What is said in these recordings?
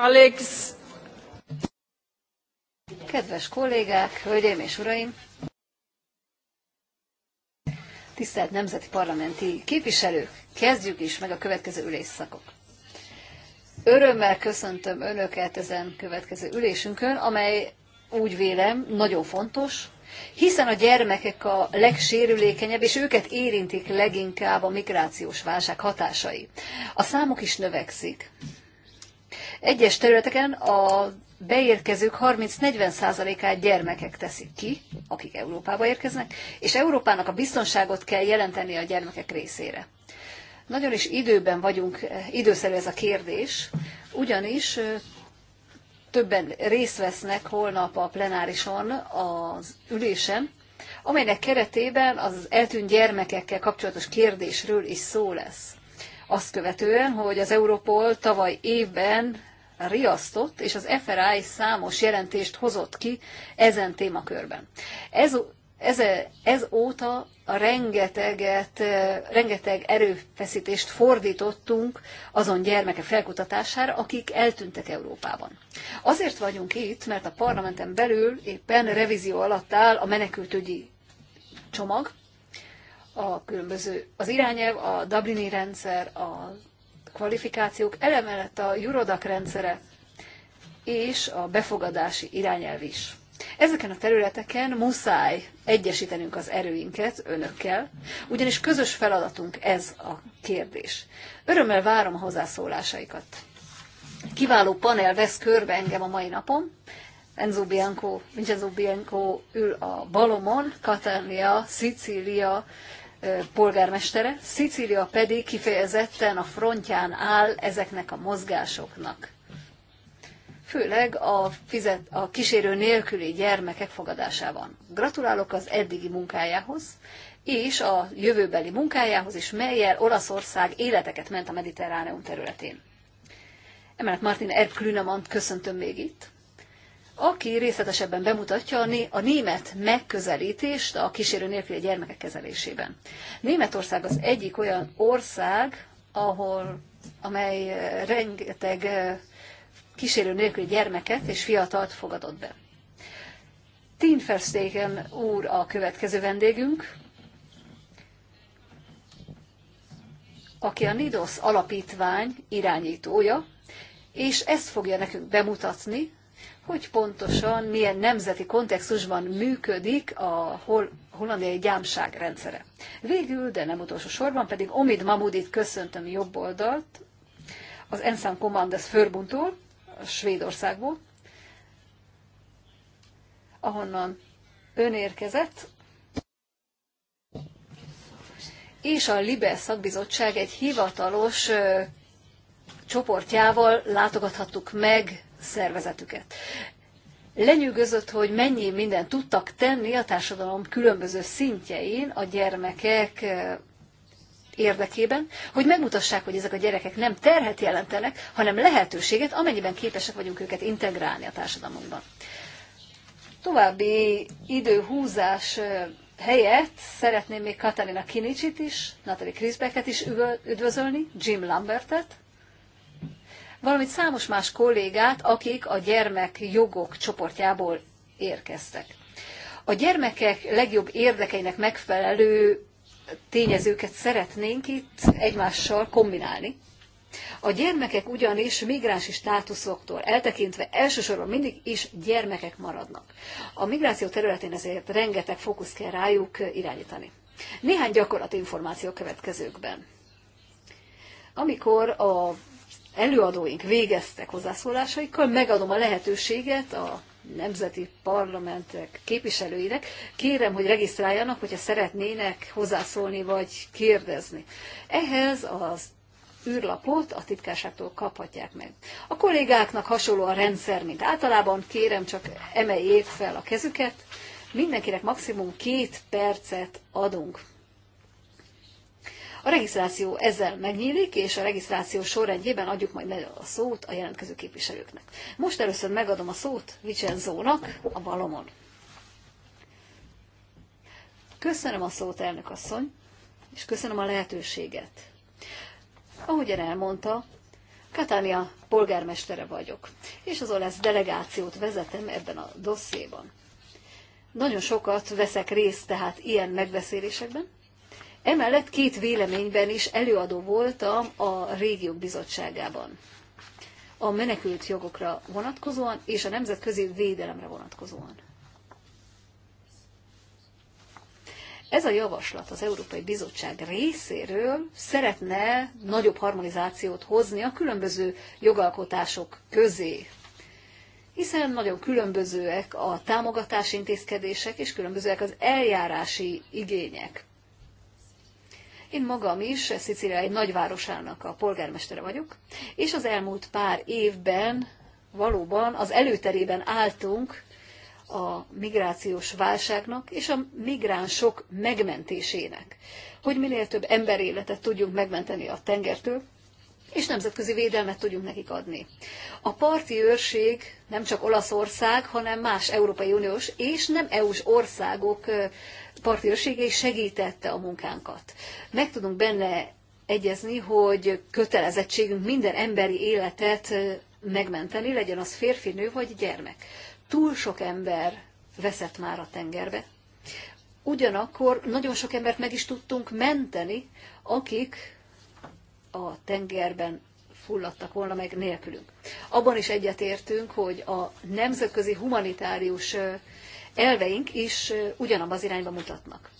Alex. Kedves kollégák, hölgyeim és uraim! Tisztelt Nemzeti Parlamenti képviselők, kezdjük is meg a következő ülésszakot. Örömmel köszöntöm Önöket ezen következő ülésünkön, amely úgy vélem nagyon fontos, hiszen a gyermekek a legsérülékenyebb, és őket érintik leginkább a migrációs válság hatásai. A számok is növekszik. Egyes területeken a beérkezők 30-40%-át gyermekek teszik ki, akik Európába érkeznek, és Európának a biztonságot kell jelenteni a gyermekek részére. Nagyon is időben vagyunk, időszerű ez a kérdés, ugyanis többen részt vesznek holnap a plenárison az ülésen, amelynek keretében az eltűnt gyermekekkel kapcsolatos kérdésről is szó lesz. Azt követően, hogy az Európol tavaly évben riasztott, és az FRI számos jelentést hozott ki ezen témakörben. Ez, ez, e- ez óta rengeteget, e, rengeteg erőfeszítést fordítottunk azon gyermekek felkutatására, akik eltűntek Európában. Azért vagyunk itt, mert a parlamenten belül éppen revízió alatt áll a menekültügyi csomag, a különböző, az irányelv, a Dublini rendszer, a kvalifikációk eleme a Eurodac rendszere és a befogadási irányelv is. Ezeken a területeken muszáj egyesítenünk az erőinket önökkel, ugyanis közös feladatunk ez a kérdés. Örömmel várom a hozzászólásaikat. Kiváló panel vesz körbe engem a mai napon. Enzo Bianco, Vincenzo Bianco ül a balomon, Katalia, Szicília, polgármestere, Szicília pedig kifejezetten a frontján áll ezeknek a mozgásoknak. Főleg a, fizet, a kísérő nélküli gyermekek fogadásában. Gratulálok az eddigi munkájához, és a jövőbeli munkájához is, melyel Olaszország életeket ment a Mediterráneum területén. Emellett Martin Erklünemant köszöntöm még itt, aki részletesebben bemutatja a német megközelítést a kísérő nélküli gyermekek kezelésében. Németország az egyik olyan ország, ahol, amely eh, rengeteg eh, kísérő nélküli gyermeket és fiatalt fogadott be. Tin Verstegen úr a következő vendégünk, aki a NIDOS alapítvány irányítója, és ezt fogja nekünk bemutatni, hogy pontosan milyen nemzeti kontextusban működik a hol hollandiai gyámság rendszere. Végül, de nem utolsó sorban pedig Omid Mamudit köszöntöm jobb oldalt, az Ensan Commandes Förbuntól, Svédországból, ahonnan ön érkezett, és a Libe szakbizottság egy hivatalos ö, csoportjával látogathattuk meg szervezetüket. Lenyűgözött, hogy mennyi mindent tudtak tenni a társadalom különböző szintjein a gyermekek érdekében, hogy megmutassák, hogy ezek a gyerekek nem terhet jelentenek, hanem lehetőséget, amennyiben képesek vagyunk őket integrálni a társadalmunkban. További időhúzás helyett szeretném még Katalina Kinicsit is, Natalie Krisbeket is üdvözölni, Jim Lambertet, valamint számos más kollégát, akik a gyermekjogok csoportjából érkeztek. A gyermekek legjobb érdekeinek megfelelő tényezőket szeretnénk itt egymással kombinálni. A gyermekek ugyanis migránsi státuszoktól eltekintve elsősorban mindig is gyermekek maradnak. A migráció területén ezért rengeteg fókusz kell rájuk irányítani. Néhány gyakorlati információ következőkben. Amikor a előadóink végeztek hozzászólásaikkal, megadom a lehetőséget a nemzeti parlamentek képviselőinek. Kérem, hogy regisztráljanak, hogyha szeretnének hozzászólni vagy kérdezni. Ehhez az űrlapot a titkárságtól kaphatják meg. A kollégáknak hasonló a rendszer, mint általában, kérem csak emeljék fel a kezüket. Mindenkinek maximum két percet adunk. A regisztráció ezzel megnyílik, és a regisztráció sorrendjében adjuk majd meg a szót a jelentkező képviselőknek. Most először megadom a szót Vicenzónak a balomon. Köszönöm a szót, elnök asszony, és köszönöm a lehetőséget. Ahogyan elmondta, Katánia polgármestere vagyok, és az olasz delegációt vezetem ebben a dosszéban. Nagyon sokat veszek részt tehát ilyen megbeszélésekben, Emellett két véleményben is előadó voltam a régiók bizottságában. A menekült jogokra vonatkozóan és a nemzetközi védelemre vonatkozóan. Ez a javaslat az Európai Bizottság részéről szeretne nagyobb harmonizációt hozni a különböző jogalkotások közé, hiszen nagyon különbözőek a támogatási intézkedések, és különbözőek az eljárási igények. Én magam is Szicília egy nagyvárosának a polgármestere vagyok, és az elmúlt pár évben valóban az előterében álltunk a migrációs válságnak és a migránsok megmentésének, hogy minél több emberéletet tudjunk megmenteni a tengertől, és nemzetközi védelmet tudjunk nekik adni. A parti őrség nem csak Olaszország, hanem más Európai Uniós és nem EU-s országok parti és segítette a munkánkat. Meg tudunk benne egyezni, hogy kötelezettségünk minden emberi életet megmenteni, legyen az férfi, nő vagy gyermek. Túl sok ember veszett már a tengerbe. Ugyanakkor nagyon sok embert meg is tudtunk menteni, akik a tengerben fulladtak volna meg nélkülünk. Abban is egyetértünk, hogy a nemzetközi humanitárius elveink is ugyanabba az irányba mutatnak.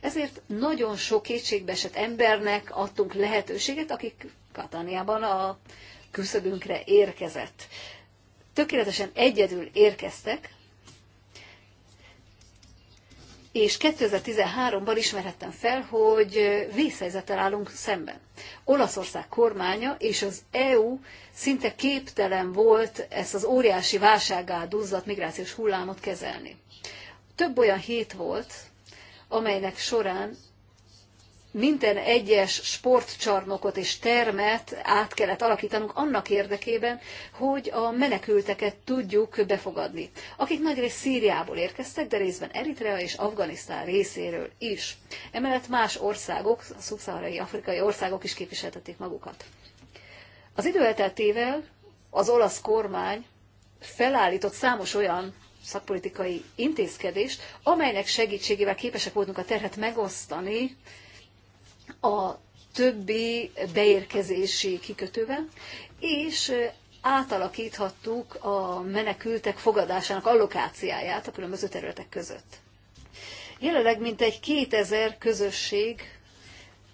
Ezért nagyon sok kétségbeesett embernek adtunk lehetőséget, akik Katániában a küszöbünkre érkezett. Tökéletesen egyedül érkeztek, és 2013-ban ismerhettem fel, hogy vészhelyzettel állunk szemben. Olaszország kormánya és az EU szinte képtelen volt ezt az óriási válságá duzzadt migrációs hullámot kezelni. Több olyan hét volt, amelynek során minden egyes sportcsarnokot és termet át kellett alakítanunk annak érdekében, hogy a menekülteket tudjuk befogadni, akik nagyrészt Szíriából érkeztek, de részben Eritrea és Afganisztán részéről is. Emellett más országok, a szubszaharai afrikai országok is képviseltették magukat. Az idő elteltével az olasz kormány felállított számos olyan szakpolitikai intézkedést, amelynek segítségével képesek voltunk a terhet megosztani a többi beérkezési kikötővel, és átalakíthattuk a menekültek fogadásának allokáciáját a különböző területek között. Jelenleg mintegy 2000 közösség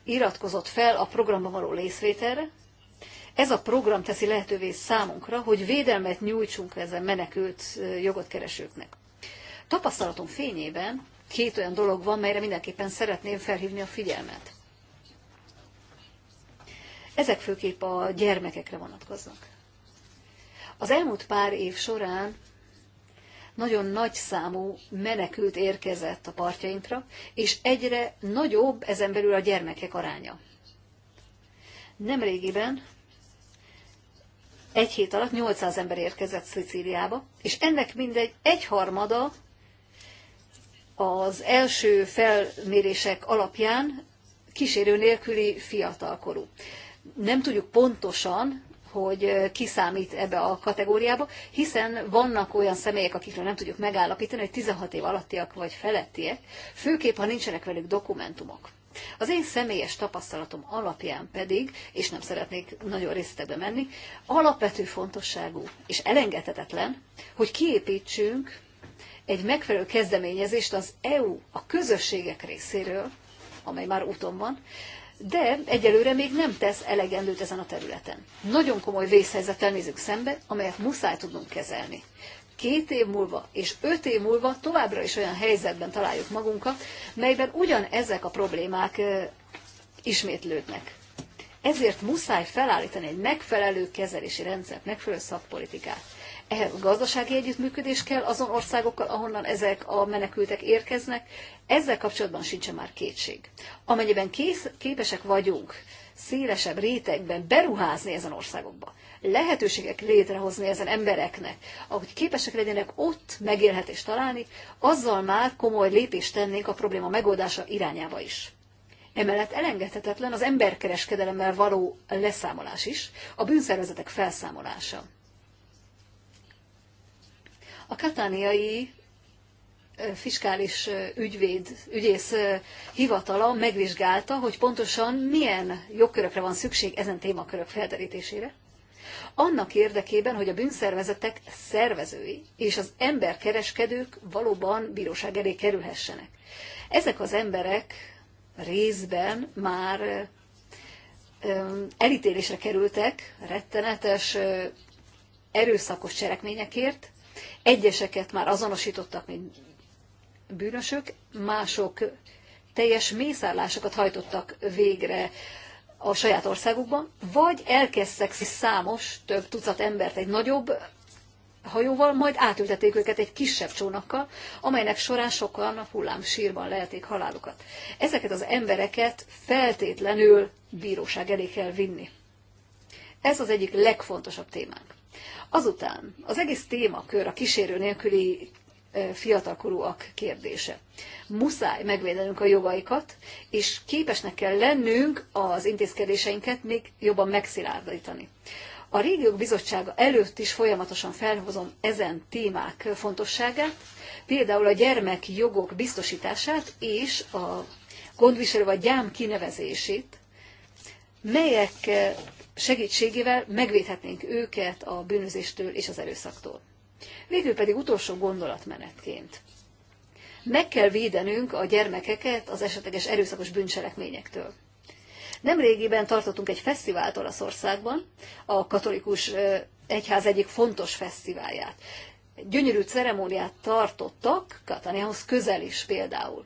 iratkozott fel a programban való részvételre. Ez a program teszi lehetővé számunkra, hogy védelmet nyújtsunk ezen menekült jogot keresőknek. Tapasztalatom fényében két olyan dolog van, melyre mindenképpen szeretném felhívni a figyelmet. Ezek főképp a gyermekekre vonatkoznak. Az elmúlt pár év során nagyon nagy számú menekült érkezett a partjainkra, és egyre nagyobb ezen belül a gyermekek aránya. Nemrégiben egy hét alatt 800 ember érkezett Szicíliába, és ennek mindegy egyharmada az első felmérések alapján kísérő nélküli fiatalkorú nem tudjuk pontosan, hogy kiszámít ebbe a kategóriába, hiszen vannak olyan személyek, akikről nem tudjuk megállapítani, hogy 16 év alattiak vagy felettiek, főképp, ha nincsenek velük dokumentumok. Az én személyes tapasztalatom alapján pedig, és nem szeretnék nagyon részletekbe menni, alapvető fontosságú és elengedhetetlen, hogy kiépítsünk egy megfelelő kezdeményezést az EU, a közösségek részéről, amely már úton van, de egyelőre még nem tesz elegendőt ezen a területen. Nagyon komoly vészhelyzettel nézünk szembe, amelyet muszáj tudnunk kezelni. Két év múlva és öt év múlva továbbra is olyan helyzetben találjuk magunkat, melyben ugyan ezek a problémák ismétlődnek. Ezért muszáj felállítani egy megfelelő kezelési rendszert, megfelelő szakpolitikát ehhez gazdasági együttműködés kell azon országokkal, ahonnan ezek a menekültek érkeznek. Ezzel kapcsolatban sincsen már kétség. Amennyiben kész, képesek vagyunk szélesebb rétegben beruházni ezen országokba, lehetőségek létrehozni ezen embereknek, ahogy képesek legyenek ott megélhetést találni, azzal már komoly lépést tennénk a probléma megoldása irányába is. Emellett elengedhetetlen az emberkereskedelemmel való leszámolás is, a bűnszervezetek felszámolása a katániai fiskális ügyvéd, ügyész hivatala megvizsgálta, hogy pontosan milyen jogkörökre van szükség ezen témakörök felderítésére. Annak érdekében, hogy a bűnszervezetek szervezői és az emberkereskedők valóban bíróság elé kerülhessenek. Ezek az emberek részben már elítélésre kerültek rettenetes erőszakos cselekményekért, Egyeseket már azonosítottak, mint bűnösök, mások teljes mészárlásokat hajtottak végre a saját országukban, vagy elkezdtek számos, több tucat embert egy nagyobb hajóval, majd átültették őket egy kisebb csónakkal, amelynek során sokan sírban lehetik halálukat. Ezeket az embereket feltétlenül bíróság elé kell vinni. Ez az egyik legfontosabb témánk. Azután az egész témakör a kísérő nélküli fiatalkorúak kérdése. Muszáj megvédenünk a jogaikat, és képesnek kell lennünk az intézkedéseinket még jobban megszilárdítani. A régiók bizottsága előtt is folyamatosan felhozom ezen témák fontosságát, például a gyermekjogok biztosítását és a gondviselő vagy gyám kinevezését, melyek segítségével megvédhetnénk őket a bűnözéstől és az erőszaktól. Végül pedig utolsó gondolatmenetként. Meg kell védenünk a gyermekeket az esetleges erőszakos bűncselekményektől. Nemrégiben tartottunk egy fesztivált Olaszországban, a katolikus egyház egyik fontos fesztiválját. Gyönyörű ceremóniát tartottak, Kataniához közel is például.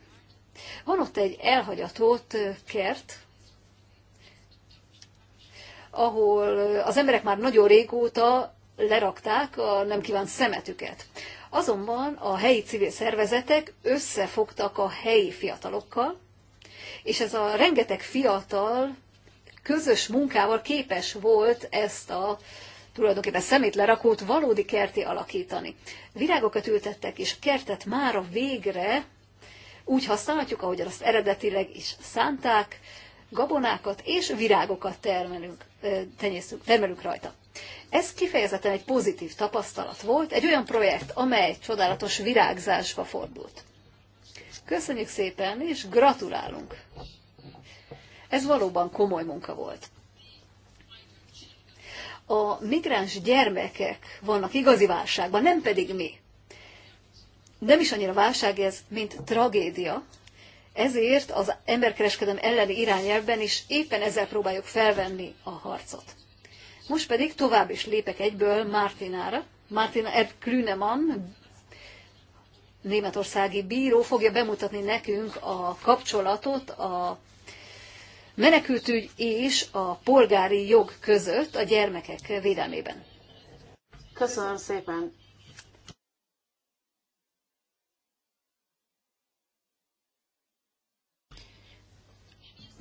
Van ott egy elhagyatott kert, ahol eh, az emberek már nagyon régóta lerakták a nem kívánt szemetüket. Azonban a helyi civil szervezetek összefogtak a helyi fiatalokkal, és ez a rengeteg fiatal közös munkával képes volt ezt a tulajdonképpen szemétlerakót valódi kerti alakítani. Virágokat ültettek, és a kertet már a végre úgy használhatjuk, ahogy azt eredetileg is szánták, gabonákat és virágokat termelünk tenyésztünk, termelünk rajta. Ez kifejezetten egy pozitív tapasztalat volt, egy olyan projekt, amely csodálatos virágzásba fordult. Köszönjük szépen, és gratulálunk! Ez valóban komoly munka volt. A migráns gyermekek vannak igazi válságban, nem pedig mi. Nem is annyira válság ez, mint tragédia, ezért az emberkereskedelem elleni irányelvben is éppen ezzel próbáljuk felvenni a harcot. Most pedig tovább is lépek egyből Martinára. Martina Ed Grünemann, németországi bíró fogja bemutatni nekünk a kapcsolatot a menekültügy és a polgári jog között a gyermekek védelmében. Köszönöm szépen.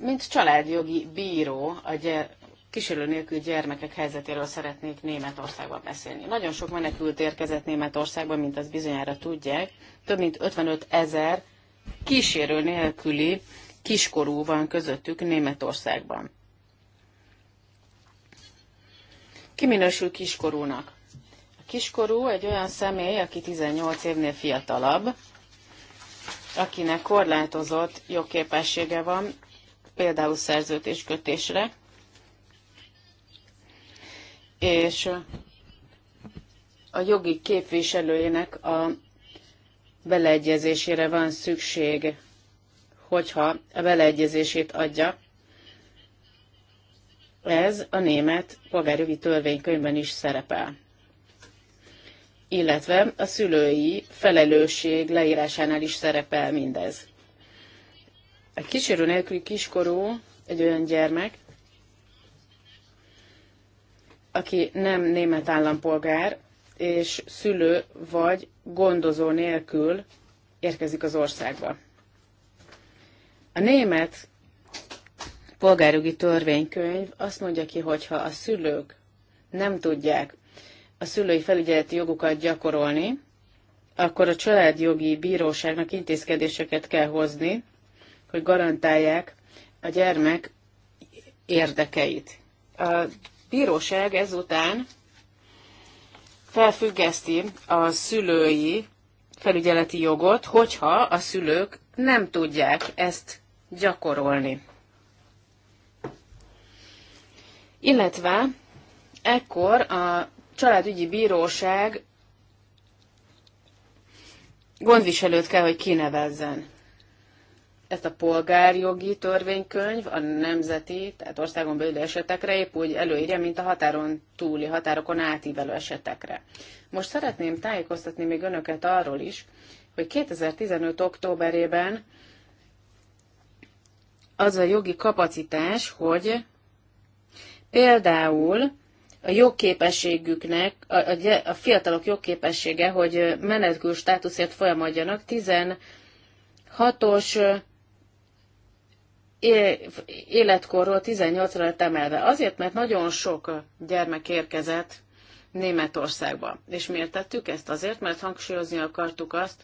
Mint családjogi bíró a gyere, kísérő nélkül gyermekek helyzetéről szeretnék Németországban beszélni. Nagyon sok menekült érkezett Németországban, mint az bizonyára tudják. Több mint 55 ezer kísérő nélküli kiskorú van közöttük Németországban. Ki minősül kiskorúnak? A kiskorú egy olyan személy, aki 18 évnél fiatalabb, akinek korlátozott jogképessége van, például szerződéskötésre, és a jogi képviselőjének a beleegyezésére van szükség, hogyha a beleegyezését adja. Ez a német polgárjogi törvénykönyvben is szerepel illetve a szülői felelősség leírásánál is szerepel mindez. Egy kísérő nélküli kiskorú, egy olyan gyermek, aki nem német állampolgár, és szülő vagy gondozó nélkül érkezik az országba. A német polgárjogi törvénykönyv azt mondja ki, hogy ha a szülők nem tudják a szülői felügyeleti jogukat gyakorolni, akkor a családjogi bíróságnak intézkedéseket kell hozni, hogy garantálják a gyermek érdekeit. A bíróság ezután felfüggeszti a szülői felügyeleti jogot, hogyha a szülők nem tudják ezt gyakorolni. Illetve ekkor a családügyi bíróság gondviselőt kell, hogy kinevezzen ezt a polgárjogi törvénykönyv a nemzeti, tehát országon belüli esetekre épp úgy előírja, mint a határon túli, határokon átívelő esetekre. Most szeretném tájékoztatni még önöket arról is, hogy 2015. októberében az a jogi kapacitás, hogy például a jogképességüknek, a, a, a fiatalok jogképessége, hogy menetkül státuszért folyamadjanak, 16-os életkorról 18-ra lett emelve. Azért, mert nagyon sok gyermek érkezett Németországba. És miért tettük ezt? Azért, mert hangsúlyozni akartuk azt,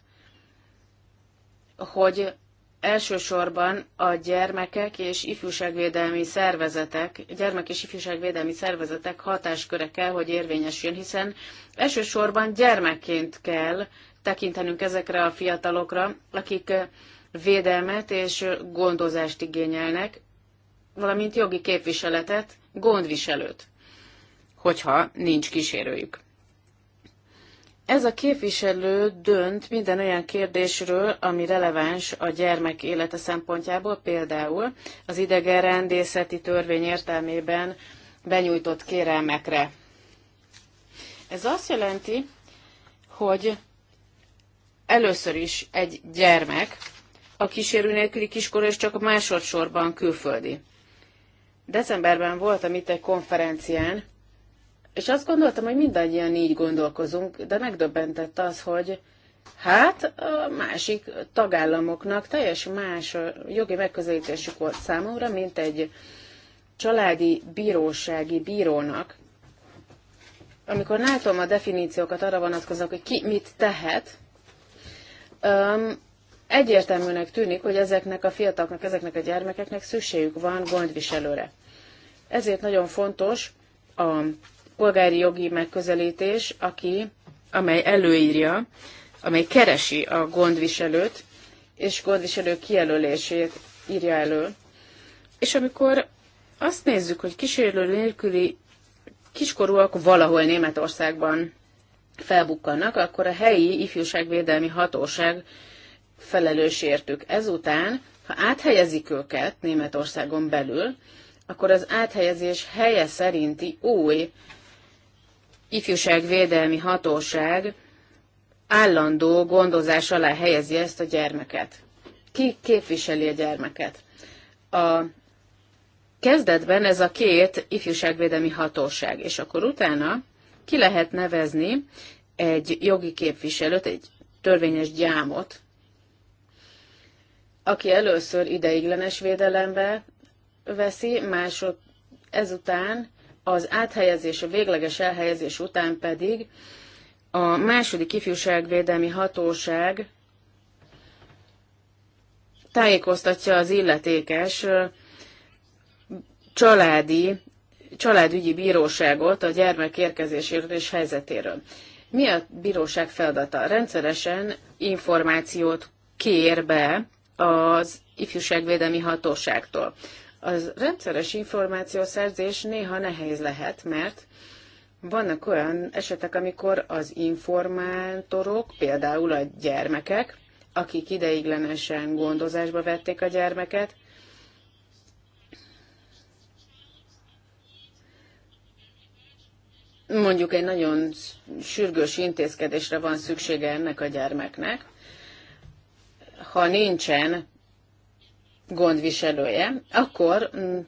hogy elsősorban a gyermekek és ifjúságvédelmi szervezetek, gyermek és ifjúságvédelmi szervezetek hatásköre kell, hogy érvényesüljön, hiszen elsősorban gyermekként kell tekintenünk ezekre a fiatalokra, akik védelmet és gondozást igényelnek, valamint jogi képviseletet, gondviselőt, hogyha nincs kísérőjük. Ez a képviselő dönt minden olyan kérdésről, ami releváns a gyermek élete szempontjából, például az idegenrendészeti törvény értelmében benyújtott kérelmekre. Ez azt jelenti, hogy először is egy gyermek a kísérő nélküli kiskorú, és csak másodszorban külföldi. Decemberben voltam itt egy konferencián, és azt gondoltam, hogy mindannyian így gondolkozunk, de megdöbbentett az, hogy hát a másik tagállamoknak teljes más jogi megközelítésük volt számomra, mint egy családi bírósági bírónak. Amikor látom a definíciókat arra vonatkozók, hogy ki mit tehet, egyértelműnek tűnik, hogy ezeknek a fiataloknak, ezeknek a gyermekeknek szükségük van gondviselőre. Ezért nagyon fontos a polgári jogi megközelítés, aki, amely előírja, amely keresi a gondviselőt, és gondviselő kijelölését írja elő. És amikor azt nézzük, hogy kísérlő nélküli kiskorúak valahol Németországban felbukkannak, akkor a helyi ifjúságvédelmi hatóság felelős értük. Ezután, ha áthelyezik őket Németországon belül, akkor az áthelyezés helye szerinti új ifjúságvédelmi hatóság állandó gondozás alá helyezi ezt a gyermeket. Ki képviseli a gyermeket? A kezdetben ez a két ifjúságvédelmi hatóság, és akkor utána ki lehet nevezni egy jogi képviselőt, egy törvényes gyámot, aki először ideiglenes védelembe veszi, másod ezután az áthelyezés, a végleges elhelyezés után pedig a második ifjúságvédelmi hatóság tájékoztatja az illetékes családi, családügyi bíróságot a gyermek érkezéséről és helyzetéről. Mi a bíróság feladata? Rendszeresen információt kér be az ifjúságvédelmi hatóságtól. Az rendszeres információszerzés néha nehéz lehet, mert vannak olyan esetek, amikor az informátorok, például a gyermekek, akik ideiglenesen gondozásba vették a gyermeket, mondjuk egy nagyon sürgős intézkedésre van szüksége ennek a gyermeknek, ha nincsen gondviselője, akkor mm,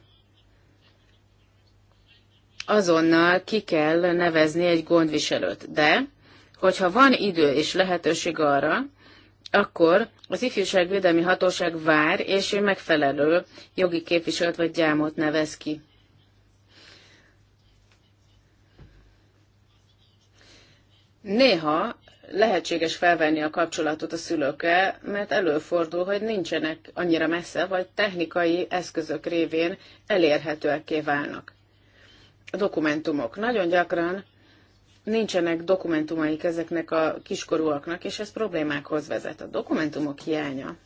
azonnal ki kell nevezni egy gondviselőt. De, hogyha van idő és lehetőség arra, akkor az ifjúságvédelmi hatóság vár, és ő megfelelő jogi képviselőt vagy gyámot nevez ki. Néha lehetséges felvenni a kapcsolatot a szülőkkel, mert előfordul, hogy nincsenek annyira messze, vagy technikai eszközök révén elérhetőekké válnak. A dokumentumok. Nagyon gyakran nincsenek dokumentumaik ezeknek a kiskorúaknak, és ez problémákhoz vezet. A dokumentumok hiánya.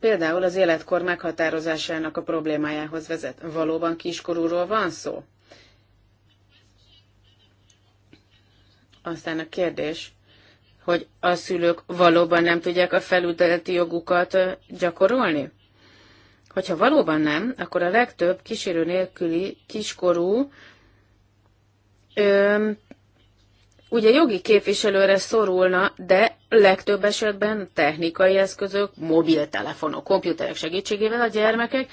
Például az életkor meghatározásának a problémájához vezet. Valóban kiskorúról van szó? Aztán a kérdés, hogy a szülők valóban nem tudják a felügyeleti jogukat gyakorolni? Hogyha valóban nem, akkor a legtöbb kísérő nélküli kiskorú ö, ugye jogi képviselőre szorulna, de legtöbb esetben technikai eszközök, mobiltelefonok, komputerek segítségével a gyermekek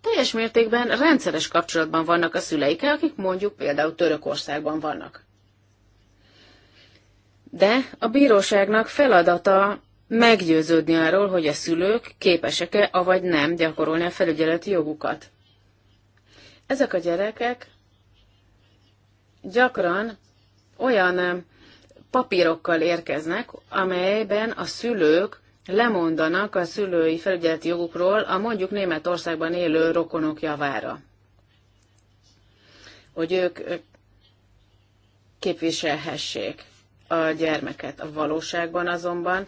teljes mértékben rendszeres kapcsolatban vannak a szüleikkel, akik mondjuk például Törökországban vannak. De a bíróságnak feladata meggyőződni arról, hogy a szülők képesek-e, avagy nem gyakorolni a felügyeleti jogukat. Ezek a gyerekek gyakran olyan papírokkal érkeznek, amelyben a szülők lemondanak a szülői felügyeleti jogukról a mondjuk Németországban élő rokonok javára. Hogy ők képviselhessék a gyermeket. A valóságban azonban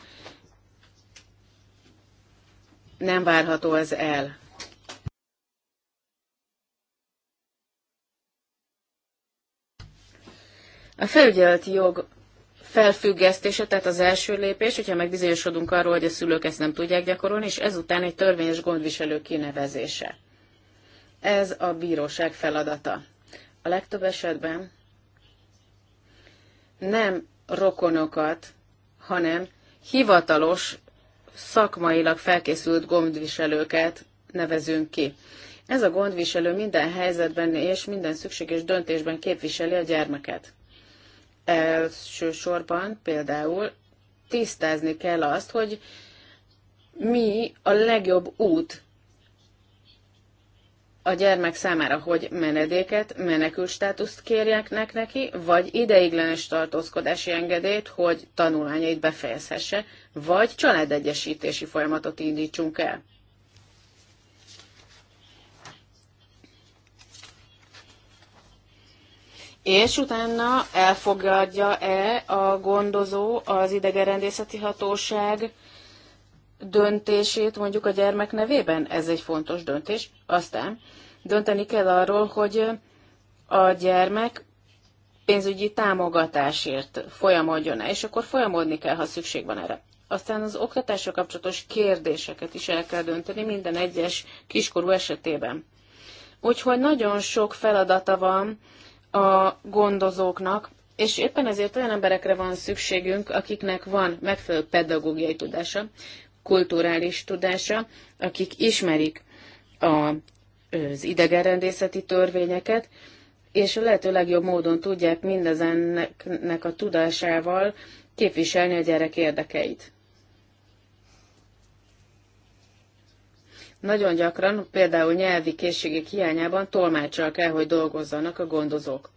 nem várható ez el. A felügyeleti jog felfüggesztése, tehát az első lépés, hogyha megbizonyosodunk arról, hogy a szülők ezt nem tudják gyakorolni, és ezután egy törvényes gondviselő kinevezése. Ez a bíróság feladata. A legtöbb esetben nem rokonokat, hanem hivatalos, szakmailag felkészült gondviselőket nevezünk ki. Ez a gondviselő minden helyzetben és minden szükséges döntésben képviseli a gyermeket. Elsősorban például tisztázni kell azt, hogy mi a legjobb út a gyermek számára, hogy menedéket, menekült státuszt kérjenek neki, vagy ideiglenes tartózkodási engedélyt, hogy tanulmányait befejezhesse, vagy családegyesítési folyamatot indítsunk el. És utána elfogadja-e a gondozó az idegenrendészeti hatóság döntését mondjuk a gyermek nevében. Ez egy fontos döntés. Aztán dönteni kell arról, hogy a gyermek pénzügyi támogatásért folyamodjon -e, és akkor folyamodni kell, ha szükség van erre. Aztán az oktatásra kapcsolatos kérdéseket is el kell dönteni minden egyes kiskorú esetében. Úgyhogy nagyon sok feladata van a gondozóknak, és éppen ezért olyan emberekre van szükségünk, akiknek van megfelelő pedagógiai tudása, kulturális tudása, akik ismerik a, az idegenrendészeti törvényeket, és a lehető legjobb módon tudják mindezennek a tudásával képviselni a gyerek érdekeit. Nagyon gyakran, például nyelvi készségek hiányában tolmácsal kell, hogy dolgozzanak a gondozók.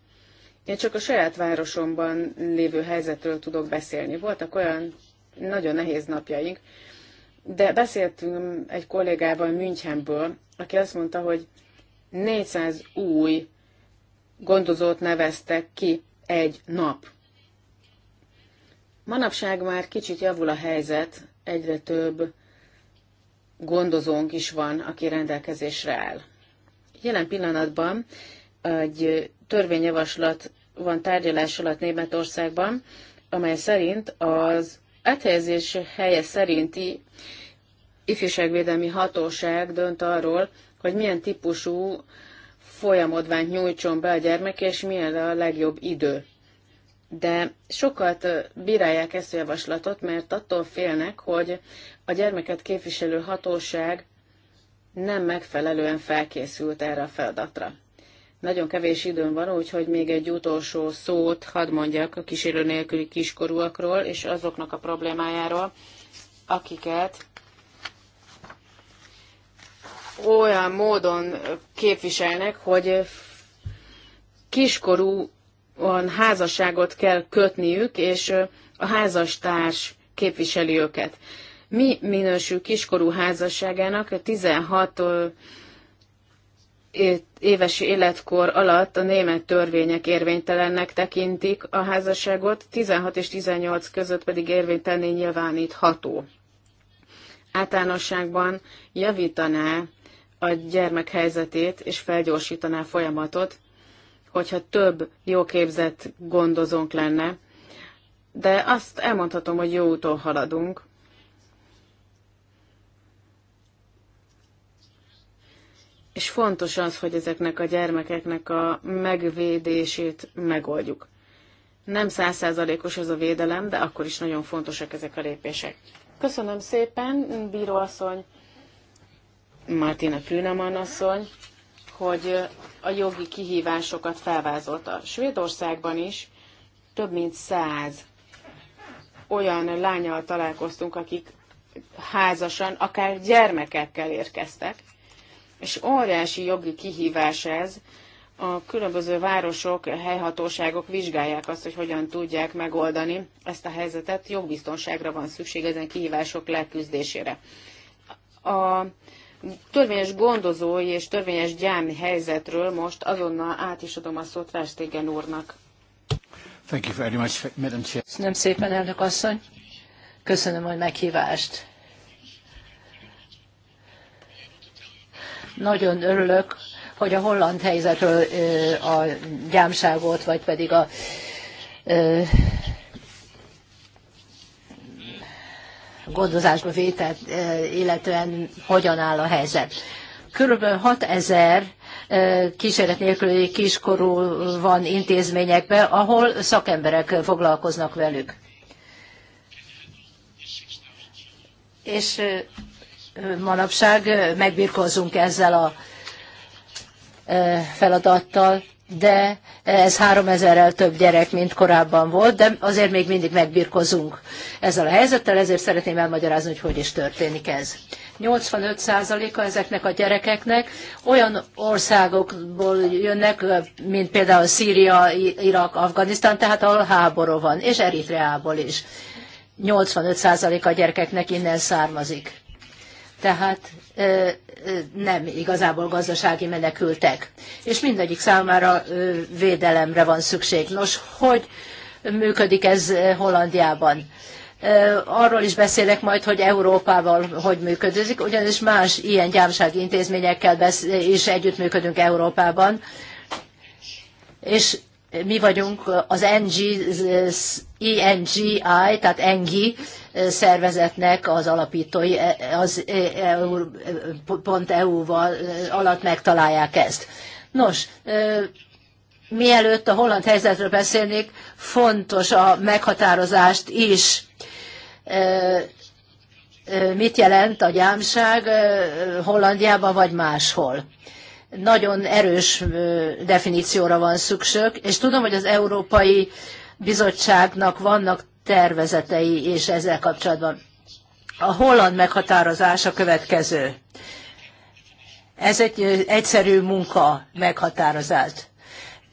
Én csak a saját városomban lévő helyzetről tudok beszélni. Voltak olyan nagyon nehéz napjaink, de beszéltünk egy kollégával Münchenből, aki azt mondta, hogy 400 új gondozót neveztek ki egy nap. Manapság már kicsit javul a helyzet, egyre több gondozónk is van, aki rendelkezésre áll. Jelen pillanatban egy törvényjavaslat van tárgyalás alatt Németországban, amely szerint az áthelyezés helye szerinti ifjúságvédelmi hatóság dönt arról, hogy milyen típusú folyamodványt nyújtson be a gyermek, és milyen a legjobb idő. De sokat bírálják ezt a javaslatot, mert attól félnek, hogy a gyermeket képviselő hatóság nem megfelelően felkészült erre a feladatra. Nagyon kevés időm van, úgyhogy még egy utolsó szót hadd mondjak a kísérő nélküli kiskorúakról és azoknak a problémájáról, akiket olyan módon képviselnek, hogy kiskorúan házasságot kell kötniük, és a házastárs képviseli őket. Mi minősül kiskorú házasságának 16 éves életkor alatt a német törvények érvénytelennek tekintik a házasságot, 16 és 18 között pedig érvénytelné nyilvánítható. Általánosságban javítaná a gyermek helyzetét és felgyorsítaná folyamatot, hogyha több jóképzett gondozónk lenne, de azt elmondhatom, hogy jó úton haladunk, és fontos az, hogy ezeknek a gyermekeknek a megvédését megoldjuk. Nem százszázalékos ez a védelem, de akkor is nagyon fontosak ezek a lépések. Köszönöm szépen, bíróasszony, Martina Prünemann asszony, hogy a jogi kihívásokat felvázolta. Svédországban is több mint száz olyan lányal találkoztunk, akik házasan, akár gyermekekkel érkeztek, és óriási jogi kihívás ez. A különböző városok, helyhatóságok vizsgálják azt, hogy hogyan tudják megoldani ezt a helyzetet. Jogbiztonságra van szükség ezen kihívások leküzdésére. A törvényes gondozói és törvényes gyámi helyzetről most azonnal át is adom a szót Rástégen úrnak. Thank you very much, Madam Chair. Köszönöm szépen, elnök asszony. Köszönöm a meghívást. Nagyon örülök, hogy a holland helyzetről a gyámságot, vagy pedig a gondozásba vételt, illetően hogyan áll a helyzet. Körülbelül ezer kísérlet nélküli kiskorú van intézményekben, ahol szakemberek foglalkoznak velük. És manapság megbirkózunk ezzel a feladattal, de ez 3000-rel több gyerek, mint korábban volt, de azért még mindig megbirkozunk ezzel a helyzettel, ezért szeretném elmagyarázni, hogy hogy is történik ez. 85%-a ezeknek a gyerekeknek olyan országokból jönnek, mint például Szíria, Irak, Afganisztán, tehát ahol háború van, és Eritreából is. 85% a gyerekeknek innen származik tehát nem igazából gazdasági menekültek. És mindegyik számára védelemre van szükség. Nos, hogy működik ez Hollandiában? arról is beszélek majd, hogy Európával hogy működik, ugyanis más ilyen gyámsági intézményekkel is együttműködünk Európában, és mi vagyunk az NG, ENGI, tehát ENGI szervezetnek az alapítói az pont eu val alatt megtalálják ezt. Nos, mielőtt a holland helyzetről beszélnék, fontos a meghatározást is. Mit jelent a gyámság Hollandiában vagy máshol? Nagyon erős definícióra van szükség, és tudom, hogy az Európai Bizottságnak vannak tervezetei és ezzel kapcsolatban. A holland meghatározás a következő. Ez egy egyszerű munka meghatározás.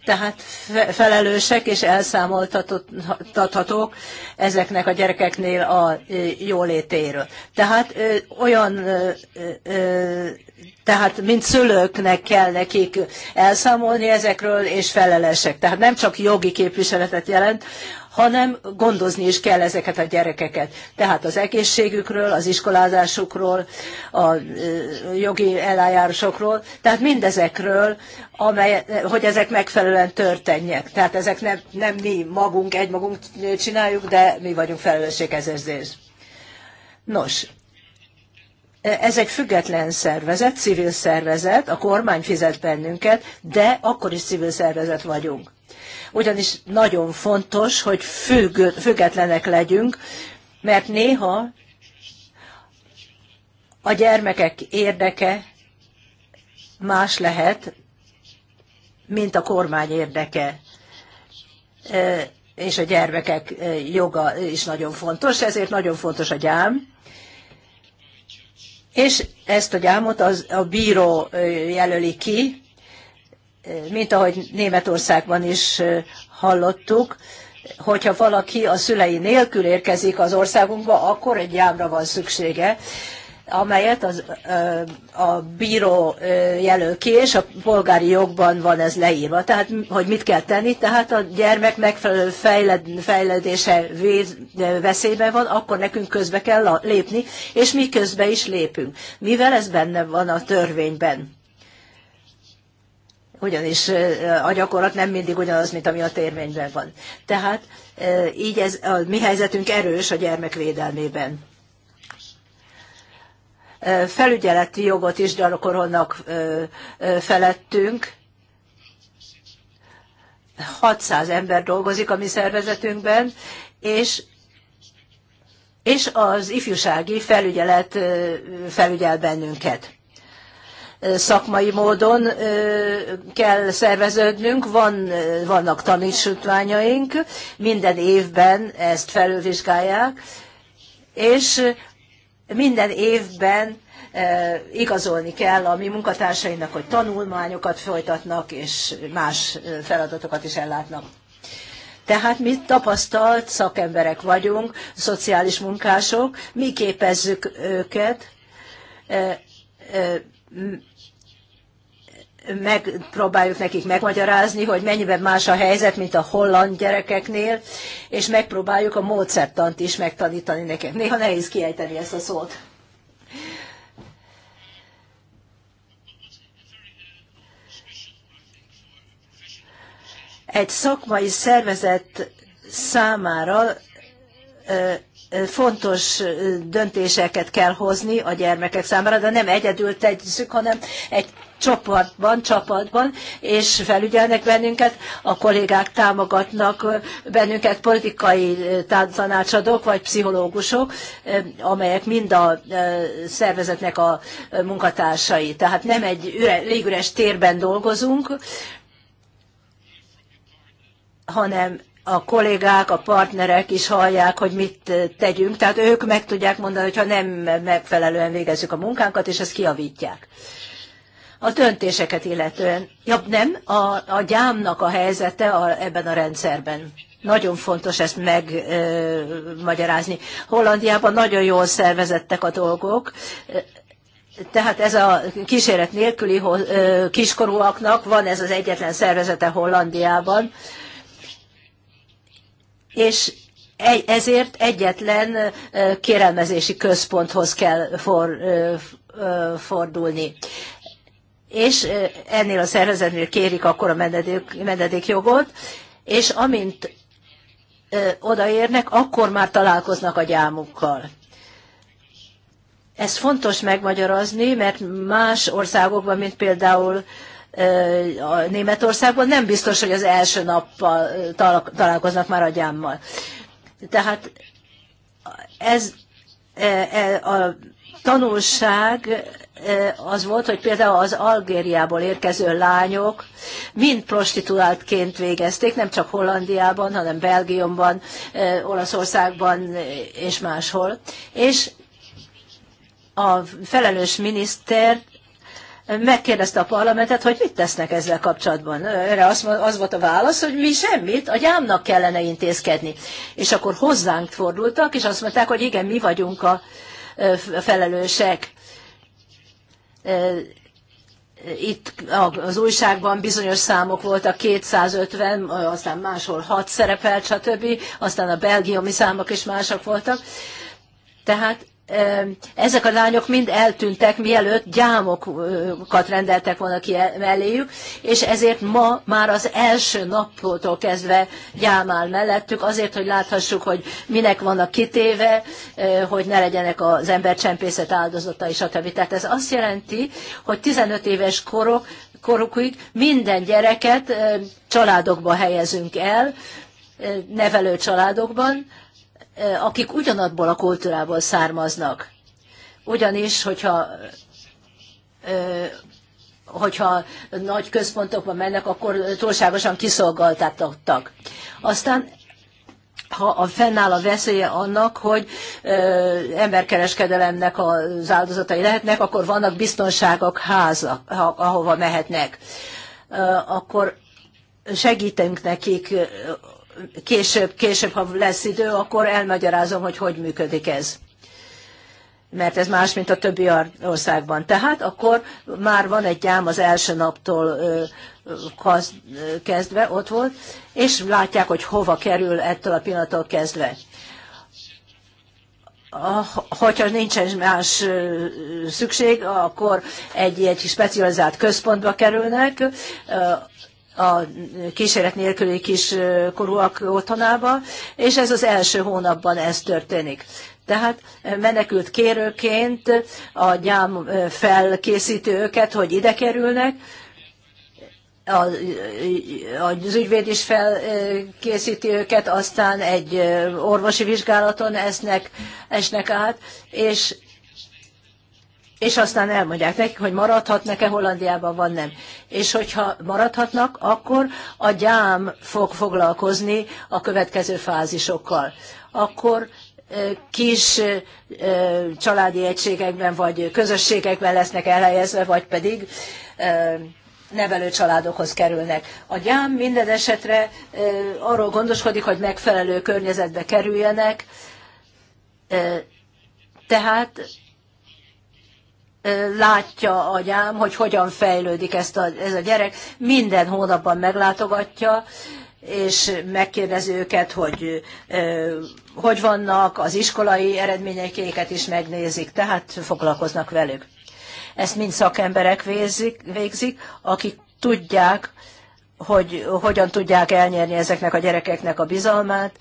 Tehát felelősek és elszámoltathatók ezeknek a gyerekeknél a jólétéről. Tehát olyan, tehát mint szülőknek kell nekik elszámolni ezekről, és felelősek. Tehát nem csak jogi képviseletet jelent, hanem gondozni is kell ezeket a gyerekeket. Tehát az egészségükről, az iskolázásukról, a jogi elájárosokról, tehát mindezekről, amely, hogy ezek megfelelően történjenek. Tehát ezek nem, nem mi magunk, egymagunk csináljuk, de mi vagyunk felelősség ezért. Nos, ez egy független szervezet, civil szervezet, a kormány fizet bennünket, de akkor is civil szervezet vagyunk ugyanis nagyon fontos, hogy függetlenek legyünk, mert néha a gyermekek érdeke más lehet, mint a kormány érdeke. És a gyermekek joga is nagyon fontos, ezért nagyon fontos a gyám. És ezt a gyámot az, a bíró jelöli ki, mint ahogy Németországban is hallottuk, hogyha valaki a szülei nélkül érkezik az országunkba, akkor egy jámra van szüksége, amelyet az, a bíró jelöl ki, és a polgári jogban van ez leírva, tehát hogy mit kell tenni, tehát a gyermek megfelelő fejled, fejlődése veszélyben van, akkor nekünk közbe kell lépni, és mi közbe is lépünk, mivel ez benne van a törvényben ugyanis a gyakorlat nem mindig ugyanaz, mint ami a térvényben van. Tehát így ez, a mi helyzetünk erős a gyermekvédelmében felügyeleti jogot is gyakorolnak felettünk. 600 ember dolgozik a mi szervezetünkben, és és az ifjúsági felügyelet felügyel bennünket szakmai módon kell szerveződnünk, van, vannak tanítsutványaink, minden évben ezt felülvizsgálják, és minden évben igazolni kell a mi munkatársainak, hogy tanulmányokat folytatnak, és más feladatokat is ellátnak. Tehát mi tapasztalt szakemberek vagyunk, szociális munkások, mi képezzük őket, megpróbáljuk nekik megmagyarázni, hogy mennyiben más a helyzet, mint a holland gyerekeknél, és megpróbáljuk a módszertant is megtanítani nekik. Néha nehéz kiejteni ezt a szót. Egy szakmai szervezet számára fontos döntéseket kell hozni a gyermekek számára, de nem egyedül tegyük, hanem egy csoportban, csapatban, és felügyelnek bennünket, a kollégák támogatnak bennünket politikai tanácsadók vagy pszichológusok, amelyek mind a szervezetnek a munkatársai. Tehát nem egy üre, légüres térben dolgozunk, hanem a kollégák, a partnerek is hallják, hogy mit tegyünk. Tehát ők meg tudják mondani, hogyha nem megfelelően végezzük a munkánkat, és ezt kiavítják a döntéseket illetően. Jobb nem, a, a gyámnak a helyzete a, ebben a rendszerben. Nagyon fontos ezt megmagyarázni. Hollandiában nagyon jól szervezettek a dolgok, tehát ez a kíséret nélküli kiskorúaknak van ez az egyetlen szervezete Hollandiában, és ezért egyetlen kérelmezési központhoz kell for, fordulni és ennél a szervezetnél kérik akkor a menedék, menedékjogot, és amint odaérnek, akkor már találkoznak a gyámukkal. Ez fontos megmagyarázni, mert más országokban, mint például a Németországban nem biztos, hogy az első nappal találkoznak már a gyámmal. Tehát ez e, e, a tanulság az volt, hogy például az Algériából érkező lányok mind prostituáltként végezték, nem csak Hollandiában, hanem Belgiumban, Olaszországban és máshol. És a felelős miniszter megkérdezte a parlamentet, hogy mit tesznek ezzel kapcsolatban. Erre az, az volt a válasz, hogy mi semmit, a gyámnak kellene intézkedni. És akkor hozzánk fordultak, és azt mondták, hogy igen, mi vagyunk a felelősek itt az újságban bizonyos számok voltak, 250, aztán máshol 6 szerepelt, stb. Aztán a belgiumi számok is mások voltak. Tehát ezek a lányok mind eltűntek, mielőtt gyámokat rendeltek volna ki melléjük, és ezért ma már az első naptól kezdve áll mellettük, azért, hogy láthassuk, hogy minek vannak kitéve, hogy ne legyenek az embercsempészet a többi. Tehát ez azt jelenti, hogy 15 éves korok, korukig minden gyereket családokba helyezünk el, nevelő családokban, Eh, akik ugyanabból a kultúrából származnak. Ugyanis, hogyha eh, hogyha nagy központokba mennek, akkor túlságosan kiszolgáltatottak. Aztán ha a fennáll a veszélye annak, hogy ö, eh, emberkereskedelemnek az áldozatai lehetnek, akkor vannak biztonságok háza, ha, ahova mehetnek. Ö, akkor segítünk nekik később, később, ha lesz idő, akkor elmagyarázom, hogy hogy működik ez mert ez más, mint a többi országban. Tehát akkor már van egy gyám az első naptól kezdve, ott volt, és látják, hogy hova kerül ettől a pillanattól kezdve. Hogyha nincsen más szükség, akkor egy, egy specializált központba kerülnek, a kíséret nélküli korúak otthonába, és ez az első hónapban ez történik. Tehát menekült kérőként a gyám felkészíti őket, hogy ide kerülnek, az ügyvéd is felkészíti őket, aztán egy orvosi vizsgálaton esznek, esnek át, és és aztán elmondják nekik, hogy maradhatnak-e Hollandiában, van nem. És hogyha maradhatnak, akkor a gyám fog foglalkozni a következő fázisokkal. Akkor kis családi egységekben vagy közösségekben lesznek elhelyezve, vagy pedig nevelő családokhoz kerülnek. A gyám minden esetre arról gondoskodik, hogy megfelelő környezetbe kerüljenek, tehát látja agyám, hogy hogyan fejlődik ezt a, ez a gyerek, minden hónapban meglátogatja, és megkérdezi őket, hogy hogy vannak, az iskolai eredményeiket is megnézik, tehát foglalkoznak velük. Ezt mind szakemberek végzik, végzik akik tudják, hogy hogyan tudják elnyerni ezeknek a gyerekeknek a bizalmát,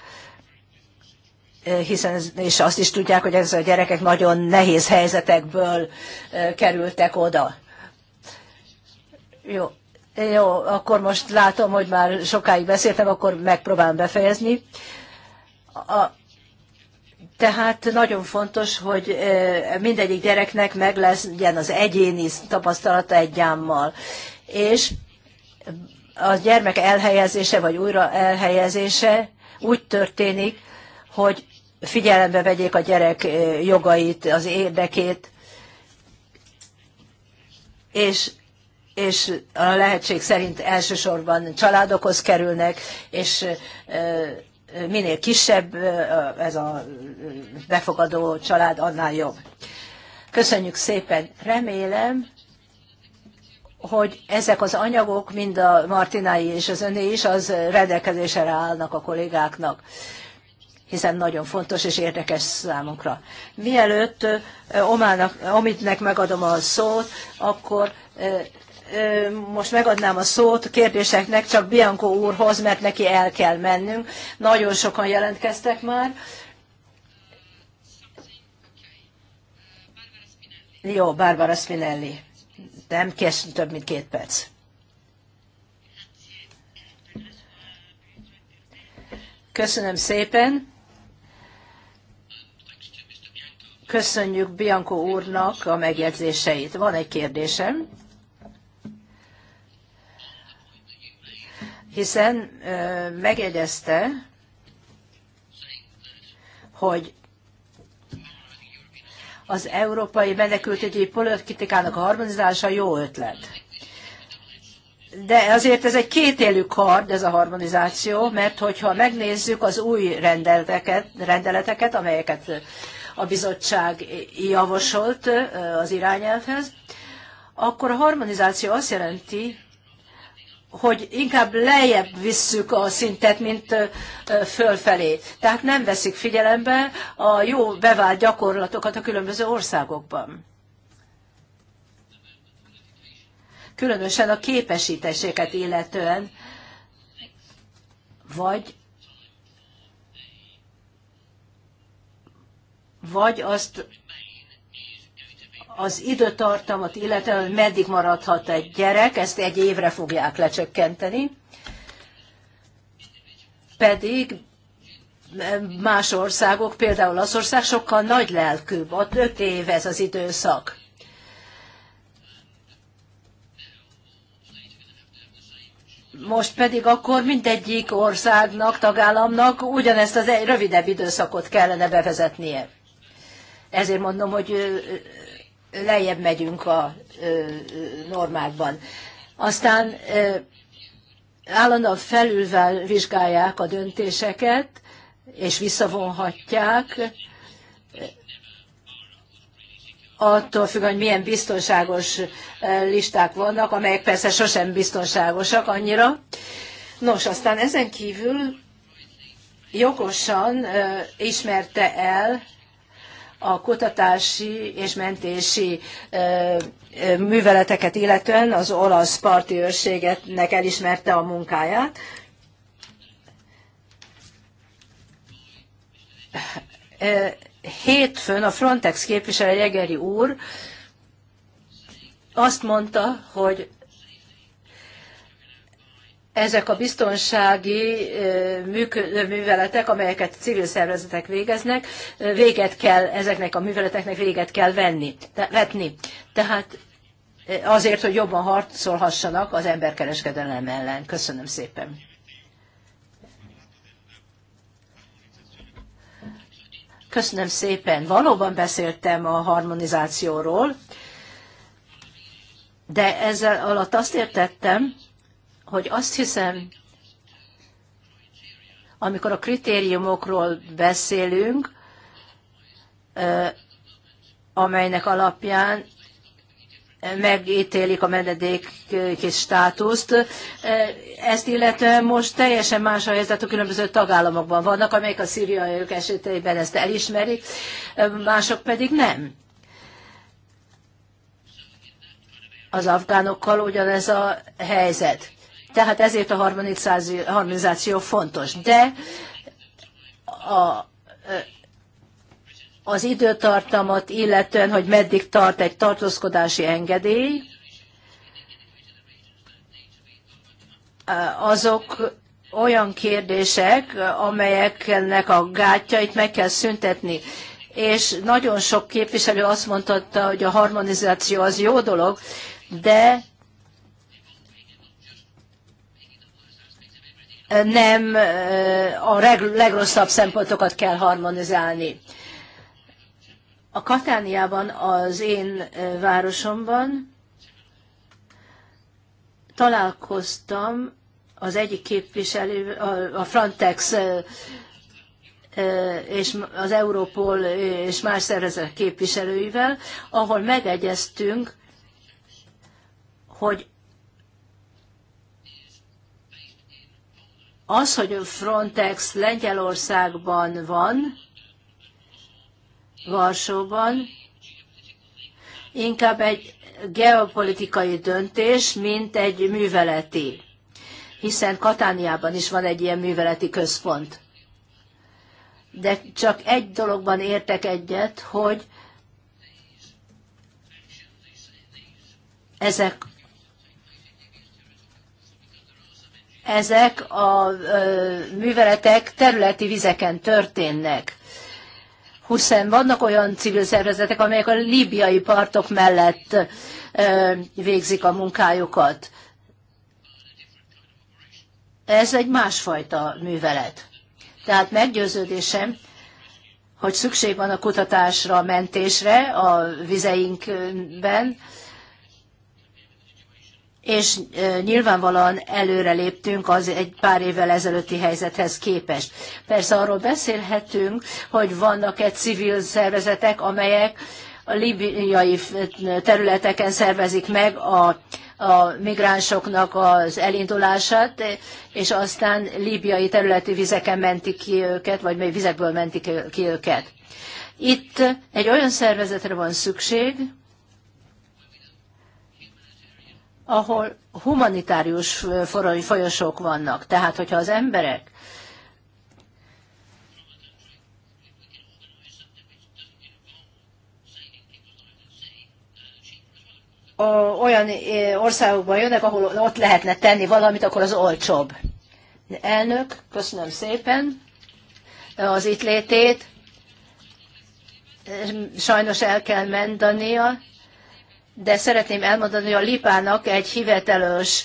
hiszen és azt is tudják, hogy ezek a gyerekek nagyon nehéz helyzetekből kerültek oda. Jó, jó, akkor most látom, hogy már sokáig beszéltem, akkor megpróbálom befejezni. A, tehát nagyon fontos, hogy mindegyik gyereknek meg lesz ilyen az egyéni tapasztalata egy gyámmal. És a gyermek elhelyezése vagy újra elhelyezése úgy történik, hogy figyelembe vegyék a gyerek jogait, az érdekét, és, és a lehetség szerint elsősorban családokhoz kerülnek, és minél kisebb ez a befogadó család, annál jobb. Köszönjük szépen. Remélem, hogy ezek az anyagok, mind a Martinái és az öné is, az rendelkezésre állnak a kollégáknak hiszen nagyon fontos és érdekes számunkra. Mielőtt Omának, Omitnek megadom a szót, akkor most megadnám a szót kérdéseknek csak Bianco úrhoz, mert neki el kell mennünk. Nagyon sokan jelentkeztek már. Jó, Barbara Spinelli. Nem kés több, mint két perc. Köszönöm szépen. Köszönjük Bianco úrnak a megjegyzéseit. Van egy kérdésem. Hiszen megjegyezte, hogy az európai menekültügyi politikának a harmonizálása jó ötlet. De azért ez egy kétélű kard, ez a harmonizáció, mert hogyha megnézzük az új rendeleteket, rendeleteket amelyeket a bizottság javasolt az irányelvhez, akkor a harmonizáció azt jelenti, hogy inkább lejjebb visszük a szintet, mint fölfelé. Tehát nem veszik figyelembe a jó bevált gyakorlatokat a különböző országokban. Különösen a képesítéseket illetően, vagy vagy azt az időtartamot, illetve hogy meddig maradhat egy gyerek, ezt egy évre fogják lecsökkenteni, pedig más országok, például az ország sokkal nagy lelkűbb, ott öt év ez az időszak. Most pedig akkor mindegyik országnak, tagállamnak ugyanezt az egy rövidebb időszakot kellene bevezetnie. Ezért mondom, hogy lejjebb megyünk a normákban. Aztán állandóan felülvel vizsgálják a döntéseket, és visszavonhatják, attól függ, hogy milyen biztonságos listák vannak, amelyek persze sosem biztonságosak annyira. Nos, aztán ezen kívül jogosan ismerte el a kutatási és mentési műveleteket illetően az olasz parti őrségetnek elismerte a munkáját. Hétfőn a Frontex képviselő Jegeri úr azt mondta, hogy ezek a biztonsági műveletek, amelyeket civil szervezetek végeznek, véget kell, ezeknek a műveleteknek véget kell venni, vetni. Tehát azért, hogy jobban harcolhassanak az emberkereskedelem ellen. Köszönöm szépen. Köszönöm szépen. Valóban beszéltem a harmonizációról, de ezzel alatt azt értettem, hogy azt hiszem, amikor a kritériumokról beszélünk, amelynek alapján megítélik a menedéki státuszt. Ezt illetően most teljesen más a helyzet a különböző tagállamokban. Vannak, amelyek a szíriaiak esetében ezt elismerik, mások pedig nem. Az afgánokkal ugyanez a helyzet. Tehát ezért a harmonizáció fontos. De a, az időtartamot illetően, hogy meddig tart egy tartózkodási engedély, azok olyan kérdések, amelyeknek a gátjait meg kell szüntetni. És nagyon sok képviselő azt mondta, hogy a harmonizáció az jó dolog, de nem a legrosszabb szempontokat kell harmonizálni. A Katániában, az én városomban találkoztam az egyik képviselő, a Frontex és az Europol és más szervezet képviselőivel, ahol megegyeztünk, hogy Az, hogy a Frontex Lengyelországban van, Varsóban, inkább egy geopolitikai döntés, mint egy műveleti, hiszen Katániában is van egy ilyen műveleti központ. De csak egy dologban értek egyet, hogy ezek ezek a műveletek területi vizeken történnek hiszen vannak olyan civil szervezetek, amelyek a líbiai partok mellett végzik a munkájukat. Ez egy másfajta művelet. Tehát meggyőződésem, hogy szükség van a kutatásra, a mentésre a vizeinkben, és nyilvánvalóan előre léptünk az egy pár évvel ezelőtti helyzethez képest. Persze arról beszélhetünk, hogy vannak-e civil szervezetek, amelyek a libiai területeken szervezik meg a, a migránsoknak az elindulását, és aztán libiai területi vizeken mentik ki őket, vagy még vizekből mentik ki őket. Itt egy olyan szervezetre van szükség, ahol humanitárius folyosók vannak. Tehát, hogyha az emberek olyan országokban jönnek, ahol ott lehetne tenni valamit, akkor az olcsóbb. Elnök, köszönöm szépen az itt létét. Sajnos el kell mendania de szeretném elmondani, hogy a Lipának egy hivatalos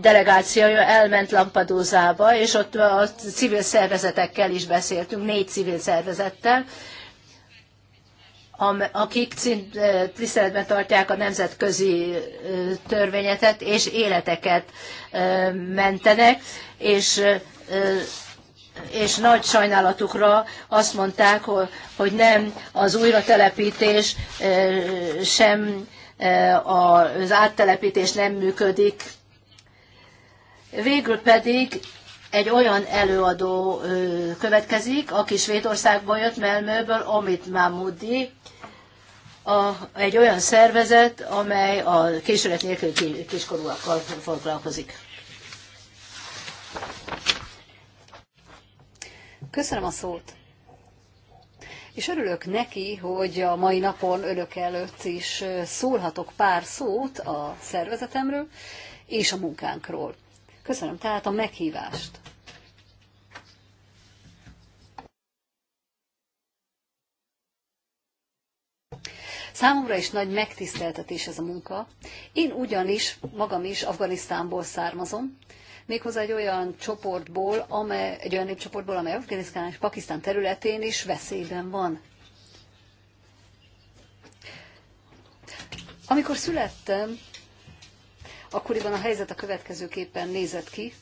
delegációja elment Lampadózába, és ott a civil szervezetekkel is beszéltünk, négy civil szervezettel, akik tiszteletben tartják a nemzetközi törvényetet, és életeket mentenek, és és nagy sajnálatukra azt mondták, hogy nem az újratelepítés sem az áttelepítés nem működik. Végül pedig egy olyan előadó következik, aki Svédországból jött, Melmőből, Amit Mahmoudi, a, egy olyan szervezet, amely a késület nélkül kiskorúakkal foglalkozik. Köszönöm a szót és örülök neki, hogy a mai napon önök előtt is szólhatok pár szót a szervezetemről és a munkánkról. Köszönöm tehát a meghívást. Számomra is nagy megtiszteltetés ez a munka. Én ugyanis magam is Afganisztánból származom, méghozzá egy olyan csoportból, amely, egy olyan népcsoportból, amely Afganisztán és Pakisztán területén is veszélyben van. Amikor születtem, akkoriban a helyzet a következőképpen nézett ki.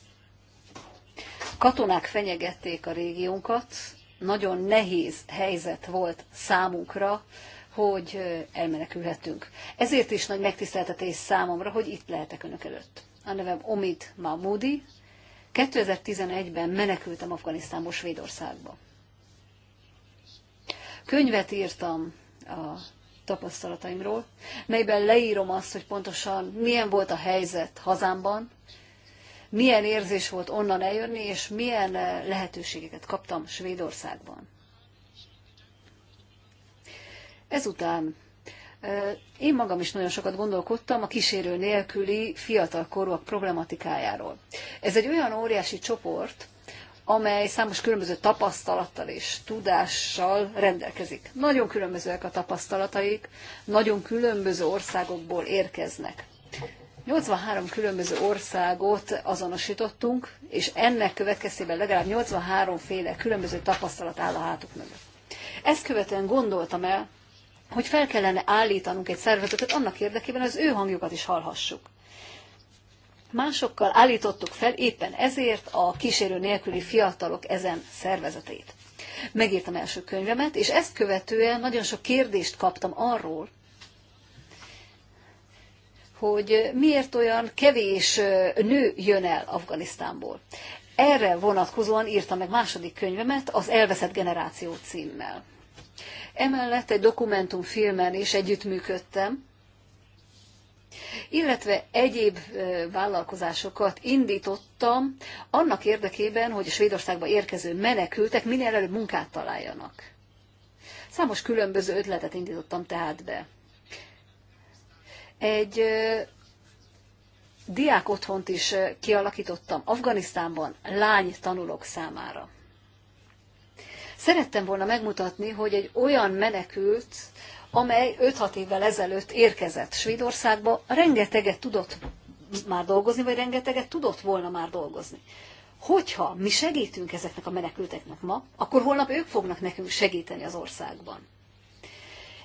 Katonák fenyegették a régiónkat, nagyon nehéz helyzet volt számunkra, hogy elmenekülhetünk. Ezért is nagy megtiszteltetés számomra, hogy itt lehetek önök előtt a nevem Omid Mahmoudi. 2011-ben menekültem Afganisztánból Svédországba. Könyvet írtam a tapasztalataimról, melyben leírom azt, hogy pontosan milyen volt a helyzet hazámban, milyen érzés volt onnan eljönni, és milyen eh, lehetőségeket kaptam Svédországban. Ezután én magam is nagyon sokat gondolkodtam a kísérő nélküli korúak problematikájáról. Ez egy olyan óriási csoport, amely számos különböző tapasztalattal és tudással rendelkezik. Nagyon különbözőek a tapasztalataik, nagyon különböző országokból érkeznek. 83 különböző országot azonosítottunk, és ennek következtében legalább 83 féle különböző tapasztalat áll a hátuk mögött. Ezt követően gondoltam el, hogy fel kellene állítanunk egy szervezetet annak érdekében, az ő hangjukat is hallhassuk. Másokkal állítottuk fel éppen ezért a kísérő nélküli fiatalok ezen szervezetét. Megírtam első könyvemet, és ezt követően nagyon sok kérdést kaptam arról, hogy miért olyan kevés nő jön el Afganisztánból. Erre vonatkozóan írtam meg második könyvemet, az Elveszett Generáció címmel. Emellett egy dokumentumfilmen is együttműködtem, illetve egyéb vállalkozásokat indítottam annak érdekében, hogy a Svédországba érkező menekültek minél előbb munkát találjanak. Számos különböző ötletet indítottam tehát be. Egy diák otthont is kialakítottam Afganisztánban lány tanulók számára. Szerettem volna megmutatni, hogy egy olyan menekült, amely 5-6 évvel ezelőtt érkezett Svédországba, rengeteget tudott már dolgozni, vagy rengeteget tudott volna már dolgozni. Hogyha mi segítünk ezeknek a menekülteknek ma, akkor holnap ők fognak nekünk segíteni az országban.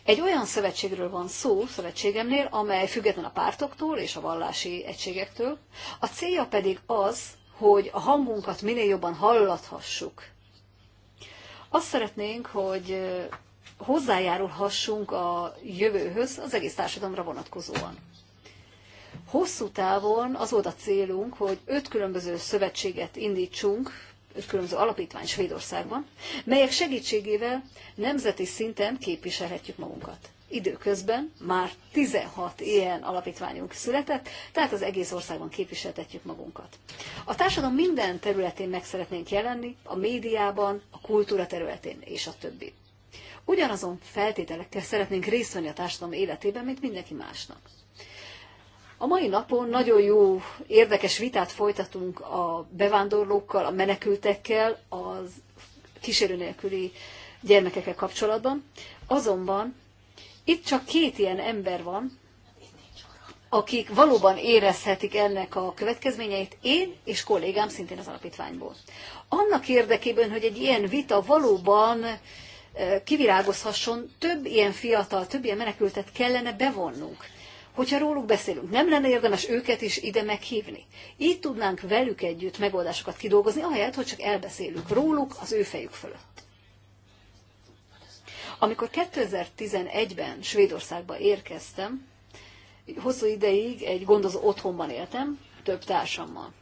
Egy olyan szövetségről van szó, szövetségemnél, amely független a pártoktól és a vallási egységektől. A célja pedig az, hogy a hangunkat minél jobban hallathassuk azt szeretnénk, hogy hozzájárulhassunk a jövőhöz az egész társadalomra vonatkozóan. Hosszú távon az volt a célunk, hogy öt különböző szövetséget indítsunk, öt különböző alapítvány Svédországban, melyek segítségével nemzeti szinten képviselhetjük magunkat időközben már 16 ilyen alapítványunk született, tehát az egész országban képviseltetjük magunkat. A társadalom minden területén meg szeretnénk jelenni, a médiában, a kultúra területén és a többi. Ugyanazon feltételekkel szeretnénk részt venni a társadalom életében, mint mindenki másnak. A mai napon nagyon jó, érdekes vitát folytatunk a bevándorlókkal, a menekültekkel, az kísérő nélküli gyermekekkel kapcsolatban. Azonban itt csak két ilyen ember van, akik valóban érezhetik ennek a következményeit, én és kollégám szintén az alapítványból. Annak érdekében, hogy egy ilyen vita valóban eh, kivirágozhasson, több ilyen fiatal, több ilyen menekültet kellene bevonnunk. Hogyha róluk beszélünk, nem lenne érdemes őket is ide meghívni. Így tudnánk velük együtt megoldásokat kidolgozni, ahelyett, hogy csak elbeszélünk róluk az ő fejük fölött. Amikor 2011-ben Svédországba érkeztem, hosszú ideig egy gondozó otthonban éltem, több társammal.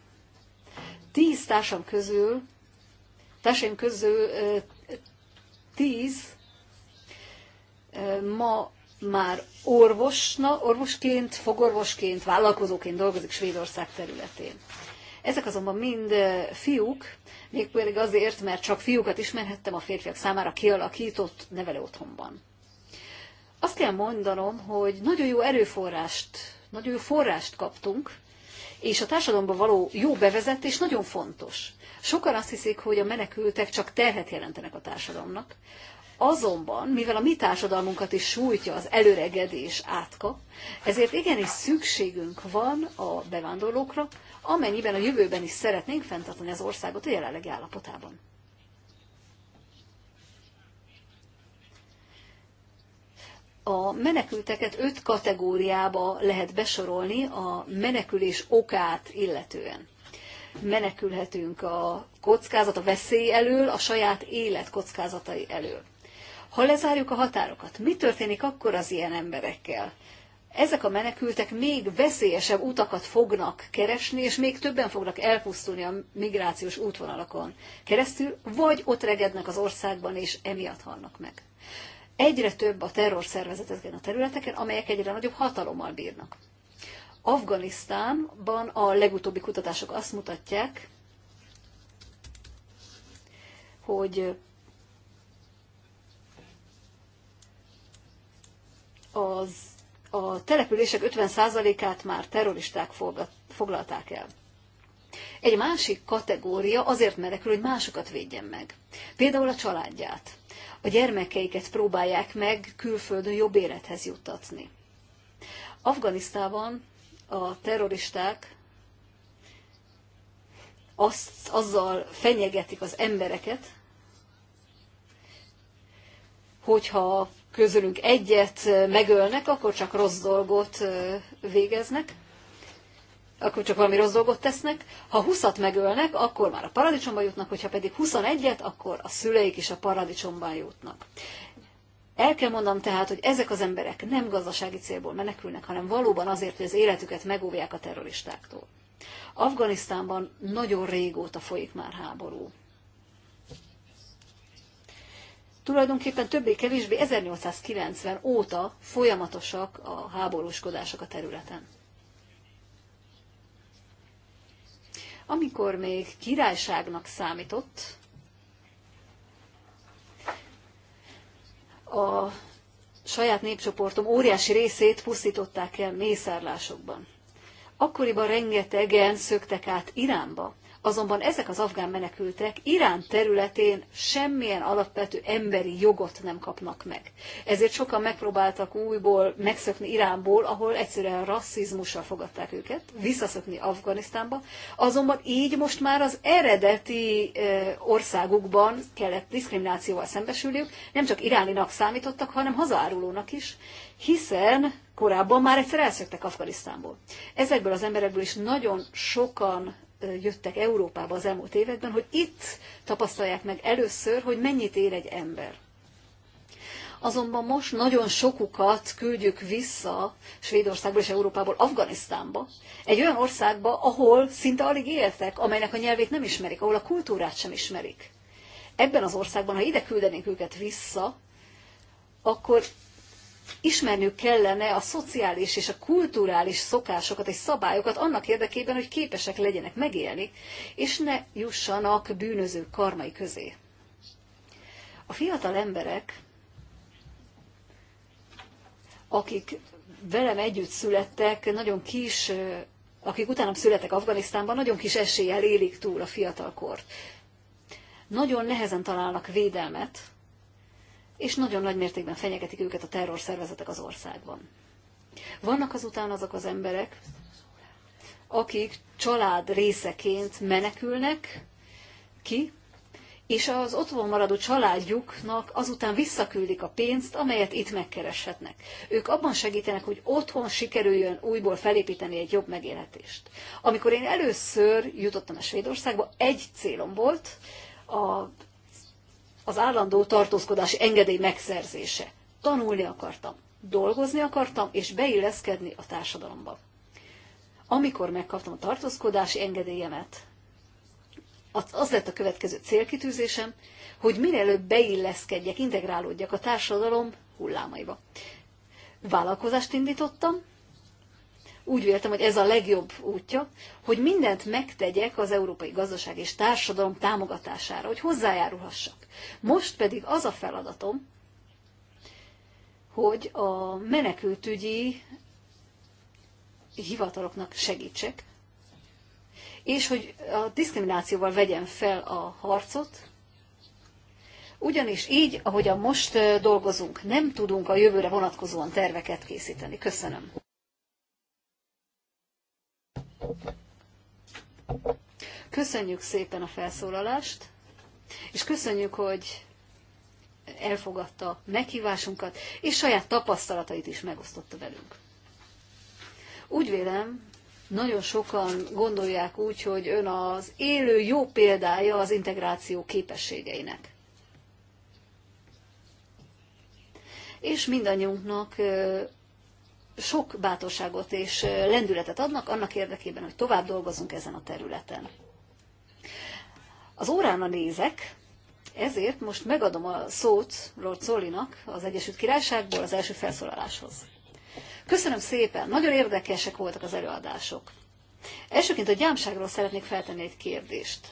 Tíz társam közül, társaim közül tíz ma már orvosna, orvosként, fogorvosként, vállalkozóként dolgozik Svédország területén. Ezek azonban mind fiúk, mégpedig azért, mert csak fiúkat ismerhettem a férfiak számára kialakított nevelő otthonban. Azt kell mondanom, hogy nagyon jó erőforrást, nagyon jó forrást kaptunk, és a társadalomba való jó bevezetés nagyon fontos. Sokan azt hiszik, hogy a menekültek csak terhet jelentenek a társadalomnak, Azonban, mivel a mi társadalmunkat is sújtja az előregedés átka, ezért igenis szükségünk van a bevándorlókra, amennyiben a jövőben is szeretnénk fenntartani az országot a jelenlegi állapotában. A menekülteket öt kategóriába lehet besorolni a menekülés okát illetően. Menekülhetünk a kockázat, a veszély elől, a saját élet kockázatai elől. Ha lezárjuk a határokat, mi történik akkor az ilyen emberekkel? ezek a menekültek még veszélyesebb utakat fognak keresni, és még többen fognak elpusztulni a migrációs útvonalakon keresztül, vagy ott regednek az országban, és emiatt halnak meg. Egyre több a terrorszervezet ezeken a területeken, amelyek egyre nagyobb hatalommal bírnak. Afganisztánban a legutóbbi kutatások azt mutatják, hogy az a települések 50%-át már terroristák foglalták el. Egy másik kategória azért menekül, hogy másokat védjen meg. Például a családját. A gyermekeiket próbálják meg külföldön jobb élethez juttatni. Afganisztában a terroristák azt, azzal fenyegetik az embereket, hogyha közülünk egyet megölnek, akkor csak rossz dolgot végeznek, akkor csak valami rossz dolgot tesznek. Ha huszat megölnek, akkor már a paradicsomba jutnak, hogyha pedig 21-et, akkor a szüleik is a paradicsomba jutnak. El kell mondanom tehát, hogy ezek az emberek nem gazdasági célból menekülnek, hanem valóban azért, hogy az életüket megóvják a terroristáktól. Afganisztánban nagyon régóta folyik már háború. Tulajdonképpen többé-kevésbé 1890 óta folyamatosak a háborúskodások a területen. Amikor még királyságnak számított, a saját népcsoportom óriási részét pusztították el mészárlásokban. Akkoriban rengetegen szöktek át Iránba, Azonban ezek az afgán menekültek Irán területén semmilyen alapvető emberi jogot nem kapnak meg. Ezért sokan megpróbáltak újból megszökni Iránból, ahol egyszerűen rasszizmussal fogadták őket, visszaszökni Afganisztánba, azonban így most már az eredeti országukban kellett diszkriminációval szembesülniük, nem csak iráninak számítottak, hanem hazárulónak is, hiszen korábban már egyszer elszöktek Afganisztánból. Ezekből az emberekből is nagyon sokan jöttek Európába az elmúlt években, hogy itt tapasztalják meg először, hogy mennyit ér egy ember. Azonban most nagyon sokukat küldjük vissza Svédországból és Európából Afganisztánba, egy olyan országba, ahol szinte alig éltek, amelynek a nyelvét nem ismerik, ahol a kultúrát sem ismerik. Ebben az országban, ha ide küldenénk őket vissza, akkor ismernünk kellene a szociális és a kulturális szokásokat és szabályokat annak érdekében, hogy képesek legyenek megélni, és ne jussanak bűnöző karmai közé. A fiatal emberek, akik velem együtt születtek, nagyon kis, akik utána születtek Afganisztánban, nagyon kis eséllyel élik túl a fiatalkort. Nagyon nehezen találnak védelmet, és nagyon nagy mértékben fenyegetik őket a terrorszervezetek az országban. Vannak azután azok az emberek, akik család részeként menekülnek ki, és az otthon maradó családjuknak azután visszaküldik a pénzt, amelyet itt megkereshetnek. Ők abban segítenek, hogy otthon sikerüljön újból felépíteni egy jobb megélhetést. Amikor én először jutottam a Svédországba, egy célom volt, a az állandó tartózkodási engedély megszerzése. Tanulni akartam, dolgozni akartam, és beilleszkedni a társadalomba. Amikor megkaptam a tartózkodási engedélyemet, az lett a következő célkitűzésem, hogy minél előbb beilleszkedjek, integrálódjak a társadalom hullámaiba. Vállalkozást indítottam, úgy véltem, hogy ez a legjobb útja, hogy mindent megtegyek az európai gazdaság és társadalom támogatására, hogy hozzájárulhassak. Most pedig az a feladatom, hogy a menekültügyi hivataloknak segítsek, és hogy a diszkriminációval vegyem fel a harcot, ugyanis így, ahogyan most dolgozunk, nem tudunk a jövőre vonatkozóan terveket készíteni. Köszönöm. Köszönjük szépen a felszólalást, és köszönjük, hogy elfogadta meghívásunkat, és saját tapasztalatait is megosztotta velünk. Úgy vélem, nagyon sokan gondolják úgy, hogy ön az élő jó példája az integráció képességeinek. És mindannyiunknak sok bátorságot és lendületet adnak annak érdekében, hogy tovább dolgozunk ezen a területen. Az a nézek, ezért most megadom a szót Lord Zolinak az Egyesült Királyságból az első felszólaláshoz. Köszönöm szépen, nagyon érdekesek voltak az előadások. Elsőként a gyámságról szeretnék feltenni egy kérdést.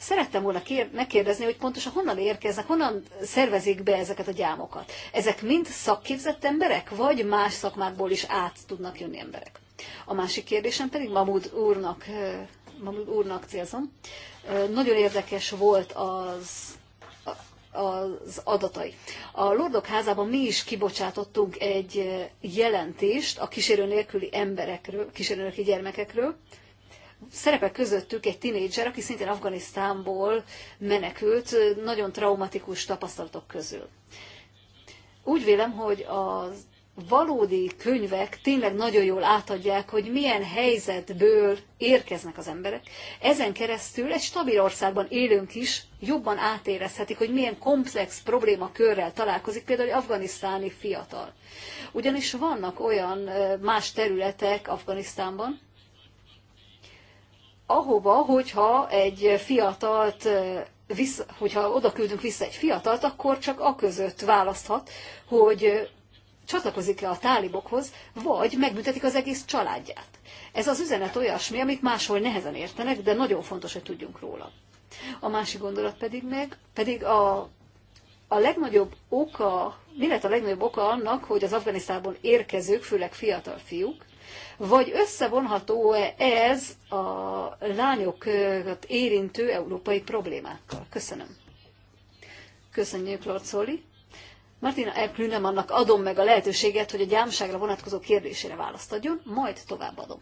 Szerettem volna kér, megkérdezni, hogy pontosan honnan érkeznek, honnan szervezik be ezeket a gyámokat. Ezek mind szakképzett emberek, vagy más szakmákból is át tudnak jönni emberek? A másik kérdésem pedig Mamud úrnak, Mamud úrnak célzom. Nagyon érdekes volt az az adatai. A Lordok házában mi is kibocsátottunk egy jelentést a kísérő nélküli emberekről, kísérő nélküli gyermekekről, szerepel közöttük egy tinédzser, aki szintén Afganisztánból menekült, nagyon traumatikus tapasztalatok közül. Úgy vélem, hogy a valódi könyvek tényleg nagyon jól átadják, hogy milyen helyzetből érkeznek az emberek. Ezen keresztül egy stabil országban élőnk is jobban átérezhetik, hogy milyen komplex problémakörrel találkozik például egy afganisztáni fiatal. Ugyanis vannak olyan más területek Afganisztánban, ahova, hogyha egy fiatalt Vissza, hogyha oda küldünk vissza egy fiatalt, akkor csak a között választhat, hogy csatlakozik-e a tálibokhoz, vagy megbüntetik az egész családját. Ez az üzenet olyasmi, amit máshol nehezen értenek, de nagyon fontos, hogy tudjunk róla. A másik gondolat pedig meg, pedig a, a legnagyobb oka, mi lett a legnagyobb oka annak, hogy az Afganisztánból érkezők, főleg fiatal fiúk, vagy összevonható -e ez a lányokat érintő európai problémákkal? Köszönöm. Köszönjük, Lord Szoli. Martina nem annak adom meg a lehetőséget, hogy a gyámságra vonatkozó kérdésére választ adjon, majd továbbadom.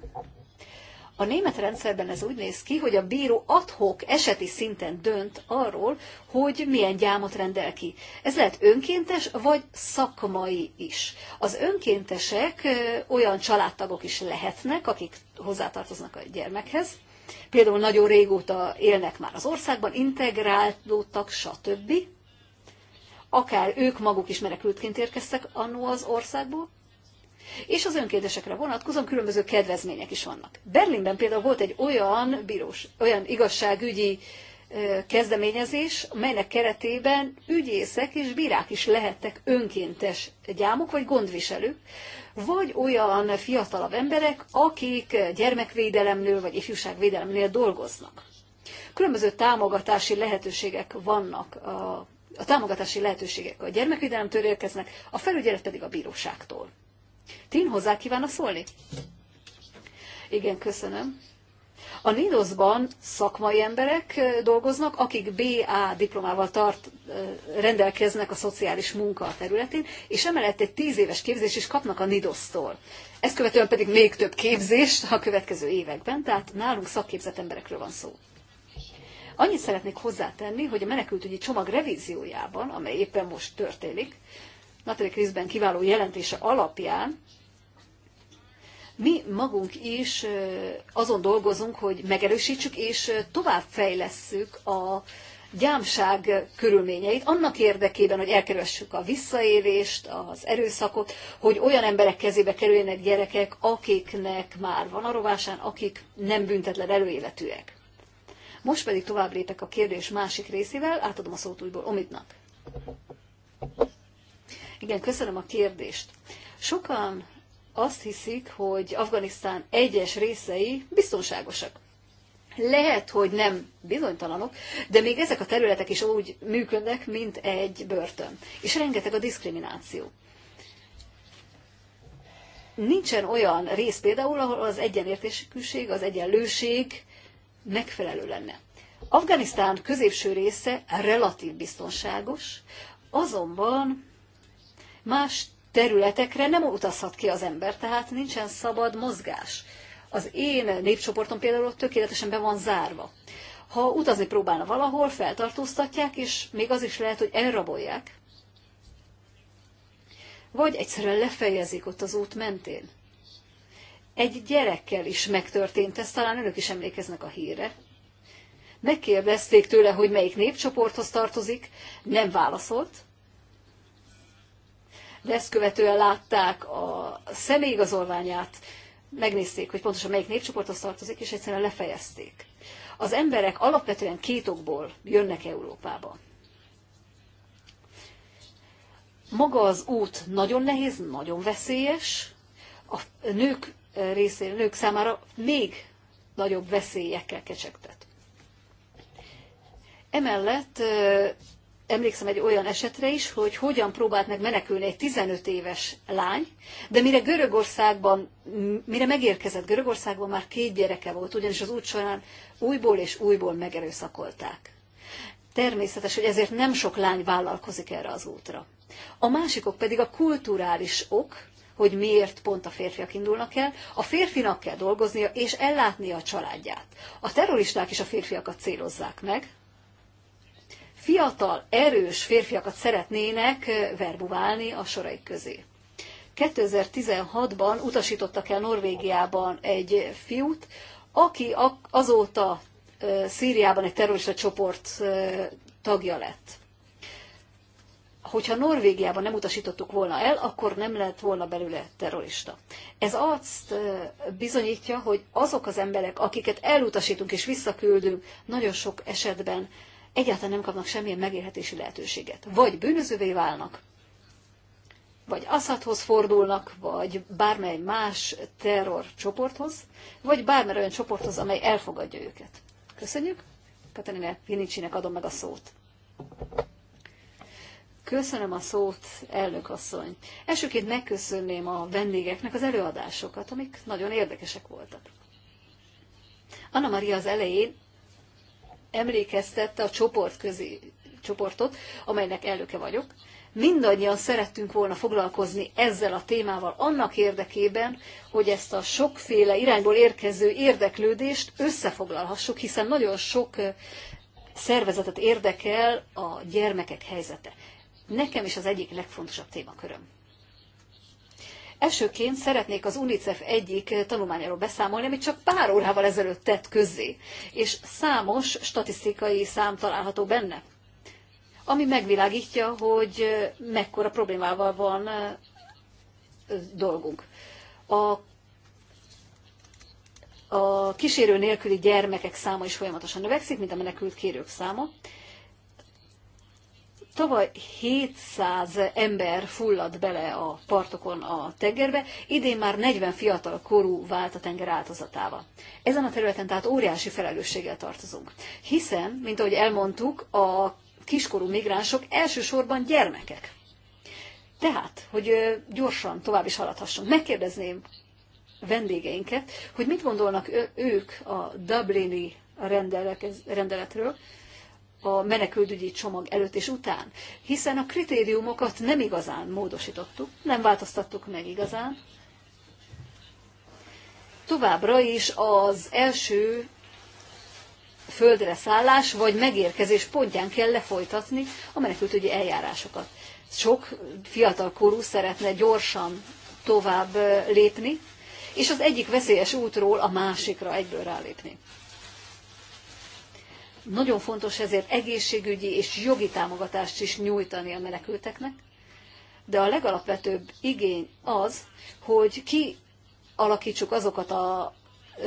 A német rendszerben ez úgy néz ki, hogy a bíró adhok eseti szinten dönt arról, hogy milyen gyámot rendel ki. Ez lehet önkéntes, vagy szakmai is. Az önkéntesek olyan családtagok is lehetnek, akik hozzátartoznak a gyermekhez, például nagyon régóta élnek már az országban, integrálódtak, stb. Akár ők maguk is menekültként érkeztek annó az országból, és az önkéntesekre vonatkozóan különböző kedvezmények is vannak. Berlinben például volt egy olyan, bírós, olyan igazságügyi kezdeményezés, melynek keretében ügyészek és bírák is lehettek önkéntes gyámok vagy gondviselők, vagy olyan fiatalabb emberek, akik gyermekvédelemnél vagy ifjúságvédelemnél dolgoznak. Különböző támogatási lehetőségek vannak, a, a támogatási lehetőségek a gyermekvédelemtől érkeznek, a felügyelet pedig a bíróságtól. Tin hozzá kívánna szólni? Igen, köszönöm. A Nidosban szakmai emberek dolgoznak, akik BA diplomával tart, rendelkeznek a szociális munka területén, és emellett egy tíz éves képzés is kapnak a Nidosztól. Ezt követően pedig még több képzést a következő években, tehát nálunk szakképzett emberekről van szó. Annyit szeretnék hozzátenni, hogy a menekültügyi csomag revíziójában, amely éppen most történik, Natalie Kriszben kiváló jelentése alapján mi magunk is azon dolgozunk, hogy megerősítsük és továbbfejlesszük a gyámság körülményeit annak érdekében, hogy elkerülhessük a visszaélést, az erőszakot, hogy olyan emberek kezébe kerüljenek gyerekek, akiknek már van a rovásán, akik nem büntetlen előéletűek. Most pedig tovább lépek a kérdés másik részével, átadom a szót újból Omidnak. Igen, köszönöm a kérdést. Sokan azt hiszik, hogy Afganisztán egyes részei biztonságosak. Lehet, hogy nem bizonytalanok, de még ezek a területek is úgy működnek, mint egy börtön. És rengeteg a diszkrimináció. Nincsen olyan rész például, ahol az egyenértékűség, az egyenlőség megfelelő lenne. Afganisztán középső része relatív biztonságos, azonban Más területekre nem utazhat ki az ember, tehát nincsen szabad mozgás. Az én népcsoportom például ott tökéletesen be van zárva. Ha utazni próbálna valahol, feltartóztatják, és még az is lehet, hogy elrabolják. Vagy egyszerűen lefejezik ott az út mentén. Egy gyerekkel is megtörtént ez, talán önök is emlékeznek a híre. Megkérdezték tőle, hogy melyik népcsoporthoz tartozik, nem válaszolt, de ezt követően látták a személyigazolványát, megnézték, hogy pontosan melyik népcsoporthoz tartozik, és egyszerűen lefejezték. Az emberek alapvetően két okból jönnek Európába. Maga az út nagyon nehéz, nagyon veszélyes, a nők részére, nők számára még nagyobb veszélyekkel kecsegtet. Emellett emlékszem egy olyan esetre is, hogy hogyan próbált meg menekülni egy 15 éves lány, de mire Görögországban, mire megérkezett Görögországban, már két gyereke volt, ugyanis az út során újból és újból megerőszakolták. Természetes, hogy ezért nem sok lány vállalkozik erre az útra. A másikok pedig a kulturális ok, hogy miért pont a férfiak indulnak el, a férfinak kell dolgoznia és ellátnia a családját. A terroristák is a férfiakat célozzák meg, fiatal, erős férfiakat szeretnének verbuválni a soraik közé. 2016-ban utasítottak el Norvégiában egy fiút, aki azóta Szíriában egy terrorista csoport tagja lett. Hogyha Norvégiában nem utasítottuk volna el, akkor nem lett volna belőle terrorista. Ez azt bizonyítja, hogy azok az emberek, akiket elutasítunk és visszaküldünk, nagyon sok esetben egyáltalán nem kapnak semmilyen megélhetési lehetőséget. Vagy bűnözővé válnak, vagy Assadhoz fordulnak, vagy bármely más terrorcsoporthoz, vagy bármely olyan csoporthoz, amely elfogadja őket. Köszönjük. Katarina Vinicsinek adom meg a szót. Köszönöm a szót, elnök asszony. Elsőként megköszönném a vendégeknek az előadásokat, amik nagyon érdekesek voltak. Anna Maria az elején emlékeztette a csoport közé, csoportot, amelynek elnöke vagyok. Mindannyian szerettünk volna foglalkozni ezzel a témával annak érdekében, hogy ezt a sokféle irányból érkező érdeklődést összefoglalhassuk, hiszen nagyon sok szervezetet érdekel a gyermekek helyzete. Nekem is az egyik legfontosabb témaköröm. Elsőként szeretnék az UNICEF egyik eh, tanulmányáról beszámolni, amit csak pár órával ezelőtt tett közzé, és számos statisztikai szám található benne, ami megvilágítja, hogy eh, mekkora problémával van eh, dolgunk. A a kísérő nélküli gyermekek száma is folyamatosan növekszik, mint a menekült kérők száma, Tavaly 700 ember fulladt bele a partokon a tengerbe, idén már 40 fiatal korú vált a tenger áldozatába. Ezen a területen tehát óriási felelősséggel tartozunk, hiszen, mint ahogy elmondtuk, a kiskorú migránsok elsősorban gyermekek. Tehát, hogy gyorsan tovább is haladhassunk, megkérdezném vendégeinket, hogy mit gondolnak ők a Dublini rendeletről, a menekültügyi csomag előtt és után, hiszen a kritériumokat nem igazán módosítottuk, nem változtattuk meg igazán. Továbbra is az első földre szállás vagy megérkezés pontján kell lefolytatni a menekültügyi eljárásokat. Sok fiatal korú szeretne gyorsan tovább lépni, és az egyik veszélyes útról a másikra egyből rálépni. Nagyon fontos ezért egészségügyi és jogi támogatást is nyújtani a menekülteknek, de a legalapvetőbb igény az, hogy ki alakítsuk azokat a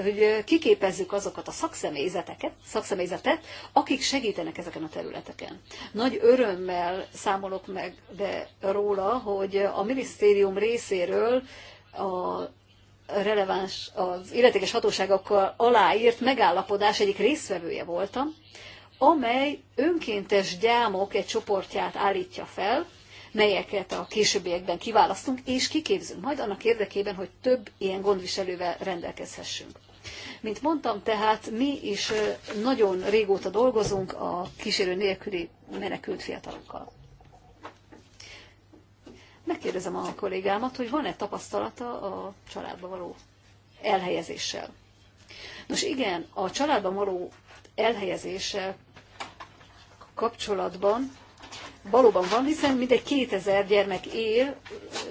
hogy kiképezzük azokat a szakszemélyzeteket, szakszemélyzetet, akik segítenek ezeken a területeken. Nagy örömmel számolok meg be róla, hogy a minisztérium részéről a releváns az illetékes hatóságokkal aláírt megállapodás egyik részvevője voltam, amely önkéntes gyámok egy csoportját állítja fel, melyeket a későbbiekben kiválasztunk, és kiképzünk majd annak érdekében, hogy több ilyen gondviselővel rendelkezhessünk. Mint mondtam, tehát mi is nagyon régóta dolgozunk a kísérő nélküli menekült fiatalokkal. Megkérdezem a kollégámat, hogy van-e tapasztalata a családba való elhelyezéssel. Nos igen, a családban való elhelyezéssel kapcsolatban valóban van, hiszen mindegy 2000 gyermek él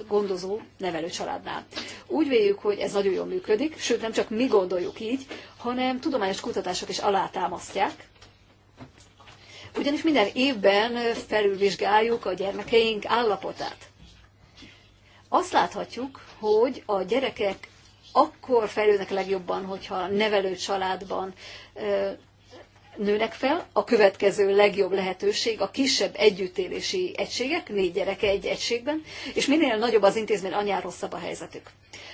gondozó nevelő családnál. Úgy véljük, hogy ez nagyon jól működik, sőt nem csak mi gondoljuk így, hanem tudományos kutatások is alátámasztják, ugyanis minden évben felülvizsgáljuk a gyermekeink állapotát azt láthatjuk, hogy a gyerekek akkor fejlődnek legjobban, hogyha nevelő családban nőnek fel. A következő legjobb lehetőség a kisebb együttélési egységek, négy gyereke egy egységben, és minél nagyobb az intézmény, annál rosszabb a helyzetük.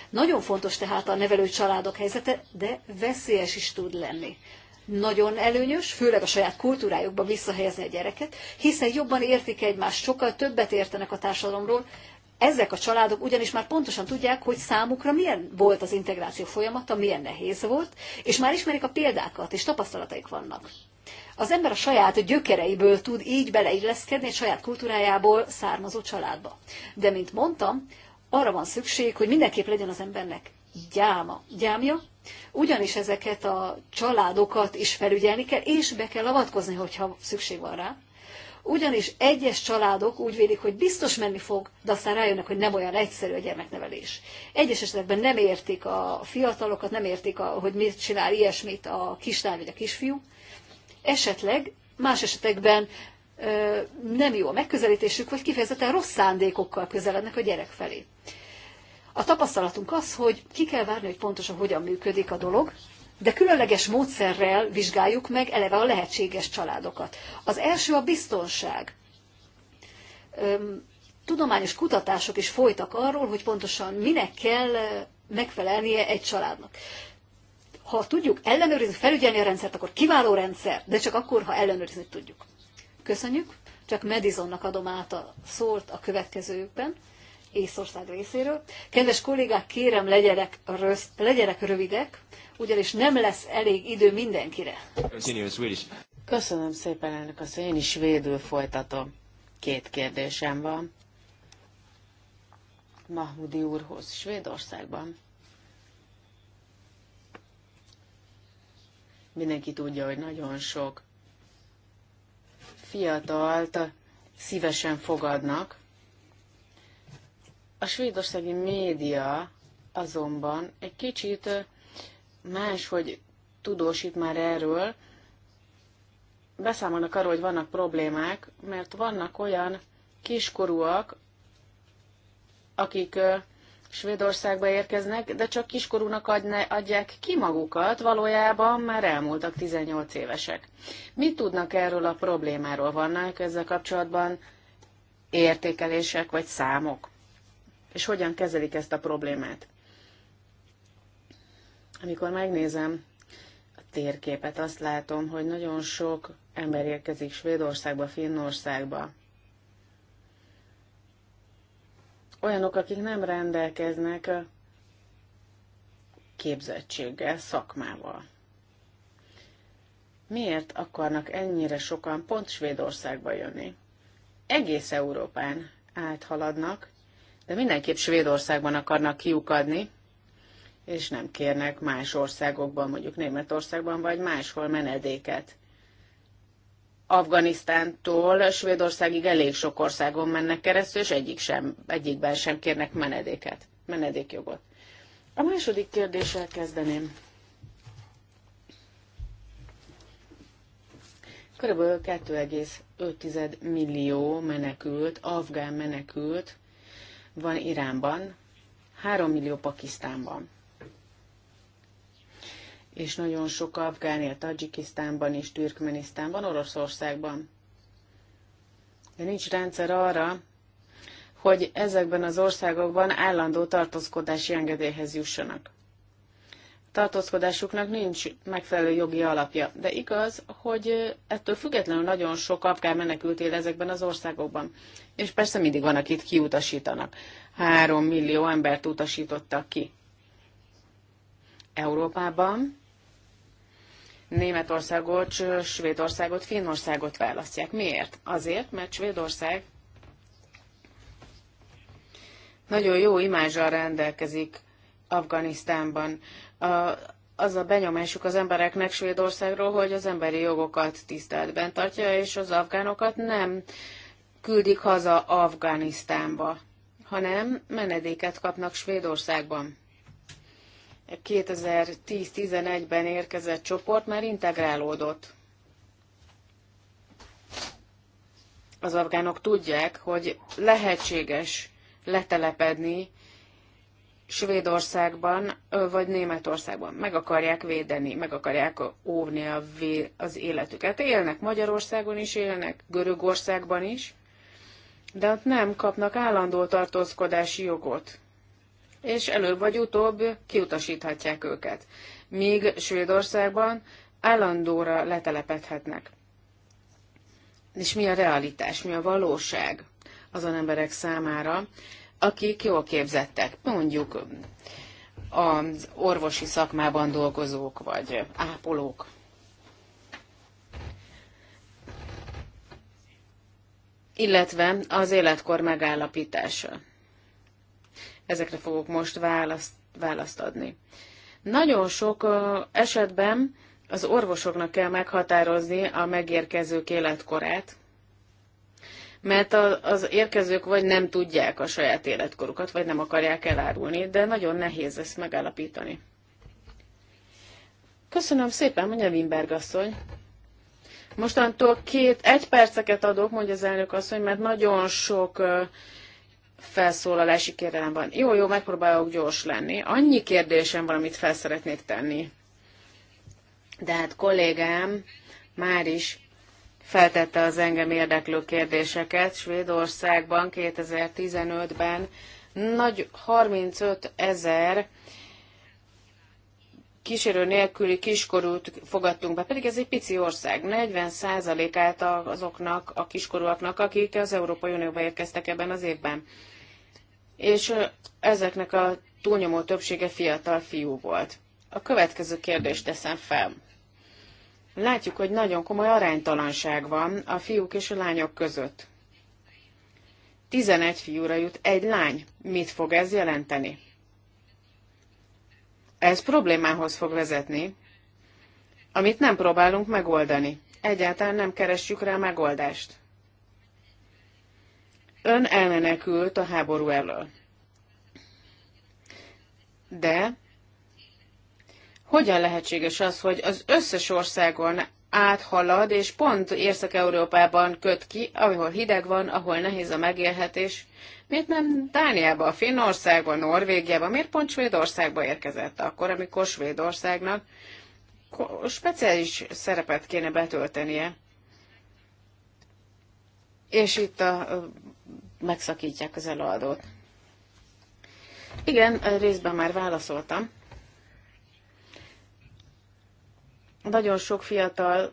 Nagyon fontos tehát a nevelő családok helyzete, de veszélyes is tud lenni. Nagyon előnyös, főleg a saját kultúrájukba visszahelyezni a gyereket, hiszen jobban értik egymást, sokkal többet értenek a társadalomról, ezek a családok ugyanis már pontosan tudják, hogy számukra milyen volt az integráció folyamata, milyen nehéz volt, és már ismerik a példákat, és tapasztalataik vannak. Az ember a saját gyökereiből tud így beleilleszkedni egy saját kultúrájából származó családba. De, mint mondtam, arra van szükség, hogy mindenképp legyen az embernek gyáma, gyámja, ugyanis ezeket a családokat is felügyelni kell, és be kell avatkozni, hogyha szükség van rá ugyanis egyes családok úgy vélik, hogy biztos menni fog, de aztán rájönnek, hogy nem olyan egyszerű a gyermeknevelés. Egyes esetekben nem értik a fiatalokat, nem értik, a, hogy mit csinál ilyesmit a kislány vagy a kisfiú. Esetleg más esetekben ö, nem jó a megközelítésük, vagy kifejezetten rossz szándékokkal közelednek a gyerek felé. A tapasztalatunk az, hogy ki kell várni, hogy pontosan hogyan működik a dolog, de különleges módszerrel vizsgáljuk meg eleve a lehetséges családokat. Az első a biztonság. Tudományos kutatások is folytak arról, hogy pontosan minek kell megfelelnie egy családnak. Ha tudjuk ellenőrizni, felügyelni a rendszert, akkor kiváló rendszer, de csak akkor, ha ellenőrizni tudjuk. Köszönjük, csak Madisonnak adom át a szólt a következőkben. Észország részéről. Kedves kollégák, kérem, legyenek, rössz, legyenek rövidek, ugyanis nem lesz elég idő mindenkire. Köszönöm szépen, elnök az. Én is védül folytatom. Két kérdésem van. Mahmudi úrhoz Svédországban. Mindenki tudja, hogy nagyon sok fiatalt szívesen fogadnak, a svédországi média azonban egy kicsit máshogy tudósít már erről, beszámolnak arról, hogy vannak problémák, mert vannak olyan kiskorúak, akik Svédországba érkeznek, de csak kiskorúnak adne, adják ki magukat, valójában már elmúltak 18 évesek. Mit tudnak erről a problémáról? Vannak ezzel kapcsolatban értékelések vagy számok? és hogyan kezelik ezt a problémát. Amikor megnézem a térképet, azt látom, hogy nagyon sok ember érkezik Svédországba, Finnországba. Olyanok, akik nem rendelkeznek képzettséggel, szakmával. Miért akarnak ennyire sokan pont Svédországba jönni? Egész Európán áthaladnak, de mindenképp Svédországban akarnak kiukadni, és nem kérnek más országokban, mondjuk Németországban, vagy máshol menedéket. Afganisztántól Svédországig elég sok országon mennek keresztül, és egyik sem, egyikben sem kérnek menedéket, menedékjogot. A második kérdéssel kezdeném. Körülbelül 2,5 millió menekült, afgán menekült van Iránban, 3 millió Pakisztánban, és nagyon sok Afgánia, Tajikisztánban és Türkmenisztánban, Oroszországban. De nincs rendszer arra, hogy ezekben az országokban állandó tartózkodási engedélyhez jussanak tartózkodásuknak nincs megfelelő jogi alapja. De igaz, hogy ettől függetlenül nagyon sok afgán menekült él ezekben az országokban. És persze mindig van, akit kiutasítanak. Három millió embert utasítottak ki. Európában Németországot, Svédországot, Finnországot választják. Miért? Azért, mert Svédország nagyon jó imázsal rendelkezik Afganisztánban a, az a benyomásuk az embereknek Svédországról, hogy az emberi jogokat tiszteletben tartja, és az afgánokat nem küldik haza Afganisztánba, hanem menedéket kapnak Svédországban. 2010-11-ben érkezett csoport már integrálódott. Az afgánok tudják, hogy lehetséges letelepedni Svédországban vagy Németországban meg akarják védeni, meg akarják óvni a vé- az életüket. Élnek Magyarországon is, élnek Görögországban is, de ott nem kapnak állandó tartózkodási jogot. És előbb vagy utóbb kiutasíthatják őket. Míg Svédországban állandóra letelepedhetnek. És mi a realitás, mi a valóság azon emberek számára, akik jól képzettek, mondjuk az orvosi szakmában dolgozók, vagy ápolók. Illetve az életkor megállapítása. Ezekre fogok most választ, választ adni. Nagyon sok esetben az orvosoknak kell meghatározni a megérkezők életkorát, mert az érkezők vagy nem tudják a saját életkorukat, vagy nem akarják elárulni, de nagyon nehéz ezt megállapítani. Köszönöm szépen, mondja Wimberg asszony. Mostantól két, egy perceket adok, mondja az elnök asszony, mert nagyon sok felszólalási kérelem van. Jó, jó, megpróbálok gyors lenni. Annyi kérdésem van, amit fel szeretnék tenni. De hát kollégám már is feltette az engem érdeklő kérdéseket. Svédországban 2015-ben nagy 35 ezer kísérő nélküli kiskorút fogadtunk be, pedig ez egy pici ország. 40%-át azoknak a kiskorúaknak, akik az Európai Unióba érkeztek ebben az évben. És ezeknek a túlnyomó többsége fiatal fiú volt. A következő kérdést teszem fel. Látjuk, hogy nagyon komoly aránytalanság van a fiúk és a lányok között. 11 fiúra jut egy lány. Mit fog ez jelenteni? Ez problémához fog vezetni, amit nem próbálunk megoldani. Egyáltalán nem keressük rá megoldást. Ön elmenekült a háború elől. De hogyan lehetséges az, hogy az összes országon áthalad, és pont Észak-Európában köt ki, ahol hideg van, ahol nehéz a megélhetés. Miért nem Dániába, Finnországba, Norvégiába, miért pont Svédországba érkezett akkor, amikor Svédországnak speciális szerepet kéne betöltenie? És itt a, megszakítják az előadót. Igen, részben már válaszoltam. Nagyon sok fiatal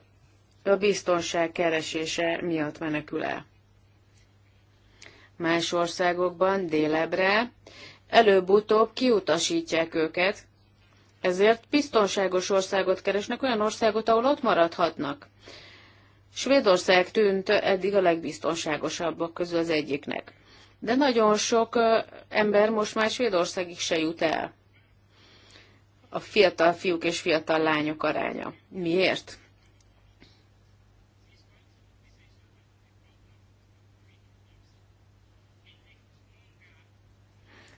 a biztonság keresése miatt menekül el. Más országokban délebre előbb-utóbb kiutasítják őket, ezért biztonságos országot keresnek, olyan országot, ahol ott maradhatnak. Svédország tűnt eddig a legbiztonságosabbak közül az egyiknek. De nagyon sok ember most már Svédországig se jut el a fiatal fiúk és fiatal lányok aránya. Miért?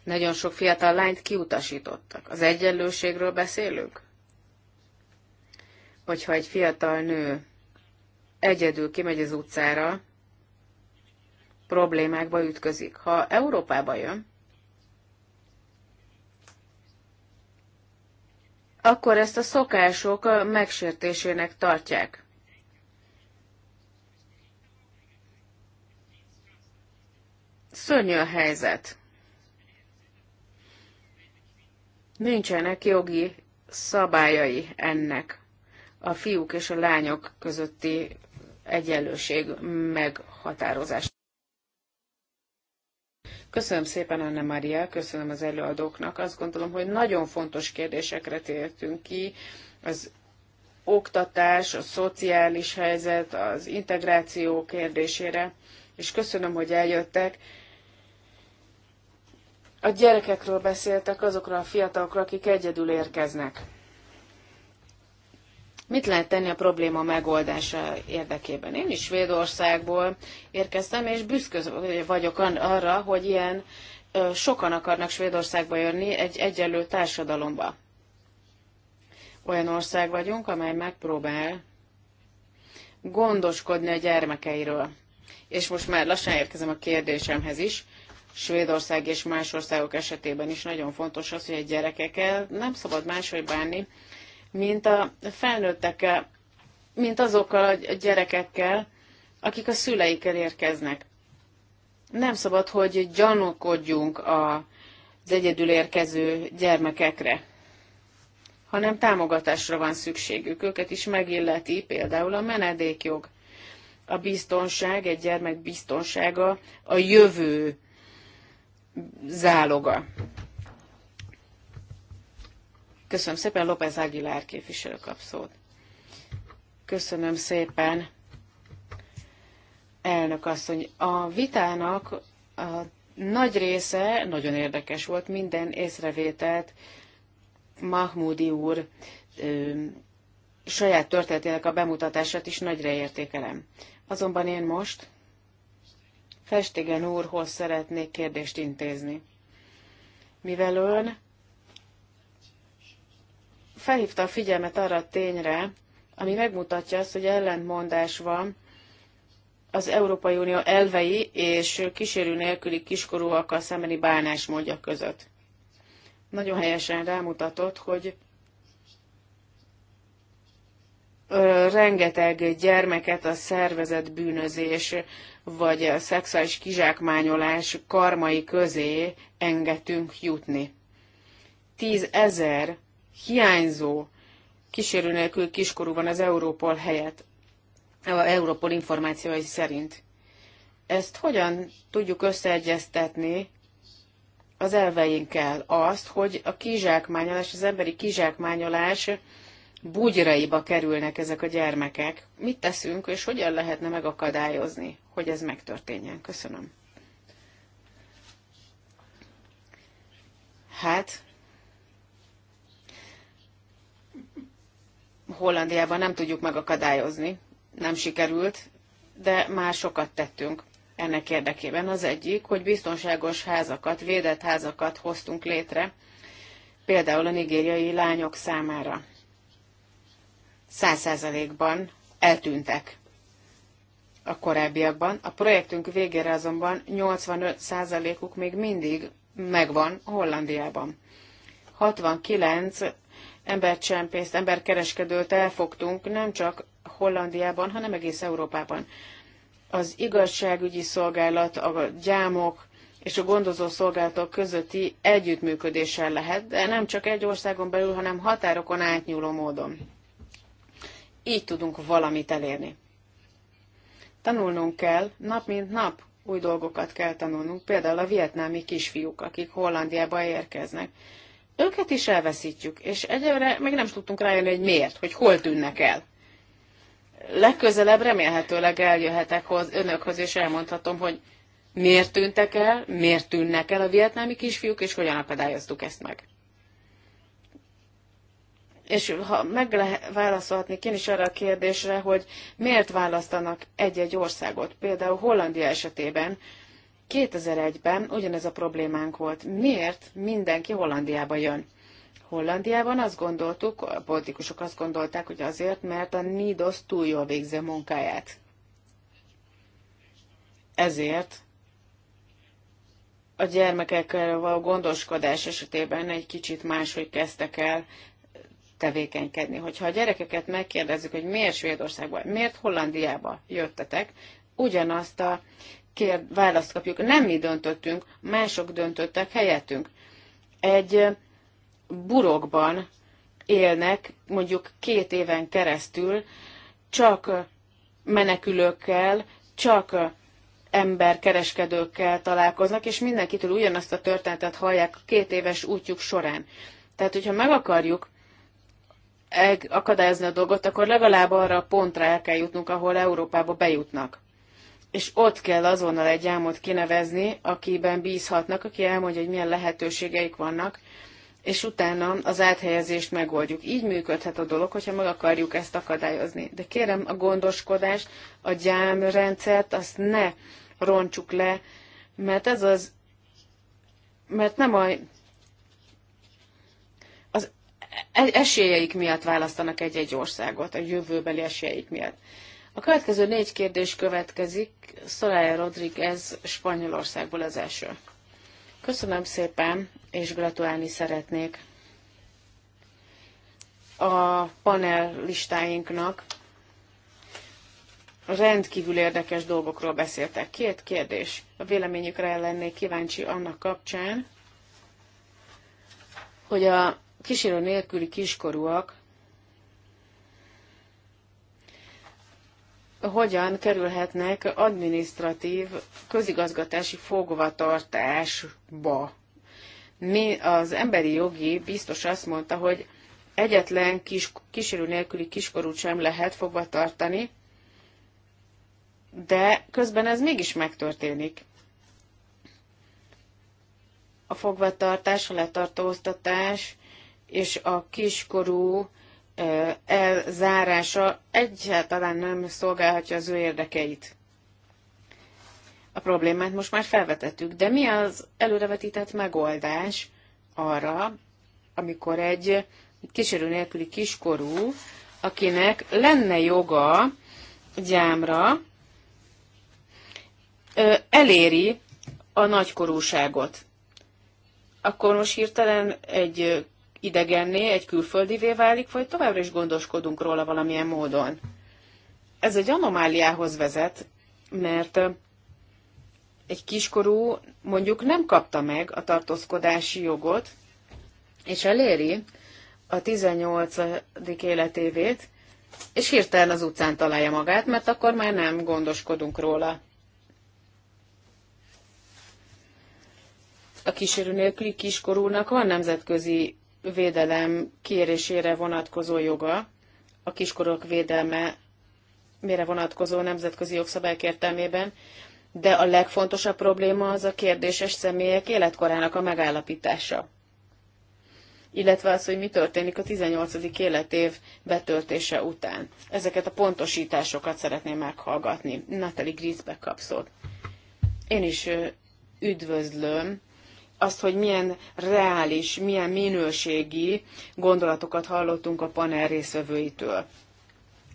Nagyon sok fiatal lányt kiutasítottak. Az egyenlőségről beszélünk? Hogyha egy fiatal nő egyedül kimegy az utcára, problémákba ütközik. Ha Európába jön, akkor ezt a szokások megsértésének tartják. Szörnyű a helyzet. Nincsenek jogi szabályai ennek a fiúk és a lányok közötti egyenlőség meghatározása. Köszönöm szépen, Anna Maria, köszönöm az előadóknak. Azt gondolom, hogy nagyon fontos kérdésekre tértünk ki. Az oktatás, a szociális helyzet, az integráció kérdésére, és köszönöm, hogy eljöttek. A gyerekekről beszéltek, azokról a fiatalokról, akik egyedül érkeznek. Mit lehet tenni a probléma megoldása érdekében? Én is Svédországból érkeztem, és büszke vagyok arra, hogy ilyen sokan akarnak Svédországba jönni egy egyenlő társadalomba. Olyan ország vagyunk, amely megpróbál gondoskodni a gyermekeiről. És most már lassan érkezem a kérdésemhez is. Svédország és más országok esetében is nagyon fontos az, hogy a gyerekekkel nem szabad máshogy bánni, mint a felnőttekkel, mint azokkal a gyerekekkel, akik a szüleikkel érkeznek. Nem szabad, hogy gyanúkodjunk az egyedül érkező gyermekekre, hanem támogatásra van szükségük. Őket is megilleti például a menedékjog. A biztonság, egy gyermek biztonsága a jövő záloga. Köszönöm szépen, López Aguilar képviselő kap szót. Köszönöm szépen, elnök asszony. A vitának a nagy része nagyon érdekes volt, minden észrevételt Mahmoudi úr ö, saját történetének a bemutatását is nagyra értékelem. Azonban én most Festigen úrhoz szeretnék kérdést intézni. Mivel ön felhívta a figyelmet arra a tényre, ami megmutatja azt, hogy ellentmondás van az Európai Unió elvei és kísérő nélküli kiskorúakkal szembeni bánásmódja között. Nagyon helyesen rámutatott, hogy rengeteg gyermeket a szervezett bűnözés vagy a szexuális kizsákmányolás karmai közé engedtünk jutni. Tízezer hiányzó kísérő nélkül kiskorú van az Európol helyett, a Európol információi szerint. Ezt hogyan tudjuk összeegyeztetni az elveinkkel azt, hogy a kizsákmányolás, az emberi kizsákmányolás bugyraiba kerülnek ezek a gyermekek. Mit teszünk, és hogyan lehetne megakadályozni, hogy ez megtörténjen? Köszönöm. Hát, Hollandiában nem tudjuk megakadályozni, nem sikerült, de már sokat tettünk ennek érdekében. Az egyik, hogy biztonságos házakat, védett házakat hoztunk létre, például a nigériai lányok számára. Száz százalékban eltűntek a korábbiakban. A projektünk végére azonban 85 százalékuk még mindig megvan Hollandiában. 69 embercsempészt, emberkereskedőt elfogtunk nem csak Hollandiában, hanem egész Európában. Az igazságügyi szolgálat, a gyámok és a gondozó szolgálatok közötti együttműködéssel lehet, de nem csak egy országon belül, hanem határokon átnyúló módon. Így tudunk valamit elérni. Tanulnunk kell, nap mint nap új dolgokat kell tanulnunk, például a vietnámi kisfiúk, akik Hollandiába érkeznek őket is elveszítjük, és egyelőre még nem tudtunk rájönni, hogy miért, hogy hol tűnnek el. Legközelebb remélhetőleg eljöhetek hoz, önökhöz, és elmondhatom, hogy miért tűntek el, miért tűnnek el a vietnámi kisfiúk, és hogyan akadályoztuk ezt meg. És ha meg válaszolni én is arra a kérdésre, hogy miért választanak egy-egy országot, például Hollandia esetében, 2001-ben ugyanez a problémánk volt. Miért mindenki Hollandiába jön? Hollandiában azt gondoltuk, a politikusok azt gondolták, hogy azért, mert a NIDOS túl jól végzi munkáját. Ezért a gyermekekkel való gondoskodás esetében egy kicsit máshogy kezdtek el tevékenykedni. Hogyha a gyerekeket megkérdezzük, hogy miért Svédországban, miért Hollandiába jöttetek, ugyanazt a kér, választ kapjuk. Nem mi döntöttünk, mások döntöttek helyettünk. Egy burokban élnek mondjuk két éven keresztül csak menekülőkkel, csak emberkereskedőkkel találkoznak, és mindenkitől ugyanazt a történetet hallják a két éves útjuk során. Tehát, hogyha meg akarjuk akadályozni a dolgot, akkor legalább arra a pontra el kell jutnunk, ahol Európába bejutnak és ott kell azonnal egy álmot kinevezni, akiben bízhatnak, aki elmondja, hogy milyen lehetőségeik vannak, és utána az áthelyezést megoldjuk. Így működhet a dolog, hogyha meg akarjuk ezt akadályozni. De kérem, a gondoskodást, a gyámrendszert, azt ne roncsuk le, mert ez az, mert nem a, az e-, esélyeik miatt választanak egy-egy országot, a jövőbeli esélyeik miatt. A következő négy kérdés következik. Soraya Rodriguez Spanyolországból az első. Köszönöm szépen, és gratulálni szeretnék a panel listáinknak. Rendkívül érdekes dolgokról beszéltek. Két kérdés. A véleményükre lennék kíváncsi annak kapcsán, hogy a kísérő nélküli kiskorúak hogyan kerülhetnek administratív, közigazgatási fogvatartásba. Mi az emberi jogi biztos azt mondta, hogy egyetlen kis, kísérő nélküli kiskorút sem lehet fogvatartani, de közben ez mégis megtörténik. A fogvatartás, a letartóztatás és a kiskorú elzárása egyáltalán nem szolgálhatja az ő érdekeit. A problémát most már felvetettük, de mi az előrevetített megoldás arra, amikor egy kísérő nélküli kiskorú, akinek lenne joga gyámra, eléri a nagykorúságot. Akkor most hirtelen egy idegenné, egy külföldivé válik, vagy továbbra is gondoskodunk róla valamilyen módon. Ez egy anomáliához vezet, mert egy kiskorú mondjuk nem kapta meg a tartózkodási jogot, és eléri a 18. életévét, és hirtelen az utcán találja magát, mert akkor már nem gondoskodunk róla. A kísérő nélküli kiskorúnak van nemzetközi védelem kérésére vonatkozó joga, a kiskorok védelme mire vonatkozó nemzetközi jogszabályok értelmében, de a legfontosabb probléma az a kérdéses személyek életkorának a megállapítása. Illetve az, hogy mi történik a 18. életév betöltése után. Ezeket a pontosításokat szeretném meghallgatni. Natalie Griesbeck kapszott. Én is üdvözlöm azt, hogy milyen reális, milyen minőségi gondolatokat hallottunk a panel részvevőitől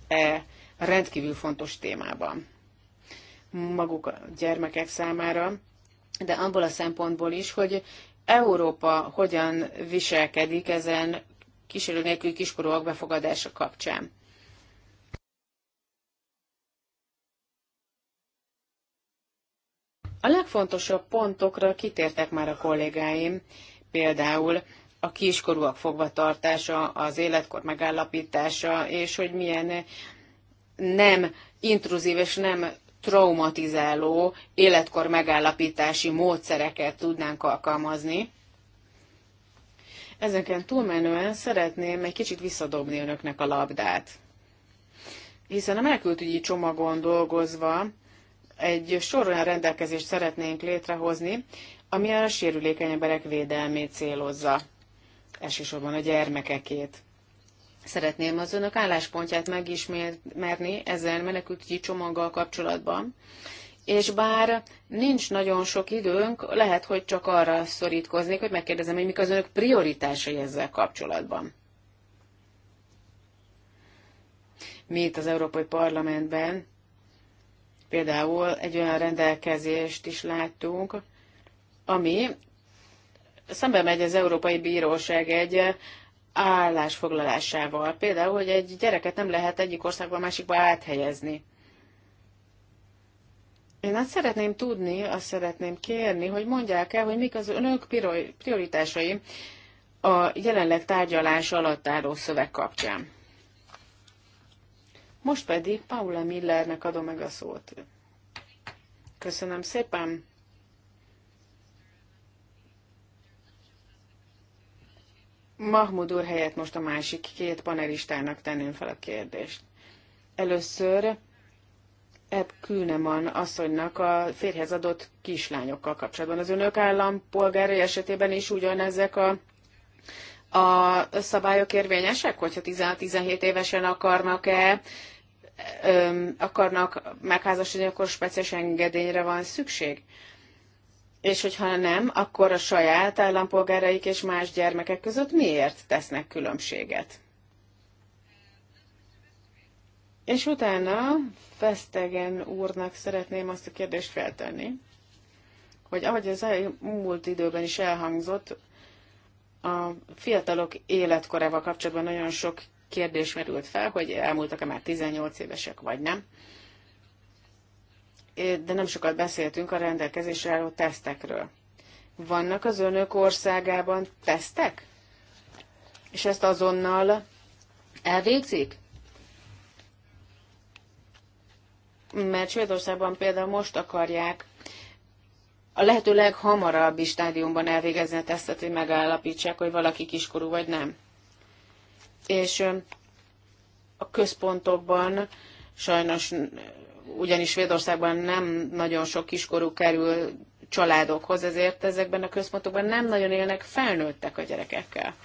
e rendkívül fontos témában. Maguk a gyermekek számára, de abból a szempontból is, hogy Európa hogyan viselkedik ezen kísérő nélkül kiskorúak befogadása kapcsán. A legfontosabb pontokra kitértek már a kollégáim, például a kiskorúak fogvatartása, az életkor megállapítása, és hogy milyen nem intruzív és nem traumatizáló életkor megállapítási módszereket tudnánk alkalmazni. Ezeken túlmenően szeretném egy kicsit visszadobni önöknek a labdát. Hiszen a melkültügyi csomagon dolgozva egy sor olyan rendelkezést szeretnénk létrehozni, ami a sérülékeny emberek védelmét célozza, elsősorban a gyermekekét. Szeretném az önök álláspontját megismerni ezzel menekültügyi csomaggal kapcsolatban, és bár nincs nagyon sok időnk, lehet, hogy csak arra szorítkoznék, hogy megkérdezem, hogy mik az önök prioritásai ezzel kapcsolatban. Mi itt az Európai Parlamentben Például egy olyan rendelkezést is láttunk, ami szembe megy az Európai Bíróság egy állásfoglalásával. Például, hogy egy gyereket nem lehet egyik országba a másikba áthelyezni. Én azt szeretném tudni, azt szeretném kérni, hogy mondják el, hogy mik az önök prioritásai a jelenleg tárgyalás alatt álló szöveg kapcsán. Most pedig Paula Millernek adom meg a szót. Köszönöm szépen! Mahmud úr helyett most a másik két panelistának tenném fel a kérdést. Először Ebb Kühneman asszonynak a férhez adott kislányokkal kapcsolatban. Az önök állampolgárai esetében is ugyanezek a, a szabályok érvényesek, hogyha 16-17 évesen akarnak-e akarnak megházasodni, akkor speciális engedélyre van szükség. És hogyha nem, akkor a saját állampolgáraik és más gyermekek között miért tesznek különbséget? És utána Vesztegen úrnak szeretném azt a kérdést feltenni, hogy ahogy az elmúlt időben is elhangzott, a fiatalok életkorával kapcsolatban nagyon sok kérdés merült fel, hogy elmúltak-e már 18 évesek, vagy nem. De nem sokat beszéltünk a rendelkezésre álló tesztekről. Vannak az önök országában tesztek? És ezt azonnal elvégzik? Mert Svédországban például most akarják a lehető leghamarabbi stádiumban elvégezni a tesztet, hogy megállapítsák, hogy valaki kiskorú vagy nem és a központokban sajnos ugyanis Svédországban nem nagyon sok kiskorú kerül családokhoz, ezért ezekben a központokban nem nagyon élnek felnőttek a gyerekekkel.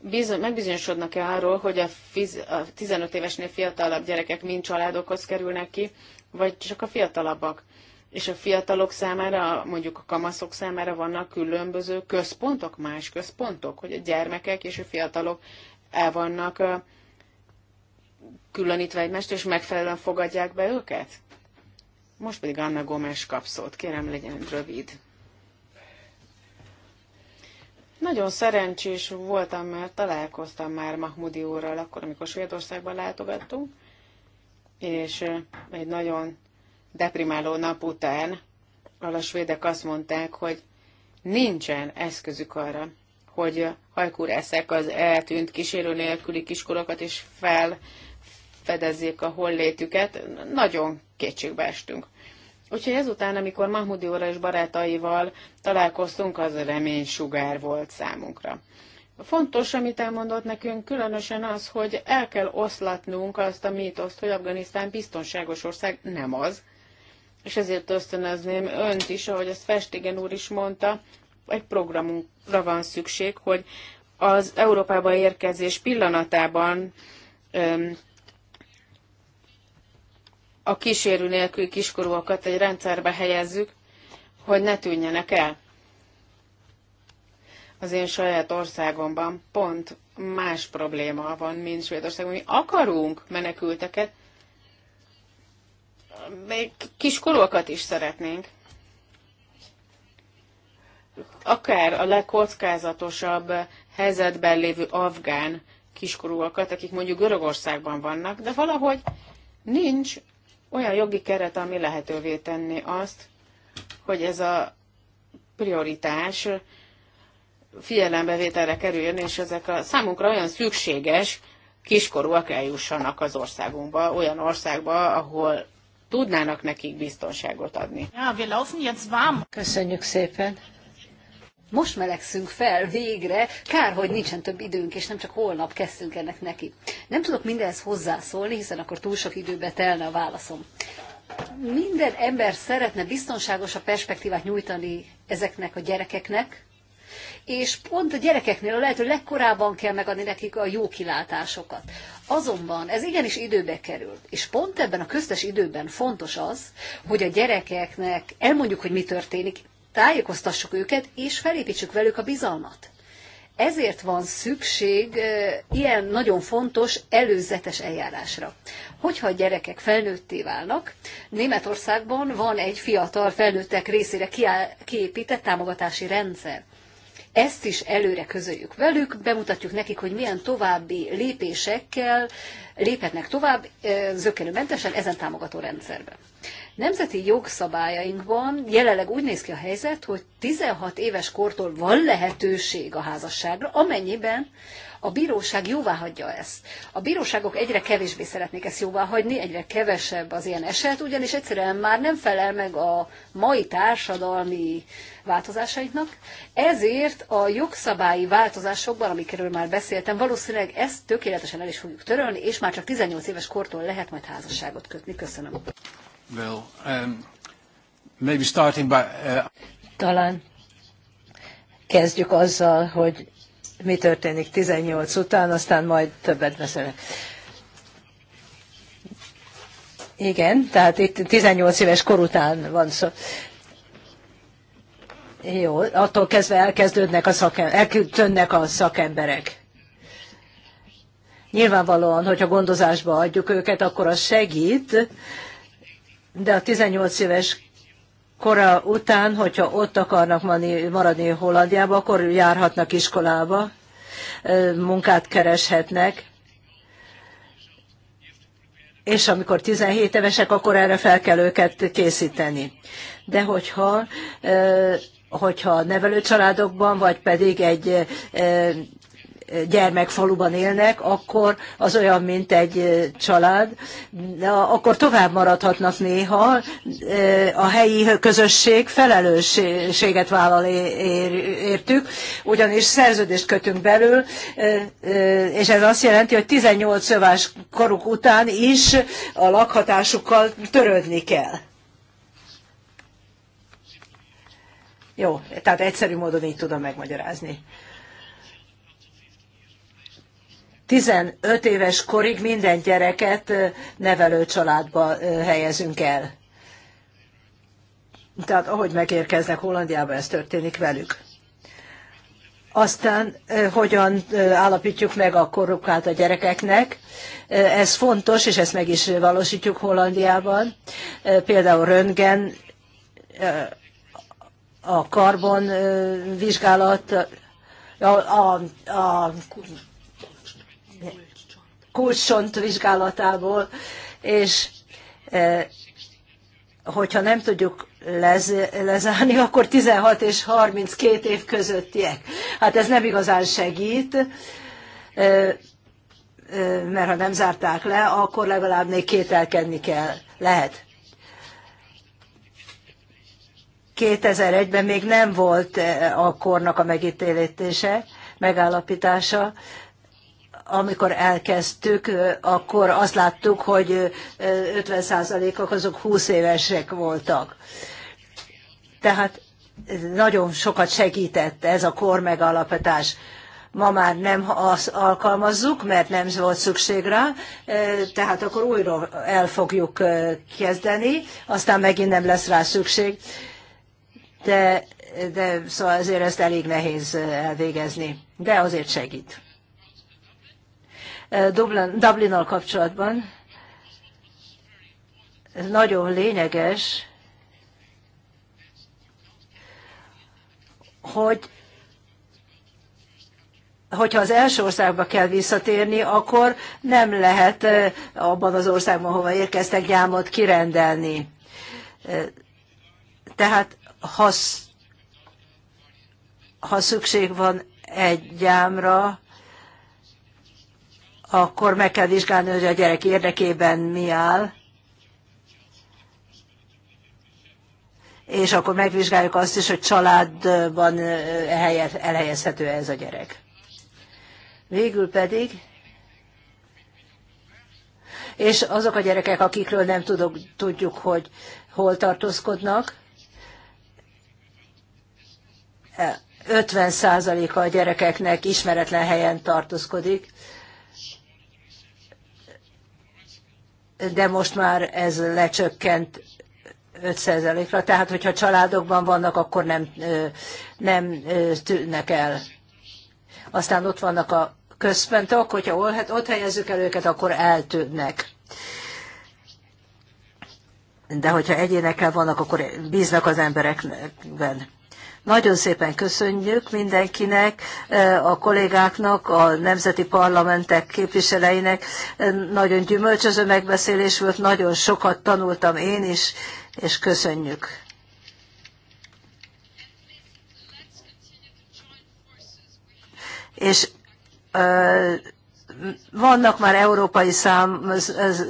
Bizony, megbizonyosodnak-e arról, hogy a, fiz, a 15 évesnél fiatalabb gyerekek mind családokhoz kerülnek ki, vagy csak a fiatalabbak? És a fiatalok számára, mondjuk a kamaszok számára vannak különböző központok, más központok, hogy a gyermekek és a fiatalok el vannak különítve egymást, és megfelelően fogadják be őket? Most pedig Anna Gomes kap szót. Kérem, legyen rövid. Nagyon szerencsés voltam, mert találkoztam már Mahmudi úrral akkor, amikor Svédországban látogattunk, és egy nagyon deprimáló nap után a svédek azt mondták, hogy nincsen eszközük arra, hogy hajkúrászák az eltűnt kísérő nélküli kiskorokat, és fedezzék a hollétüket. Nagyon kétségbe estünk. Úgyhogy ezután, amikor Mahmudi óra és barátaival találkoztunk, az remény sugár volt számunkra. Fontos, amit elmondott nekünk, különösen az, hogy el kell oszlatnunk azt a mítoszt, hogy Afganisztán biztonságos ország nem az. És ezért ösztönözném önt is, ahogy ezt Festigen úr is mondta, egy programunk arra van szükség, hogy az Európába érkezés pillanatában öm, a kísérő nélkül kiskorúakat egy rendszerbe helyezzük, hogy ne tűnjenek el. Az én saját országomban pont más probléma van, mint Svédországban. Mi akarunk menekülteket, még kiskorúakat is szeretnénk akár a legkockázatosabb helyzetben lévő afgán kiskorúakat, akik mondjuk Görögországban vannak, de valahogy nincs olyan jogi keret, ami lehetővé tenni azt, hogy ez a prioritás figyelembevételre kerüljön, és ezek a számunkra olyan szükséges kiskorúak eljussanak az országunkba, olyan országba, ahol tudnának nekik biztonságot adni. Ja, wir laufen jetzt warm. Köszönjük szépen most melegszünk fel végre, kár, hogy nincsen több időnk, és nem csak holnap kezdtünk ennek neki. Nem tudok mindenhez hozzászólni, hiszen akkor túl sok időbe telne a válaszom. Minden ember szeretne biztonságos a perspektívát nyújtani ezeknek a gyerekeknek, és pont a gyerekeknél a lehető legkorábban kell megadni nekik a jó kilátásokat. Azonban ez igenis időbe kerül, és pont ebben a köztes időben fontos az, hogy a gyerekeknek elmondjuk, hogy mi történik, tájékoztassuk őket, és felépítsük velük a bizalmat. Ezért van szükség ilyen nagyon fontos előzetes eljárásra. Hogyha a gyerekek felnőtté válnak, Németországban van egy fiatal felnőttek részére kiépített támogatási rendszer. Ezt is előre közöljük velük, bemutatjuk nekik, hogy milyen további lépésekkel léphetnek tovább zökkenőmentesen ezen támogató rendszerben. Nemzeti jogszabályainkban jelenleg úgy néz ki a helyzet, hogy 16 éves kortól van lehetőség a házasságra, amennyiben a bíróság jóváhagyja ezt. A bíróságok egyre kevésbé szeretnék ezt jóváhagyni, egyre kevesebb az ilyen eset, ugyanis egyszerűen már nem felel meg a mai társadalmi változásainknak. Ezért a jogszabályi változásokban, amikről már beszéltem, valószínűleg ezt tökéletesen el is fogjuk törölni, és már csak 18 éves kortól lehet majd házasságot kötni. Köszönöm. Well, um, maybe starting by, uh... Talán kezdjük azzal, hogy mi történik 18 után, aztán majd többet beszélek. Igen, tehát itt 18 éves kor után van szó. Jó, attól kezdve elkezdődnek a szakemberek, eltönnek a szakemberek. Nyilvánvalóan, hogyha gondozásba adjuk őket, akkor az segít, de a 18 éves kora után, hogyha ott akarnak maradni Hollandiába, akkor járhatnak iskolába, munkát kereshetnek. És amikor 17 évesek, akkor erre fel kell őket készíteni. De hogyha hogyha nevelőcsaládokban, vagy pedig egy gyermekfaluban élnek, akkor az olyan, mint egy család, akkor tovább maradhatnak néha. A helyi közösség felelősséget vállal értük, ugyanis szerződést kötünk belül, és ez azt jelenti, hogy 18 szövás koruk után is a lakhatásukkal törődni kell. Jó, tehát egyszerű módon így tudom megmagyarázni. 15 éves korig minden gyereket nevelő családba helyezünk el. Tehát ahogy megérkeznek Hollandiába, ez történik velük. Aztán hogyan állapítjuk meg a korukát a gyerekeknek. Ez fontos, és ezt meg is valósítjuk Hollandiában. Például röntgen, a karbon vizsgálat, a, a, a kulcsont vizsgálatából, és e, hogyha nem tudjuk lez, lezárni, akkor 16 és 32 év közöttiek. Hát ez nem igazán segít, e, e, mert ha nem zárták le, akkor legalább még kételkedni kell. Lehet. 2001-ben még nem volt a kornak a megítélése, megállapítása, amikor elkezdtük, akkor azt láttuk, hogy 50%-ok azok 20 évesek voltak. Tehát nagyon sokat segített ez a kor megalapítás. Ma már nem azt alkalmazzuk, mert nem volt szükség rá, tehát akkor újra el fogjuk kezdeni, aztán megint nem lesz rá szükség. De, de szóval azért ezt elég nehéz elvégezni, de azért segít. Dublin, Dublinnal kapcsolatban. Ez nagyon lényeges, hogy hogyha az első országba kell visszatérni, akkor nem lehet abban az országban, hova érkeztek, gyámot kirendelni. Tehát ha, ha szükség van egy gyámra, akkor meg kell vizsgálni, hogy a gyerek érdekében mi áll, és akkor megvizsgáljuk azt is, hogy családban elhelyezhető ez a gyerek. Végül pedig, és azok a gyerekek, akikről nem tudok, tudjuk, hogy hol tartózkodnak, 50%-a a gyerekeknek ismeretlen helyen tartózkodik, de most már ez lecsökkent 5%-ra, tehát hogyha családokban vannak, akkor nem, nem tűnnek el. Aztán ott vannak a központok, hogyha ott helyezzük el őket, akkor eltűnnek. De hogyha egyénekkel vannak, akkor bíznak az emberekben. Nagyon szépen köszönjük mindenkinek, e, a kollégáknak, a nemzeti parlamentek képviseleinek. E, nagyon gyümölcsöző megbeszélés volt, nagyon sokat tanultam én is, és köszönjük. És uh, vannak már európai szám,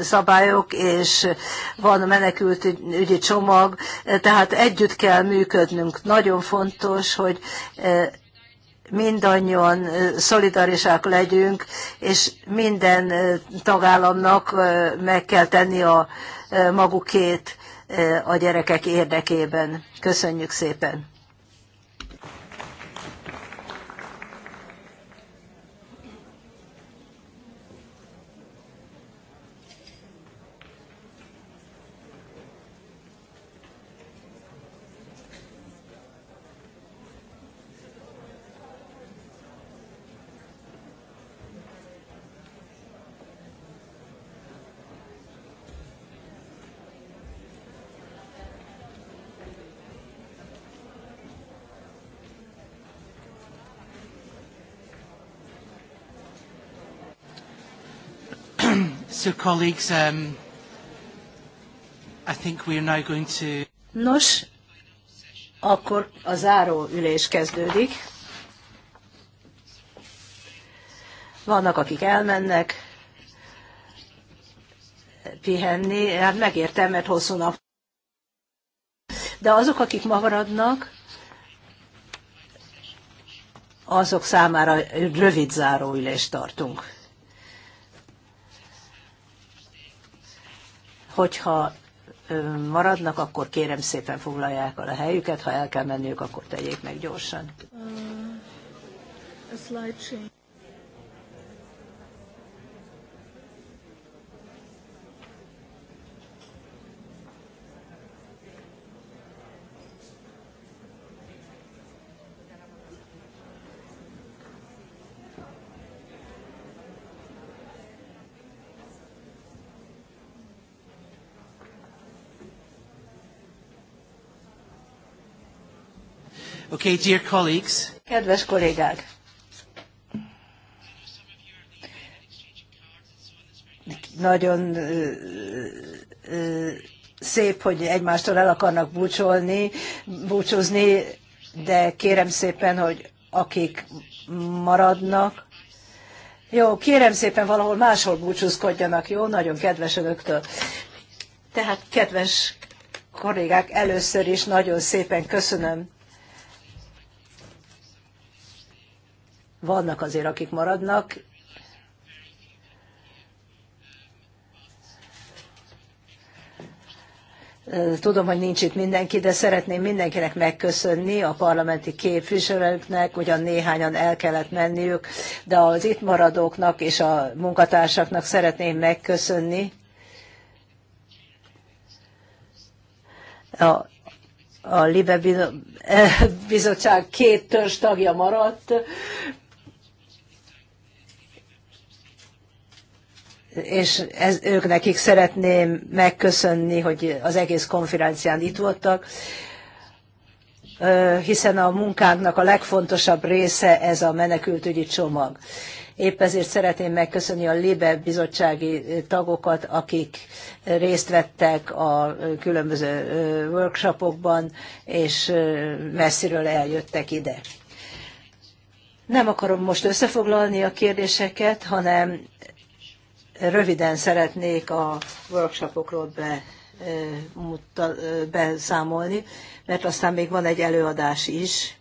szabályok, és van menekültügyi csomag, tehát együtt kell működnünk. Nagyon fontos, hogy e, mindannyian e, szolidarisák legyünk, és minden e, tagállamnak meg kell tenni a magukét a gyerekek érdekében. Köszönjük szépen! So colleagues, um, I think we are now going to... Nos, akkor a záró ülés kezdődik. Vannak, akik elmennek pihenni, hát megértem, mert hosszú nap. De azok, akik ma maradnak, azok számára rövid záróülést tartunk. Hogyha maradnak, akkor kérem szépen foglalják el a helyüket, ha el kell menniük, akkor tegyék meg gyorsan. Uh, Okay, dear colleagues. Kedves kollégák! Nagyon szép, hogy egymástól el akarnak búcsolni, búcsúzni, de kérem szépen, hogy akik maradnak, jó, kérem szépen valahol máshol búcsúzkodjanak, jó? Nagyon kedves önöktől. Tehát kedves kollégák, először is nagyon szépen köszönöm Vannak azért, akik maradnak. Tudom, hogy nincs itt mindenki, de szeretném mindenkinek megköszönni, a parlamenti képviselőknek, ugyan néhányan el kellett menniük, de az itt maradóknak és a munkatársaknak szeretném megköszönni. a, a Libe eh, bizottság két törzs tagja maradt, és ez, ők nekik szeretném megköszönni, hogy az egész konferencián itt voltak, hiszen a munkánknak a legfontosabb része ez a menekültügyi csomag. Épp ezért szeretném megköszönni a LIBE bizottsági tagokat, akik részt vettek a különböző workshopokban, és messziről eljöttek ide. Nem akarom most összefoglalni a kérdéseket, hanem Röviden szeretnék a workshopokról be, muta, beszámolni, mert aztán még van egy előadás is.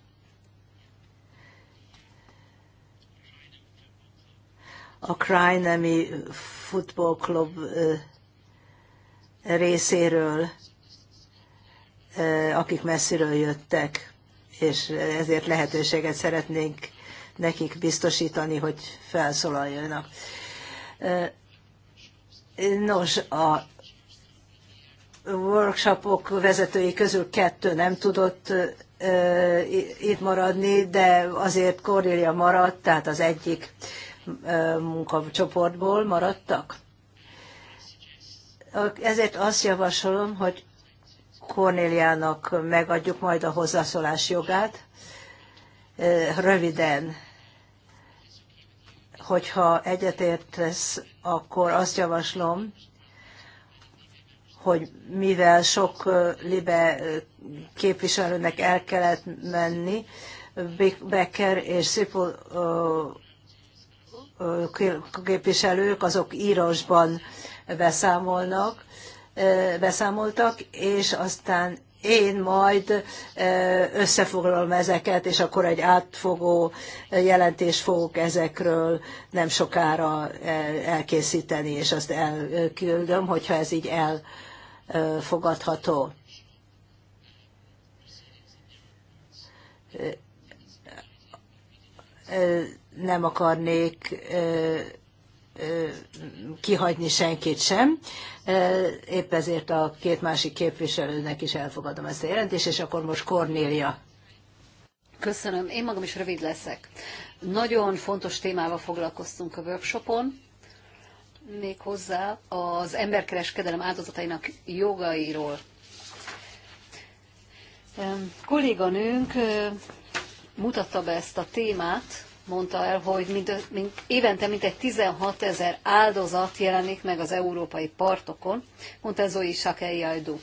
A Krajnemi Football Club részéről, akik messziről jöttek, és ezért lehetőséget szeretnénk nekik biztosítani, hogy felszólaljanak. Nos, a workshopok vezetői közül kettő nem tudott itt maradni, de azért Cornélia maradt, tehát az egyik munkacsoportból maradtak. Ezért azt javasolom, hogy Cornéliának megadjuk majd a hozzászólás jogát. Röviden hogyha egyetértesz, akkor azt javaslom, hogy mivel sok libe képviselőnek el kellett menni, Becker és Szipul képviselők, azok írásban beszámolnak, beszámoltak, és aztán én majd összefoglalom ezeket, és akkor egy átfogó jelentést fogok ezekről nem sokára elkészíteni, és azt elküldöm, hogyha ez így elfogadható. Nem akarnék kihagyni senkit sem. Épp ezért a két másik képviselőnek is elfogadom ezt a jelentést, és akkor most Kornélia. Köszönöm, én magam is rövid leszek. Nagyon fontos témával foglalkoztunk a workshopon, még hozzá az emberkereskedelem áldozatainak jogairól. Kolléganőnk mutatta be ezt a témát, mondta el, hogy mind, mind, évente mintegy 16 ezer áldozat jelenik meg az európai partokon, mondta Zoe Sakei Ajdu.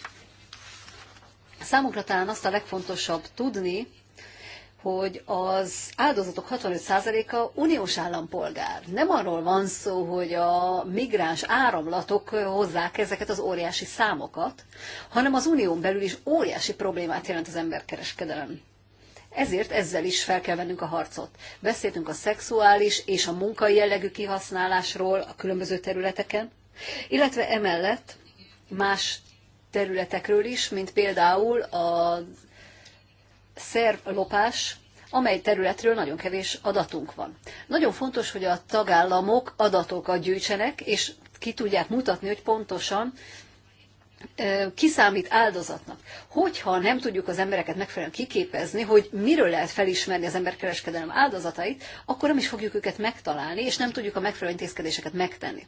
Számukra talán azt a legfontosabb tudni, hogy az áldozatok 65%-a uniós állampolgár. Nem arról van szó, hogy a migráns áramlatok hozzák ezeket az óriási számokat, hanem az unión belül is óriási problémát jelent az emberkereskedelem. Ezért ezzel is fel kell vennünk a harcot. Beszéltünk a szexuális és a munkai jellegű kihasználásról a különböző területeken, illetve emellett más területekről is, mint például a szervlopás, amely területről nagyon kevés adatunk van. Nagyon fontos, hogy a tagállamok adatokat gyűjtsenek, és ki tudják mutatni, hogy pontosan kiszámít áldozatnak. Hogyha nem tudjuk az embereket megfelelően kiképezni, hogy miről lehet felismerni az emberkereskedelem áldozatait, akkor nem is fogjuk őket megtalálni, és nem tudjuk a megfelelő intézkedéseket megtenni.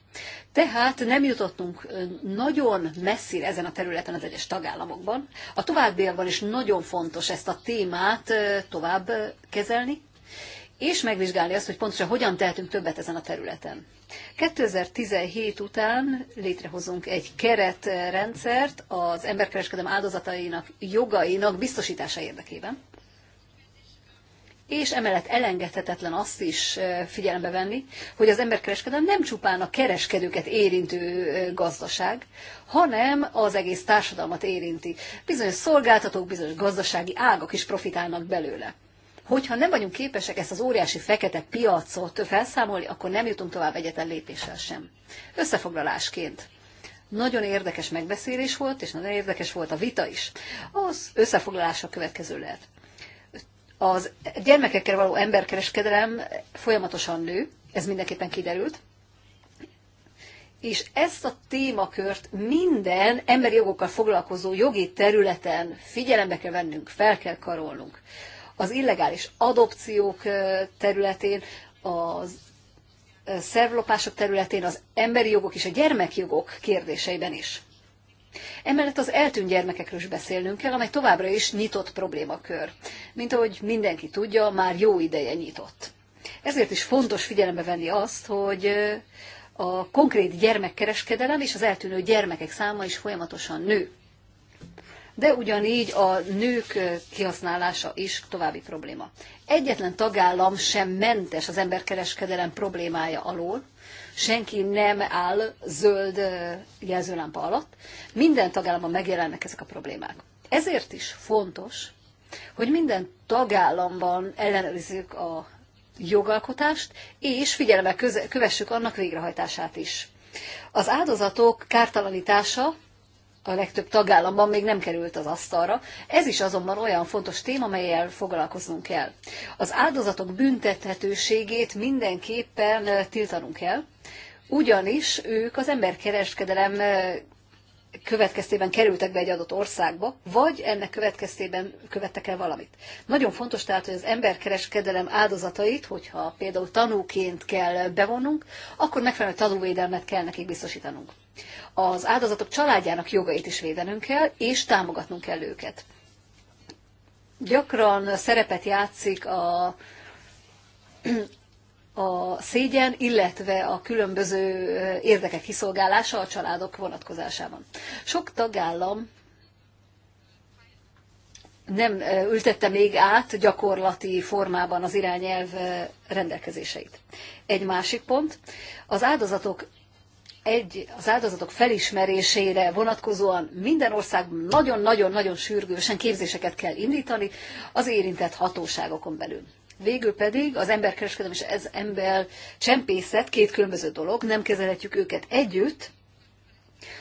Tehát nem jutottunk nagyon messzire ezen a területen az egyes tagállamokban. A továbbiakban is nagyon fontos ezt a témát tovább kezelni, és megvizsgálni azt, hogy pontosan hogyan tehetünk többet ezen a területen. 2017 után létrehozunk egy keretrendszert az emberkereskedelem áldozatainak jogainak biztosítása érdekében, és emellett elengedhetetlen azt is figyelembe venni, hogy az emberkereskedelem nem csupán a kereskedőket érintő gazdaság, hanem az egész társadalmat érinti. Bizonyos szolgáltatók, bizonyos gazdasági ágak is profitálnak belőle. Hogyha nem vagyunk képesek ezt az óriási fekete piacot felszámolni, akkor nem jutunk tovább egyetlen lépéssel sem. Összefoglalásként. Nagyon érdekes megbeszélés volt, és nagyon érdekes volt a vita is. Az összefoglalása következő lehet. Az gyermekekkel való emberkereskedelem folyamatosan nő, ez mindenképpen kiderült, és ezt a témakört minden emberi jogokkal foglalkozó jogi területen figyelembe kell vennünk, fel kell karolnunk az illegális adopciók területén, az szervlopások területén, az emberi jogok és a gyermekjogok kérdéseiben is. Emellett az eltűnt gyermekekről is beszélnünk kell, amely továbbra is nyitott problémakör. Mint ahogy mindenki tudja, már jó ideje nyitott. Ezért is fontos figyelembe venni azt, hogy a konkrét gyermekkereskedelem és az eltűnő gyermekek száma is folyamatosan nő de ugyanígy a nők kihasználása is további probléma. Egyetlen tagállam sem mentes az emberkereskedelem problémája alól, senki nem áll zöld jelzőlámpa alatt, minden tagállamban megjelennek ezek a problémák. Ezért is fontos, hogy minden tagállamban ellenőrizzük a jogalkotást, és figyelembe kövessük annak végrehajtását is. Az áldozatok kártalanítása a legtöbb tagállamban még nem került az asztalra. Ez is azonban olyan fontos téma, amelyel foglalkoznunk kell. Az áldozatok büntethetőségét mindenképpen tiltanunk kell, ugyanis ők az emberkereskedelem következtében kerültek be egy adott országba, vagy ennek következtében követtek el valamit. Nagyon fontos tehát, hogy az emberkereskedelem áldozatait, hogyha például tanúként kell bevonnunk, akkor megfelelő tanúvédelmet kell nekik biztosítanunk. Az áldozatok családjának jogait is védenünk kell, és támogatnunk kell őket. Gyakran szerepet játszik a, a szégyen, illetve a különböző érdekek kiszolgálása a családok vonatkozásában. Sok tagállam nem ültette még át gyakorlati formában az irányelv rendelkezéseit. Egy másik pont, az áldozatok egy, az áldozatok felismerésére vonatkozóan minden országban nagyon-nagyon-nagyon sürgősen képzéseket kell indítani az érintett hatóságokon belül. Végül pedig az emberkereskedelem és ez ember csempészet két különböző dolog, nem kezelhetjük őket együtt,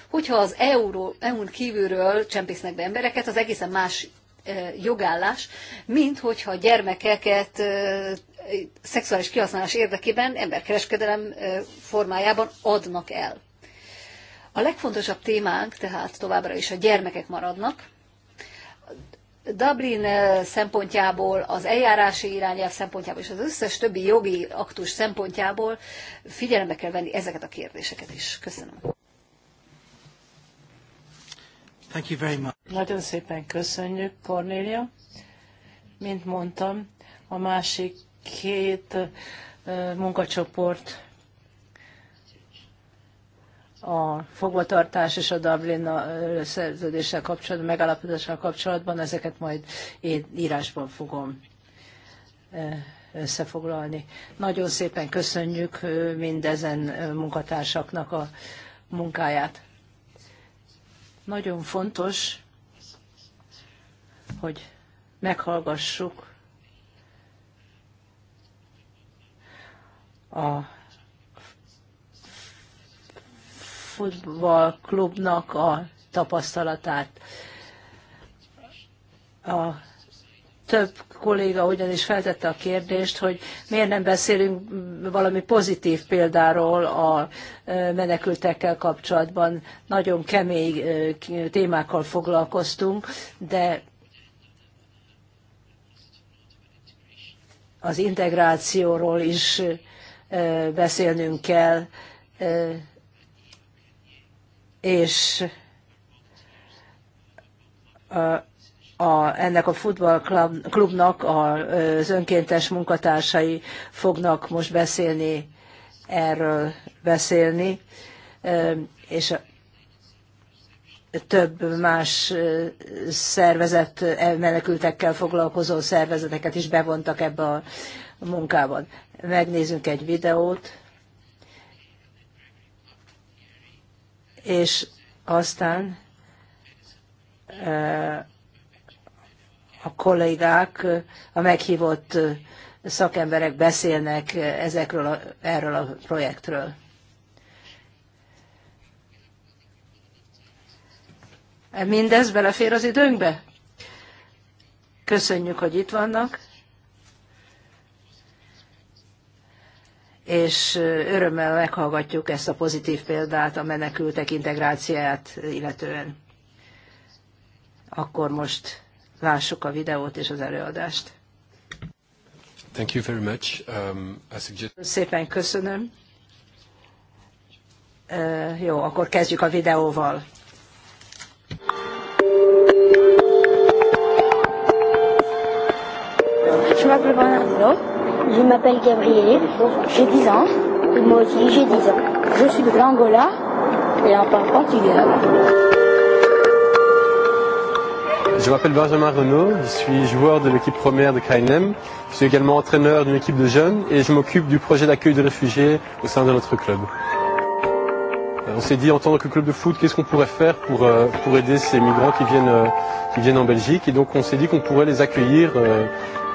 hogyha az euró, EU-n kívülről csempésznek be embereket, az egészen más eh, jogállás, mint hogyha gyermekeket eh, szexuális kihasználás érdekében emberkereskedelem formájában adnak el. A legfontosabb témánk tehát továbbra is a gyermekek maradnak. Dublin szempontjából, az eljárási irányelv szempontjából és az összes többi jogi aktus szempontjából figyelembe kell venni ezeket a kérdéseket is. Köszönöm. Thank you very much. Nagyon szépen köszönjük, Cornélia. Mint mondtam, a másik két munkacsoport a fogvatartás és a Dublin szerződéssel kapcsolatban, megállapodással kapcsolatban, ezeket majd én írásban fogom összefoglalni. Nagyon szépen köszönjük mindezen munkatársaknak a munkáját. Nagyon fontos, hogy meghallgassuk a futballklubnak a tapasztalatát. A több kolléga ugyanis feltette a kérdést, hogy miért nem beszélünk valami pozitív példáról a e, menekültekkel kapcsolatban. Nagyon kemény e, témákkal foglalkoztunk, de az integrációról is beszélnünk kell, és a, ennek a futballklubnak az önkéntes munkatársai fognak most beszélni, erről beszélni, és több más szervezet, menekültekkel foglalkozó szervezeteket is bevontak ebbe a munkában. Megnézzünk egy videót, és aztán a kollégák, a meghívott szakemberek beszélnek ezekről a, erről a projektről. Mindez belefér az időnkbe? Köszönjük, hogy itt vannak. és örömmel meghallgatjuk ezt a pozitív példát a menekültek integrációját illetően. Akkor most lássuk a videót és az előadást. Thank you very much. Um, I suggest... Szépen köszönöm. Uh, jó, akkor kezdjük a videóval. Je je m'appelle Gabriel, j'ai 10 ans, et moi aussi j'ai 10 ans. Je suis de l'Angola, et en parle portugais. Je m'appelle Benjamin Renault, je suis joueur de l'équipe première de KNM, je suis également entraîneur d'une équipe de jeunes et je m'occupe du projet d'accueil de réfugiés au sein de notre club. Euh, on s'est dit en tant que club de foot, qu'est-ce qu'on pourrait faire pour, euh, pour aider ces migrants qui viennent, euh, qui viennent en Belgique. Et donc on s'est dit qu'on pourrait les accueillir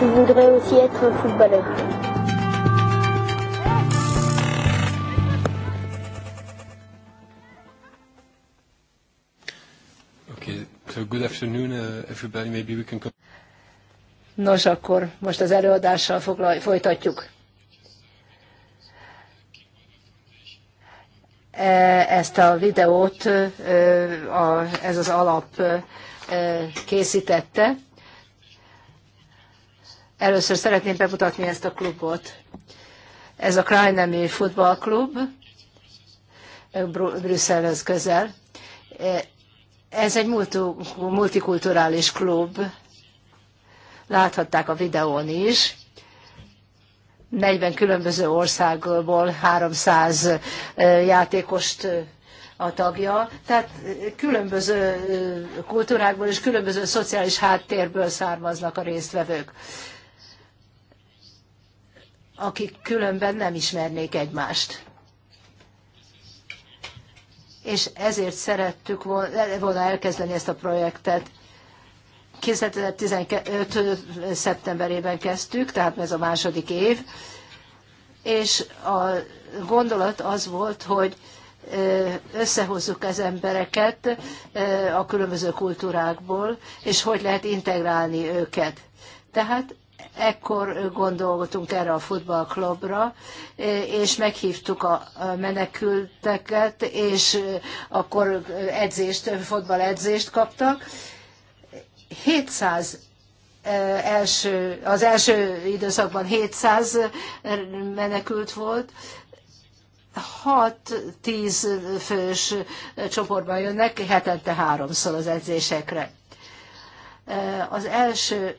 Je voudrais aussi être un footballeur. Uh, Nos, akkor most az előadással foglalj, folytatjuk. E, ezt a videót e, ez az alap e, készítette Először szeretném bemutatni ezt a klubot. Ez a Krajnemi futballklub, Brüsszelhez közel. Ez egy multikulturális klub, láthatták a videón is. 40 különböző országból 300 játékost a tagja, tehát különböző kultúrákból és különböző szociális háttérből származnak a résztvevők akik különben nem ismernék egymást. És ezért szerettük volna elkezdeni ezt a projektet. 2015. szeptemberében kezdtük, tehát ez a második év, és a gondolat az volt, hogy összehozzuk az embereket a különböző kultúrákból, és hogy lehet integrálni őket. Tehát Ekkor gondolgatunk erre a futballklubra, és meghívtuk a menekülteket, és akkor edzést, futballedzést kaptak. 700 első, az első időszakban 700 menekült volt, 6-10 fős csoportban jönnek, hetente háromszor az edzésekre. Az első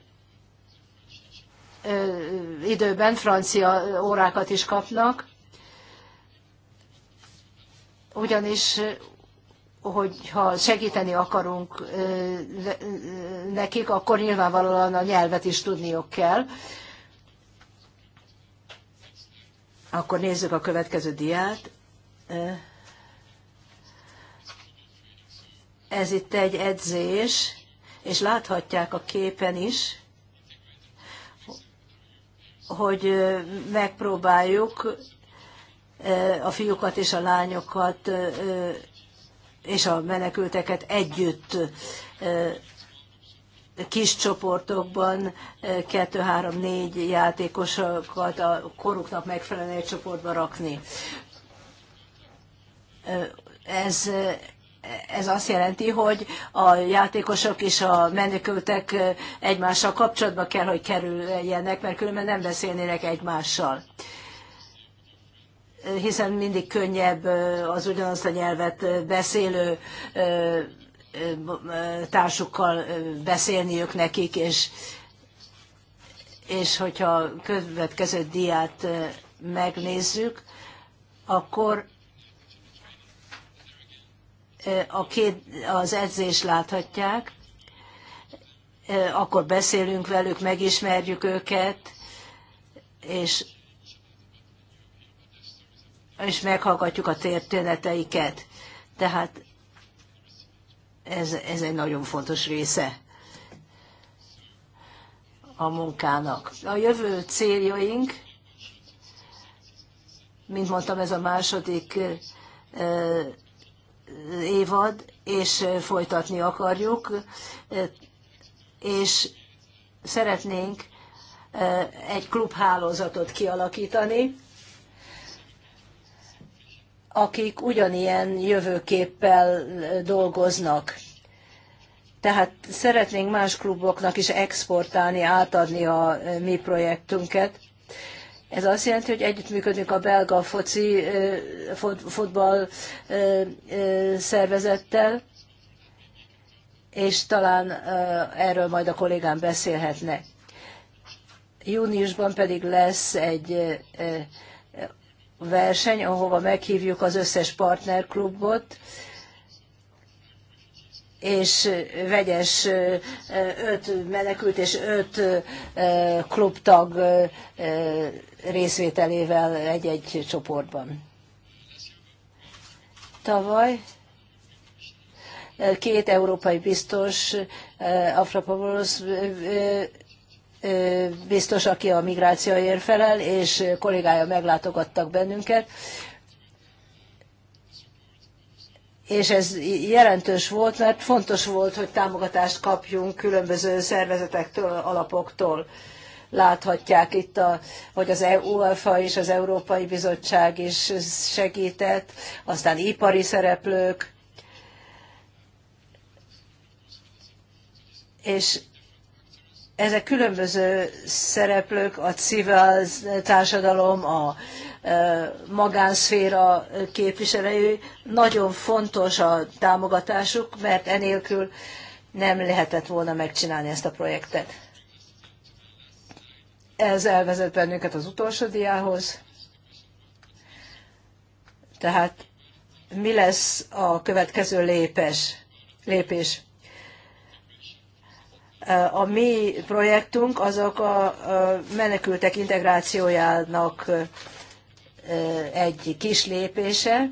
időben francia órákat is kapnak, ugyanis hogyha segíteni akarunk nekik, akkor nyilvánvalóan a nyelvet is tudniuk kell. Akkor nézzük a következő diát. Ez itt egy edzés, és láthatják a képen is, hogy megpróbáljuk a fiúkat és a lányokat és a menekülteket együtt kis csoportokban, kettő, három, négy játékosokat a koruknak megfelelő csoportba rakni. Ez ez azt jelenti, hogy a játékosok és a menekültek egymással kapcsolatba kell, hogy kerüljenek, mert különben nem beszélnének egymással hiszen mindig könnyebb az ugyanazt a nyelvet beszélő társukkal beszélni ők nekik, és, és hogyha következő diát megnézzük, akkor a két, az edzés láthatják, akkor beszélünk velük, megismerjük őket, és, és meghallgatjuk a történeteiket. Tehát ez, ez egy nagyon fontos része a munkának. A jövő céljaink, mint mondtam, ez a második évad, és folytatni akarjuk, és szeretnénk egy klubhálózatot kialakítani, akik ugyanilyen jövőképpel dolgoznak. Tehát szeretnénk más kluboknak is exportálni, átadni a mi projektünket, ez azt jelenti, hogy együttműködünk a belga foci, futball szervezettel, és talán erről majd a kollégám beszélhetne. Júniusban pedig lesz egy verseny, ahova meghívjuk az összes partnerklubot, és vegyes öt menekült és öt klubtag részvételével egy-egy csoportban. Tavaly két európai biztos, Afrapavolosz biztos, aki a migrációért felel, és kollégája meglátogattak bennünket, és ez jelentős volt, mert fontos volt, hogy támogatást kapjunk különböző szervezetektől, alapoktól. Láthatják itt, a, hogy az UEFA és az Európai Bizottság is segített, aztán ipari szereplők, és ezek különböző szereplők, a civil társadalom, a e, magánszféra képviselői, nagyon fontos a támogatásuk, mert enélkül nem lehetett volna megcsinálni ezt a projektet. Ez elvezet bennünket az utolsó diához. Tehát mi lesz a következő lépés? lépés? A mi projektunk azok a menekültek integrációjának egy kis lépése,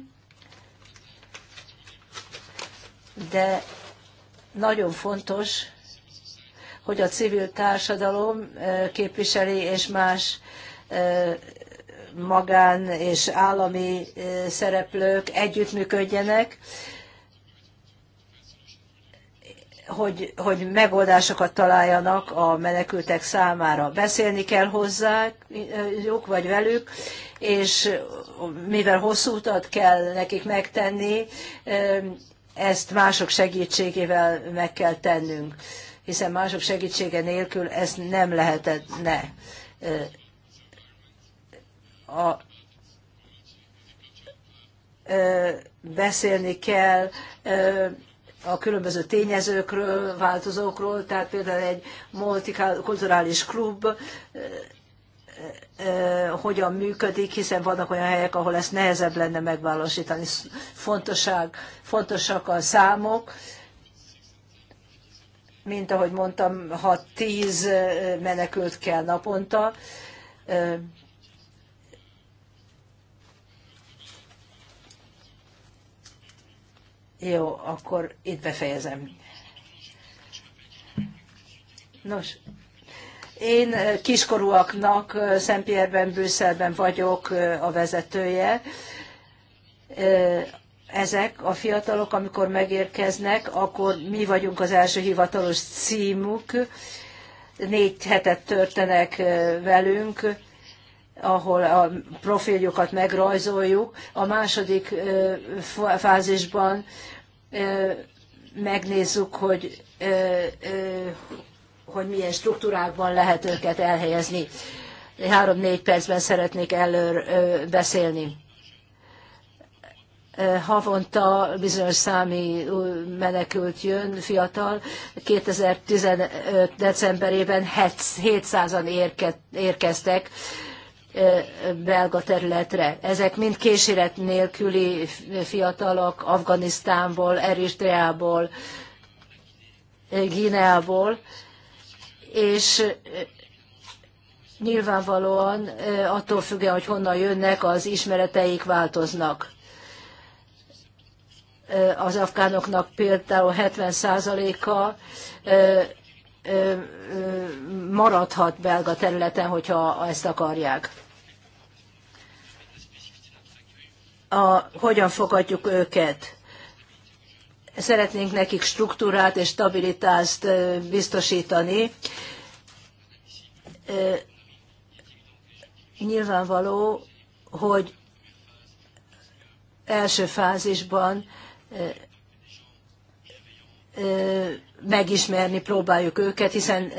de nagyon fontos, hogy a civil társadalom képviseli, és más magán és állami szereplők együttműködjenek, hogy, hogy megoldásokat találjanak a menekültek számára. Beszélni kell hozzájuk vagy velük, és mivel hosszú utat kell nekik megtenni, ezt mások segítségével meg kell tennünk, hiszen mások segítsége nélkül ezt nem lehetne. A, beszélni kell a különböző tényezőkről, változókról, tehát például egy multikulturális klub eh, eh, eh, hogyan működik, hiszen vannak olyan helyek, ahol ezt nehezebb lenne megvalósítani. Fontosak, fontosak a számok, mint ahogy mondtam, ha tíz menekült kell naponta, Jó, akkor itt befejezem. Nos, én kiskorúaknak Szentpierben, Brüsszelben vagyok a vezetője. Ezek a fiatalok, amikor megérkeznek, akkor mi vagyunk az első hivatalos címük. Négy hetet törtenek velünk, ahol a profiljukat megrajzoljuk. A második fázisban megnézzük, hogy, hogy milyen struktúrákban lehet őket elhelyezni. Három-négy percben szeretnék előr beszélni. Havonta bizonyos számi menekült jön, fiatal. 2015. decemberében 700-an érkeztek belga területre. Ezek mind késéret nélküli fiatalok Afganisztánból, Eritreából, Gineából, és nyilvánvalóan attól függően, hogy honnan jönnek, az ismereteik változnak. Az afgánoknak például 70%-a maradhat belga területen, hogyha ezt akarják. a, hogyan fogadjuk őket. Szeretnénk nekik struktúrát és stabilitást biztosítani. Nyilvánvaló, hogy első fázisban megismerni próbáljuk őket, hiszen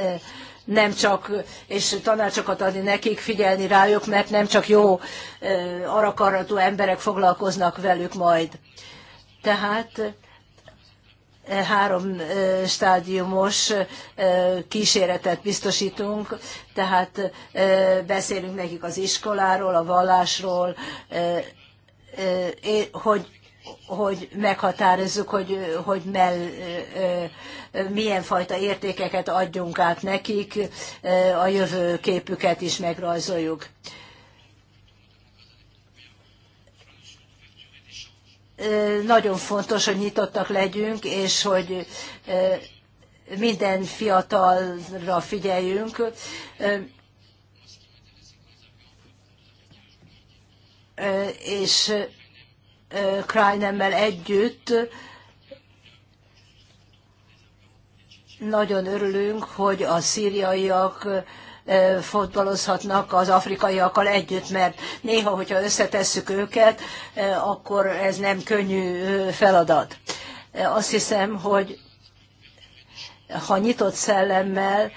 nem csak, és tanácsokat adni nekik, figyelni rájuk, mert nem csak jó arakaratú emberek foglalkoznak velük majd. Tehát e, három e, stádiumos e, kíséretet biztosítunk, tehát beszélünk nekik az iskoláról, a vallásról, hogy hogy meghatározzuk, hogy, hogy mell, milyen fajta értékeket adjunk át nekik, a jövő képüket is megrajzoljuk. Nagyon fontos, hogy nyitottak legyünk, és hogy minden fiatalra figyeljünk. És Krajnemmel együtt nagyon örülünk, hogy a szíriaiak fotbalozhatnak az afrikaiakkal együtt, mert néha, hogyha összetesszük őket, akkor ez nem könnyű feladat. Azt hiszem, hogy ha nyitott szellemmel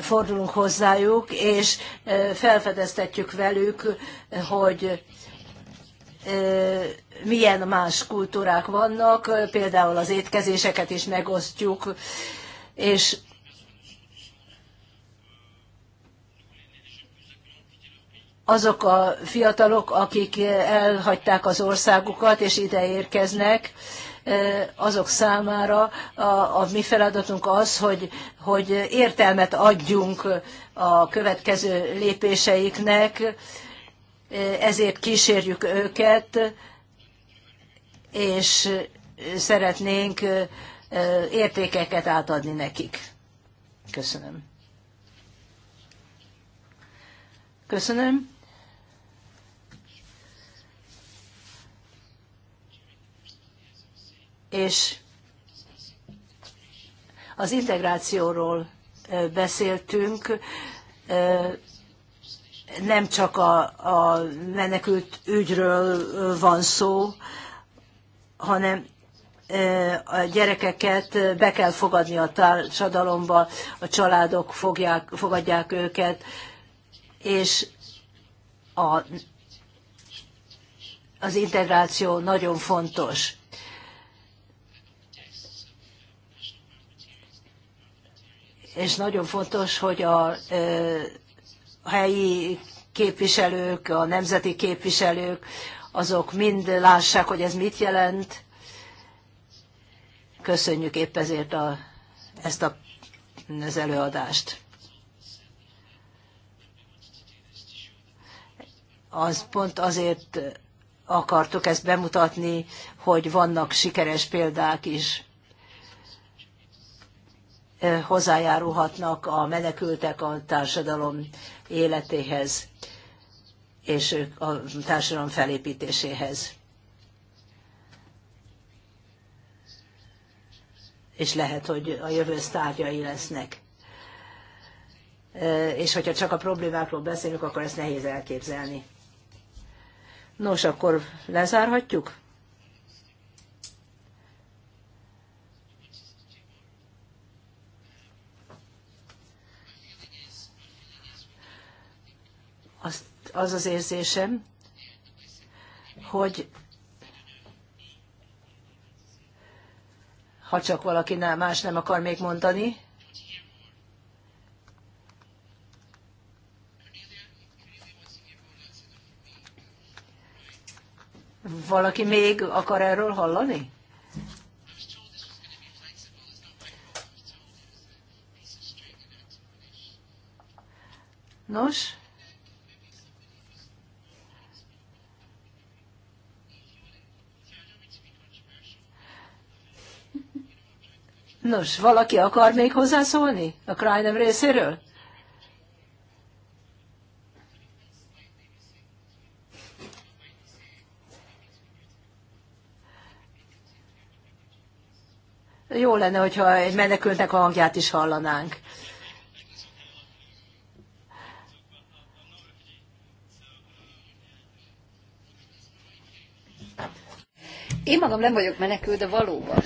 fordulunk hozzájuk, és felfedeztetjük velük, hogy milyen más kultúrák vannak, például az étkezéseket is megosztjuk, és azok a fiatalok, akik elhagyták az országukat és ide érkeznek, azok számára a, a mi feladatunk az, hogy, hogy értelmet adjunk a következő lépéseiknek, ezért kísérjük őket, és szeretnénk értékeket átadni nekik. Köszönöm. Köszönöm. És az integrációról beszéltünk, nem csak a, a menekült ügyről van szó, hanem a gyerekeket be kell fogadni a társadalomba, a családok fogják, fogadják őket, és a, az integráció nagyon fontos. És nagyon fontos, hogy a helyi képviselők, a nemzeti képviselők, azok mind lássák, hogy ez mit jelent. Köszönjük épp ezért a, ezt a, az előadást. Az pont azért akartuk ezt bemutatni, hogy vannak sikeres példák is hozzájárulhatnak a menekültek a társadalom életéhez és a társadalom felépítéséhez. És lehet, hogy a jövő sztárgyai lesznek. És hogyha csak a problémákról beszélünk, akkor ezt nehéz elképzelni. Nos, akkor lezárhatjuk? az az, az érzésem, hogy ha csak valaki más nem akar még mondani, Valaki még akar erről hallani? Nos? Nos, valaki akar még hozzászólni a Krajnem részéről? Jó lenne, hogyha egy menekültnek a hangját is hallanánk. Én magam nem vagyok menekült, de valóban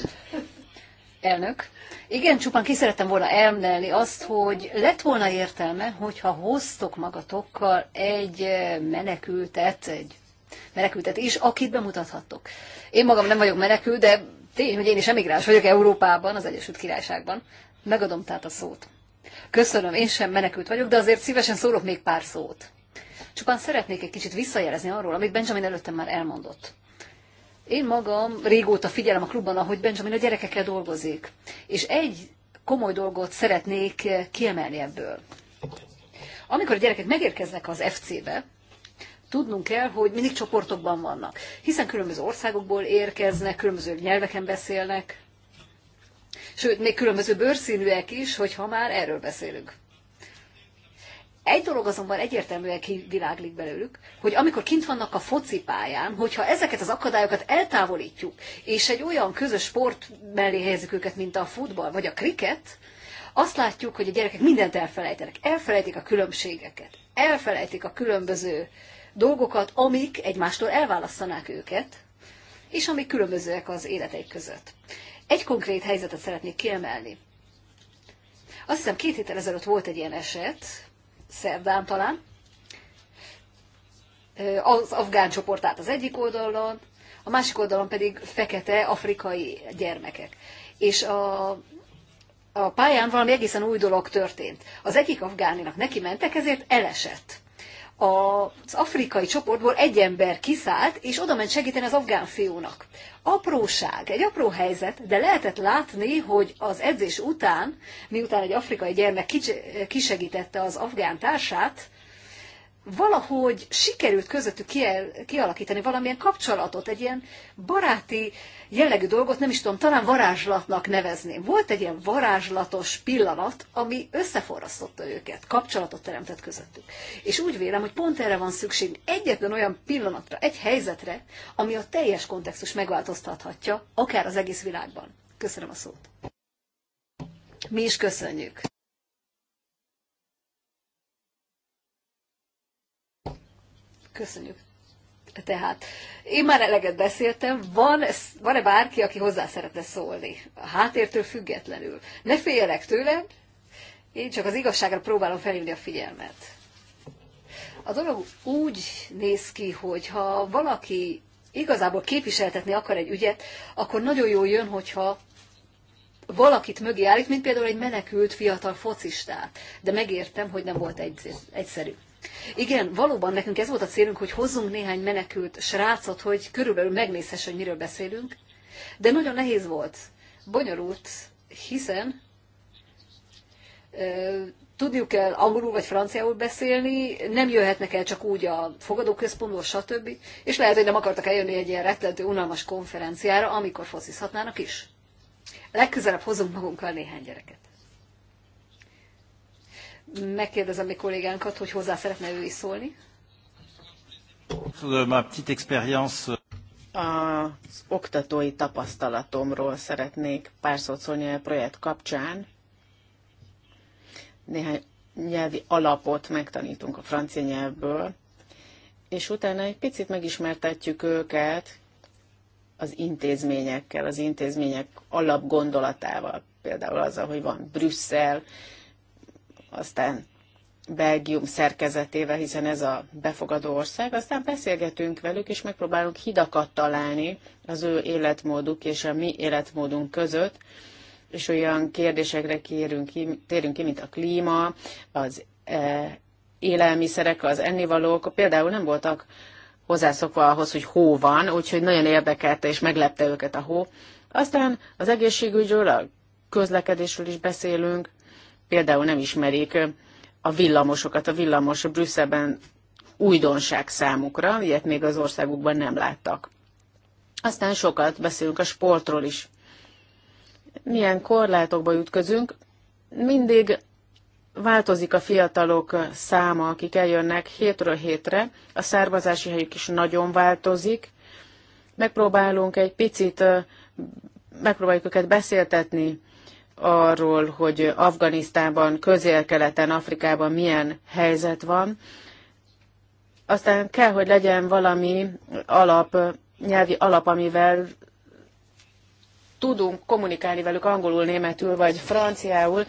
Elnök, igen, csupán ki szerettem volna emelni azt, hogy lett volna értelme, hogyha hoztok magatokkal egy eh, menekültet, egy menekültet is, akit bemutathattok. Én magam nem vagyok menekült, de tény, hogy én is emigráns vagyok Európában, az Egyesült Királyságban. Megadom tehát a szót. Köszönöm, én sem menekült vagyok, de azért szívesen szólok még pár szót. Csupán szeretnék egy kicsit visszajelezni arról, amit Benjamin előttem már elmondott. Én magam régóta figyelem a klubban, ahogy Benjamin a gyerekekkel dolgozik. És egy komoly dolgot szeretnék kiemelni ebből. Amikor a gyerekek megérkeznek az FC-be, tudnunk kell, hogy mindig csoportokban vannak. Hiszen különböző országokból érkeznek, különböző nyelveken beszélnek, sőt, még különböző bőrszínűek is, hogyha már erről beszélünk. Egy dolog azonban egyértelműen kiviláglik belőlük, hogy amikor kint vannak a focipályán, hogyha ezeket az akadályokat eltávolítjuk, és egy olyan közös sport mellé helyezzük őket, mint a futball vagy a kriket, azt látjuk, hogy a gyerekek mindent elfelejtenek. Elfelejtik a különbségeket, elfelejtik a különböző dolgokat, amik egymástól elválasztanák őket, és amik különbözőek az életeik között. Egy konkrét helyzetet szeretnék kiemelni. Azt hiszem, két héttel ezelőtt volt egy ilyen eset, szerdán talán, az afgán csoportát az egyik oldalon, a másik oldalon pedig fekete afrikai gyermekek. És a, a pályán valami egészen új dolog történt. Az egyik afgáninak neki mentek, ezért elesett az afrikai csoportból egy ember kiszállt, és oda ment segíteni az afgán fiúnak. Apróság, egy apró helyzet, de lehetett látni, hogy az edzés után, miután egy afrikai gyermek kisegítette az afgán társát, valahogy sikerült közöttük kialakítani valamilyen kapcsolatot, egy ilyen baráti jellegű dolgot, nem is tudom, talán varázslatnak nevezném. Volt egy ilyen varázslatos pillanat, ami összeforrasztotta őket, kapcsolatot teremtett közöttük. És úgy vélem, hogy pont erre van szükség egyetlen olyan pillanatra, egy helyzetre, ami a teljes kontextus megváltoztathatja, akár az egész világban. Köszönöm a szót. Mi is köszönjük. Köszönjük. Tehát én már eleget beszéltem, van, van-e bárki, aki hozzá szeretne szólni? A háttértől függetlenül. Ne féljenek tőle, én csak az igazságra próbálom felhívni a figyelmet. A dolog úgy néz ki, hogy ha valaki igazából képviseltetni akar egy ügyet, akkor nagyon jól jön, hogyha valakit mögé állít, mint például egy menekült fiatal focistát. De megértem, hogy nem volt egyszerű. Igen, valóban nekünk ez volt a célunk, hogy hozzunk néhány menekült srácot, hogy körülbelül megnézhess, hogy miről beszélünk, de nagyon nehéz volt, bonyolult, hiszen euh, tudniuk kell angolul vagy franciául beszélni, nem jöhetnek el csak úgy a fogadóközpontból, stb. És lehet, hogy nem akartak eljönni egy ilyen rettentő unalmas konferenciára, amikor foszizhatnának is. Legközelebb hozunk magunkkal néhány gyereket megkérdezem a kollégánkat, hogy hozzá szeretne ő is szólni. Ma euh, az oktatói tapasztalatomról szeretnék pár szót szólni a projekt kapcsán. Néhány nyelvi alapot megtanítunk a francia nyelvből, és utána egy picit megismertetjük őket az intézményekkel, az intézmények alapgondolatával, például azzal, hogy van Brüsszel, aztán Belgium szerkezetével, hiszen ez a befogadó ország, aztán beszélgetünk velük, és megpróbálunk hidakat találni az ő életmóduk és a mi életmódunk között, és olyan kérdésekre kérünk ki, térünk ki, mint a klíma, az e, élelmiszerek, az ennivalók. Például nem voltak hozzászokva ahhoz, hogy hó van, úgyhogy nagyon érdekelte és meglepte őket a hó. Aztán az egészségügyről, a közlekedésről is beszélünk, például nem ismerik a villamosokat. A villamos a Brüsszelben újdonság számukra, ilyet még az országukban nem láttak. Aztán sokat beszélünk a sportról is. Milyen korlátokba ütközünk, mindig változik a fiatalok száma, akik eljönnek hétről hétre, a származási helyük is nagyon változik. Megpróbálunk egy picit, megpróbáljuk őket beszéltetni arról, hogy Afganisztánban, közél-keleten, Afrikában milyen helyzet van. Aztán kell, hogy legyen valami alap, nyelvi alap, amivel tudunk kommunikálni velük angolul, németül vagy franciául.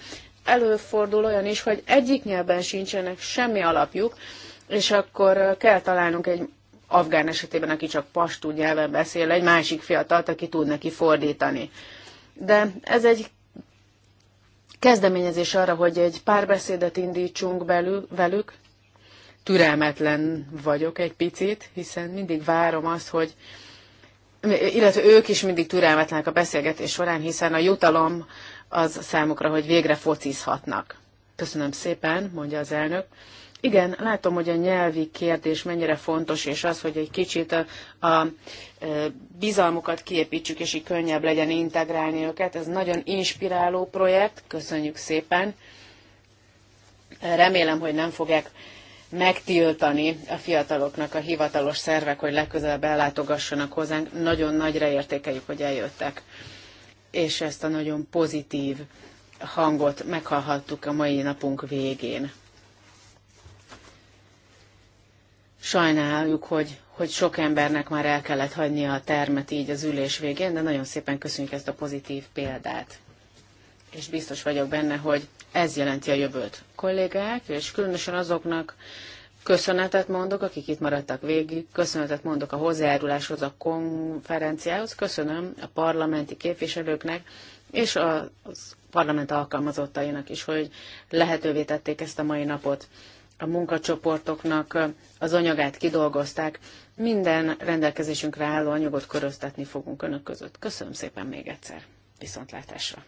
Előfordul olyan is, hogy egyik nyelven sincsenek semmi alapjuk, és akkor kell találnunk egy afgán esetében, aki csak pastú nyelven beszél, egy másik fiatalt, aki tud neki fordítani. De ez egy kezdeményezés arra, hogy egy párbeszédet indítsunk belül, velük. Türelmetlen vagyok egy picit, hiszen mindig várom azt, hogy illetve ők is mindig türelmetlenek a beszélgetés során, hiszen a jutalom az számukra, hogy végre focizhatnak. Köszönöm szépen, mondja az elnök. Igen, látom, hogy a nyelvi kérdés mennyire fontos, és az, hogy egy kicsit a, a e, bizalmukat kiépítsük, és így könnyebb legyen integrálni őket. Ez nagyon inspiráló projekt, köszönjük szépen. Remélem, hogy nem fogják megtiltani a fiataloknak a hivatalos szervek, hogy legközelebb ellátogassanak hozzánk. Nagyon nagyra értékeljük, hogy eljöttek. És ezt a nagyon pozitív hangot meghallhattuk a mai napunk végén. Sajnáljuk, hogy, hogy sok embernek már el kellett hagynia a termet így az ülés végén, de nagyon szépen köszönjük ezt a pozitív példát. És biztos vagyok benne, hogy ez jelenti a jövőt. Kollégák, és különösen azoknak köszönetet mondok, akik itt maradtak végig, köszönetet mondok a hozzájáruláshoz, a konferenciához, köszönöm a parlamenti képviselőknek, és a parlament alkalmazottainak is, hogy lehetővé tették ezt a mai napot a munkacsoportoknak az anyagát kidolgozták. Minden rendelkezésünkre álló anyagot köröztetni fogunk önök között. Köszönöm szépen még egyszer. Viszontlátásra!